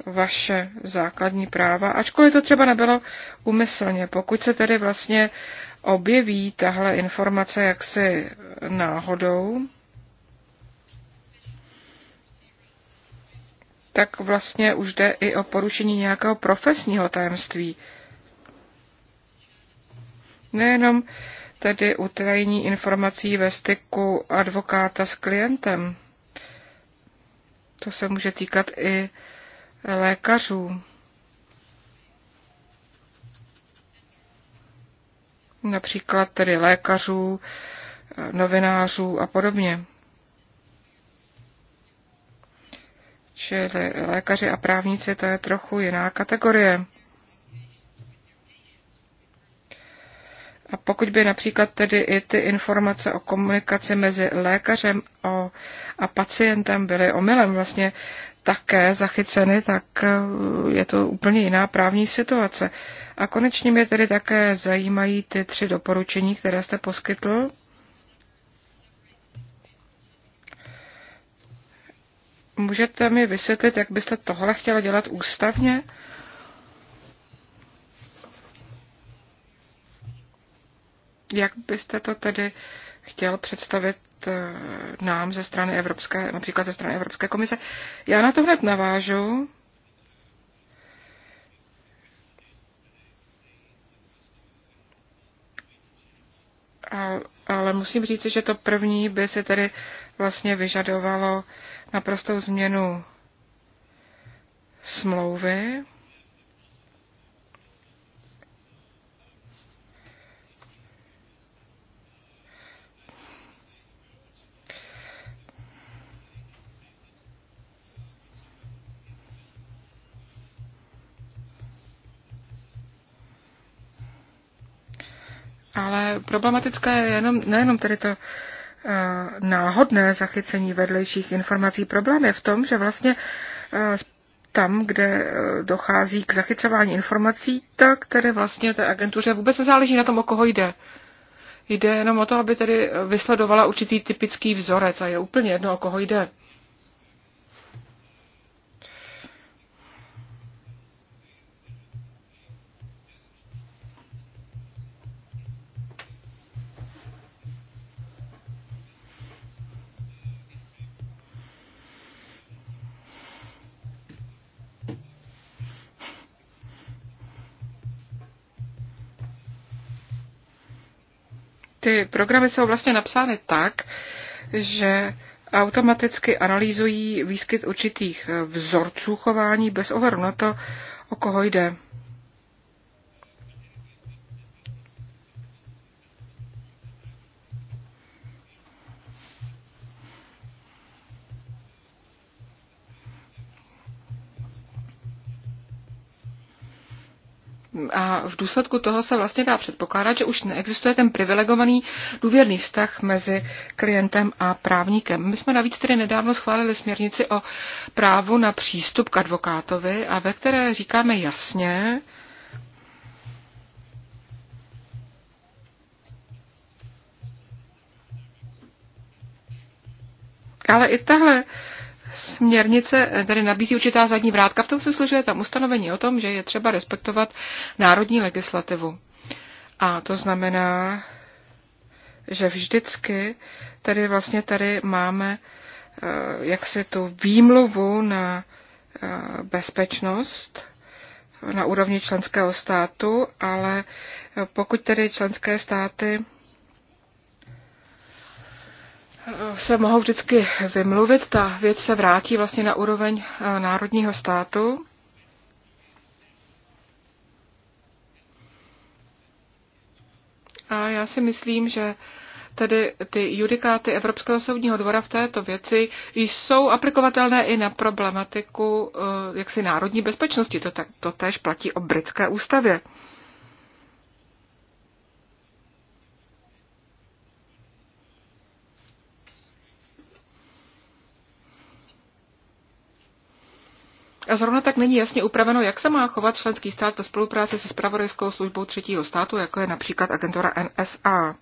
vaše základní práva, ačkoliv to třeba nebylo úmyslně. Pokud se tedy vlastně objeví tahle informace jaksi náhodou, tak vlastně už jde i o porušení nějakého profesního tajemství. Nejenom tedy utajení informací ve styku advokáta s klientem. To se může týkat i lékařů. Například tedy lékařů, novinářů a podobně. Čili lékaři a právníci to je trochu jiná kategorie. A pokud by například tedy i ty informace o komunikaci mezi lékařem a pacientem byly omylem vlastně také zachyceny, tak eh, je to úplně jiná právní situace. A konečně mě tedy také zajímají ty tři doporučení, které jste poskytl. Můžete mi vysvětlit, jak byste tohle chtěla dělat ústavně? Jak byste to tedy chtěl představit eh, nám ze strany Evropské, například ze strany Evropské komise? Já na to hned navážu. ale musím říct, že to první by se tedy vlastně vyžadovalo naprostou změnu smlouvy. Ale problematické je jenom, nejenom tedy to eh, náhodné zachycení vedlejších informací. Problém je v tom, že vlastně eh, tam, kde eh, dochází k zachycování informací, tak tedy vlastně té agentuře vůbec nezáleží na tom, o koho jde. Jde jenom o to, aby tedy vysledovala určitý typický vzorec a je úplně jedno, o koho jde. ty programy jsou vlastně napsány tak, že automaticky analýzují výskyt určitých vzorců chování bez ohledu na to, o koho jde. a v důsledku toho se vlastně dá předpokládat, že už neexistuje ten privilegovaný důvěrný vztah mezi klientem a právníkem. My jsme navíc tedy nedávno schválili směrnici o právu na přístup k advokátovi a ve které říkáme jasně, ale i tahle směrnice eh, tedy nabízí určitá zadní vrátka v tom smyslu, že je tam ustanovení o tom, že je třeba respektovat národní legislativu. A to znamená, že vždycky tady vlastně tady máme eh, jak se tu výmluvu na eh, bezpečnost na úrovni členského státu, ale pokud tedy členské státy se mohou vždycky vymluvit, ta věc se vrátí vlastně na úroveň eh, národního státu. A já si myslím, že tedy ty judikáty Evropského soudního dvora v této věci jsou aplikovatelné i na problematiku eh, jaksi národní bezpečnosti. To, tak, to též platí o britské ústavě. A zrovna tak není jasně upraveno, jak se má chovat členský stát ve spolupráci se spravodajskou službou třetího státu, jako je například agentura NSA.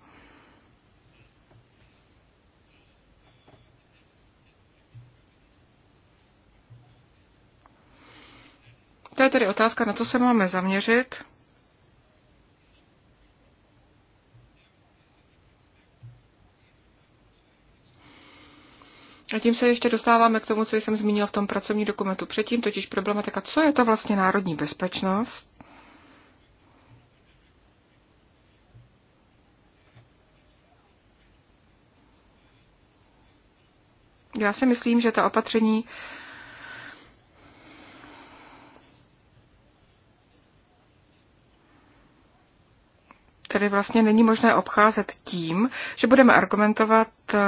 To je tedy otázka, na co se máme zaměřit. A tím se ještě dostáváme k tomu, co jsem zmínil v tom pracovním dokumentu předtím, totiž problematika, co je to vlastně národní bezpečnost. Já si myslím, že ta opatření tedy vlastně není možné obcházet tím, že budeme argumentovat eh,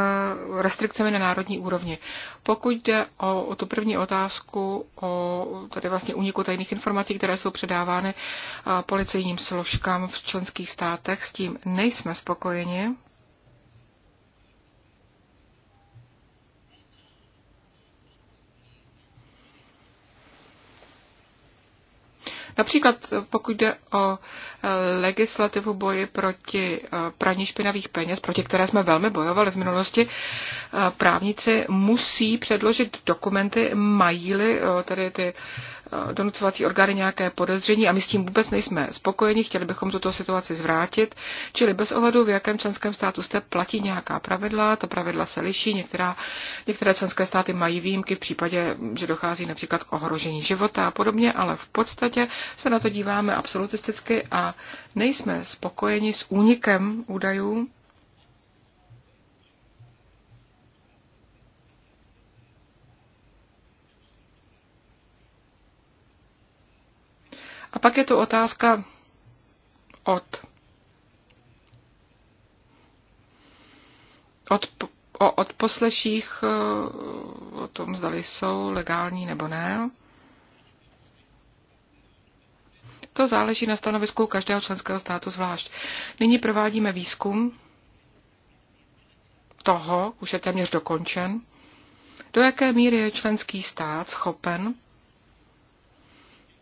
restrikcemi na národní úrovni. Pokud jde o, o tu první otázku, o tady vlastně uniku tajných informací, které jsou předávány eh, policejním složkám v členských státech, s tím nejsme spokojeni. Například eh, pokud jde o eh, legislativu boji proti eh, praní špinavých peněz, proti které jsme velmi bojovali v minulosti, právníci musí předložit dokumenty, mají-li tedy ty donucovací orgány nějaké podezření a my s tím vůbec nejsme spokojeni, chtěli bychom tuto situaci zvrátit, čili bez ohledu, v jakém členském státu jste, platí nějaká pravidla, ta pravidla se liší, některá, některé členské státy mají výjimky v případě, že dochází například k ohrožení života a podobně, ale v podstatě se na to díváme absolutisticky a nejsme spokojeni s únikem údajů. A pak je tu otázka od od, o odposleších, eh, o tom, zda jsou legální nebo ne. To záleží na stanovisku každého členského státu zvlášť. Nyní provádíme výzkum toho, už je téměř dokončen, do jaké míry je členský stát schopen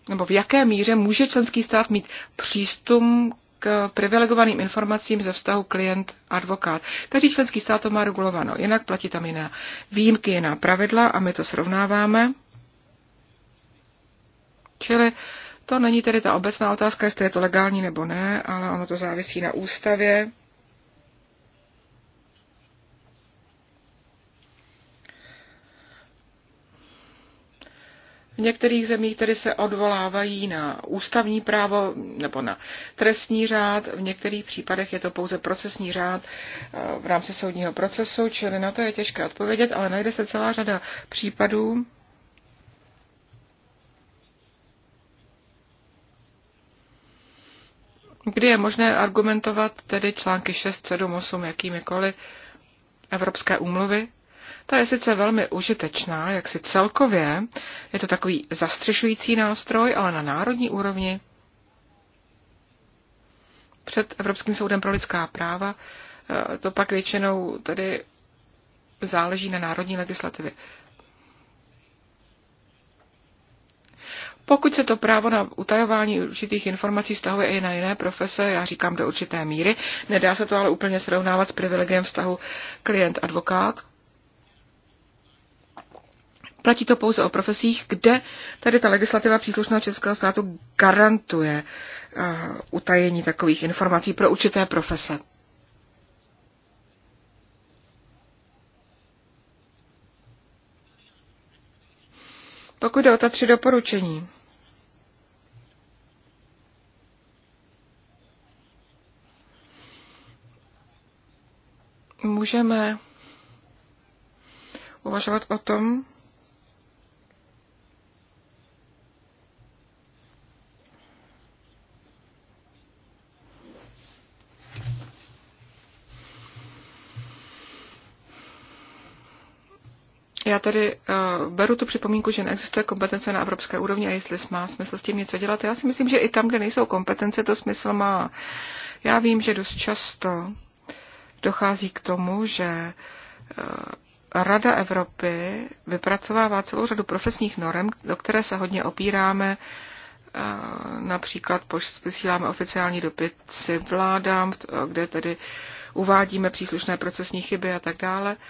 nebo v jaké míře může členský stát mít přístup k privilegovaným informacím ze vztahu klient-advokát. Každý členský stát to má regulováno, jinak platí tam jiná výjimky, jiná pravidla a my to srovnáváme. Čili to není tedy ta obecná otázka, jestli je to legální nebo ne, ale ono to závisí na ústavě. V některých zemích tedy se odvolávají na ústavní právo nebo na trestní řád, v některých případech je to pouze procesní řád eh, v rámci soudního procesu, čili na to je těžké odpovědět, ale najde se celá řada případů, kdy je možné argumentovat tedy články 6, 7, 8 jakýmikoliv Evropské úmluvy. Ta je sice velmi užitečná, jak si celkově, je to takový zastřešující nástroj, ale na národní úrovni před Evropským soudem pro lidská práva eh, to pak většinou tedy záleží na národní legislativě. Pokud se to právo na utajování určitých informací stahuje i na jiné profese, já říkám do určité míry, nedá se to ale úplně srovnávat s privilegiem vztahu klient-advokát. Platí to pouze o profesích, kde tady ta legislativa příslušného českého státu garantuje uh, utajení takových informací pro určité profese. Pokud jde o ta tři doporučení, můžeme uvažovat o tom, Já tedy uh, eh, beru tu připomínku, že neexistuje kompetence na evropské úrovni a jestli má smysl s tím něco dělat. Já si myslím, že i tam, kde nejsou kompetence, to smysl má. Já vím, že dost často dochází k tomu, že uh, Rada Evropy vypracovává celou řadu profesních norem, do které se hodně opíráme. Uh, například posíláme oficiální dopisy vládám, kde tedy uvádíme příslušné procesní chyby a tak dále. Uh,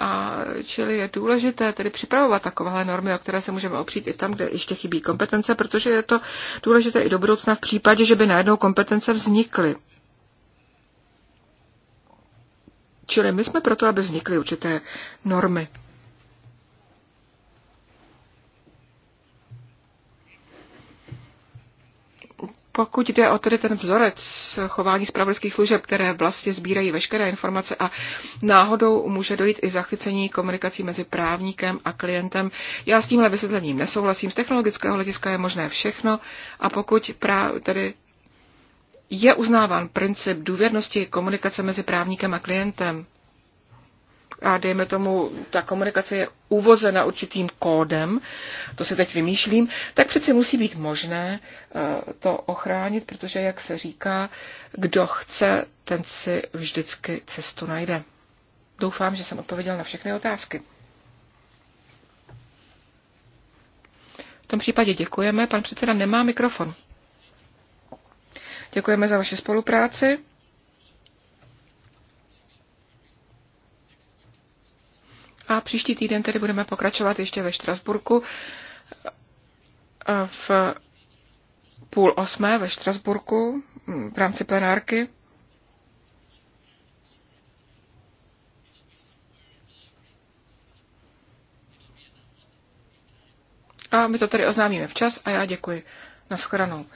a čili je důležité tedy připravovat takovéhle normy, o které se můžeme opřít i tam, kde ještě chybí kompetence, protože je to důležité i do budoucna v případě, že by najednou kompetence vznikly. Čili my jsme proto, aby vznikly určité normy. Pokud jde o tedy ten vzorec chování zpravodajských služeb, které vlastně sbírají veškeré informace a náhodou může dojít i zachycení komunikací mezi právníkem a klientem, já s tímhle vysvětlením nesouhlasím. Z technologického hlediska je možné všechno a pokud práv, tedy je uznáván princip důvěrnosti komunikace mezi právníkem a klientem, a dejme tomu, ta komunikace je uvozena určitým kódem, to si teď vymýšlím, tak přece musí být možné eh, to ochránit, protože, jak se říká, kdo chce, ten si vždycky cestu najde. Doufám, že jsem odpověděl na všechny otázky. V tom případě děkujeme. Pan předseda nemá mikrofon. Děkujeme za vaši spolupráci. A příští týden tedy budeme pokračovat ještě ve Štrasburku eh, v půl osmé ve Štrasburku hm, v rámci plenárky. A my to tady oznámíme včas a já děkuji. Naschledanou.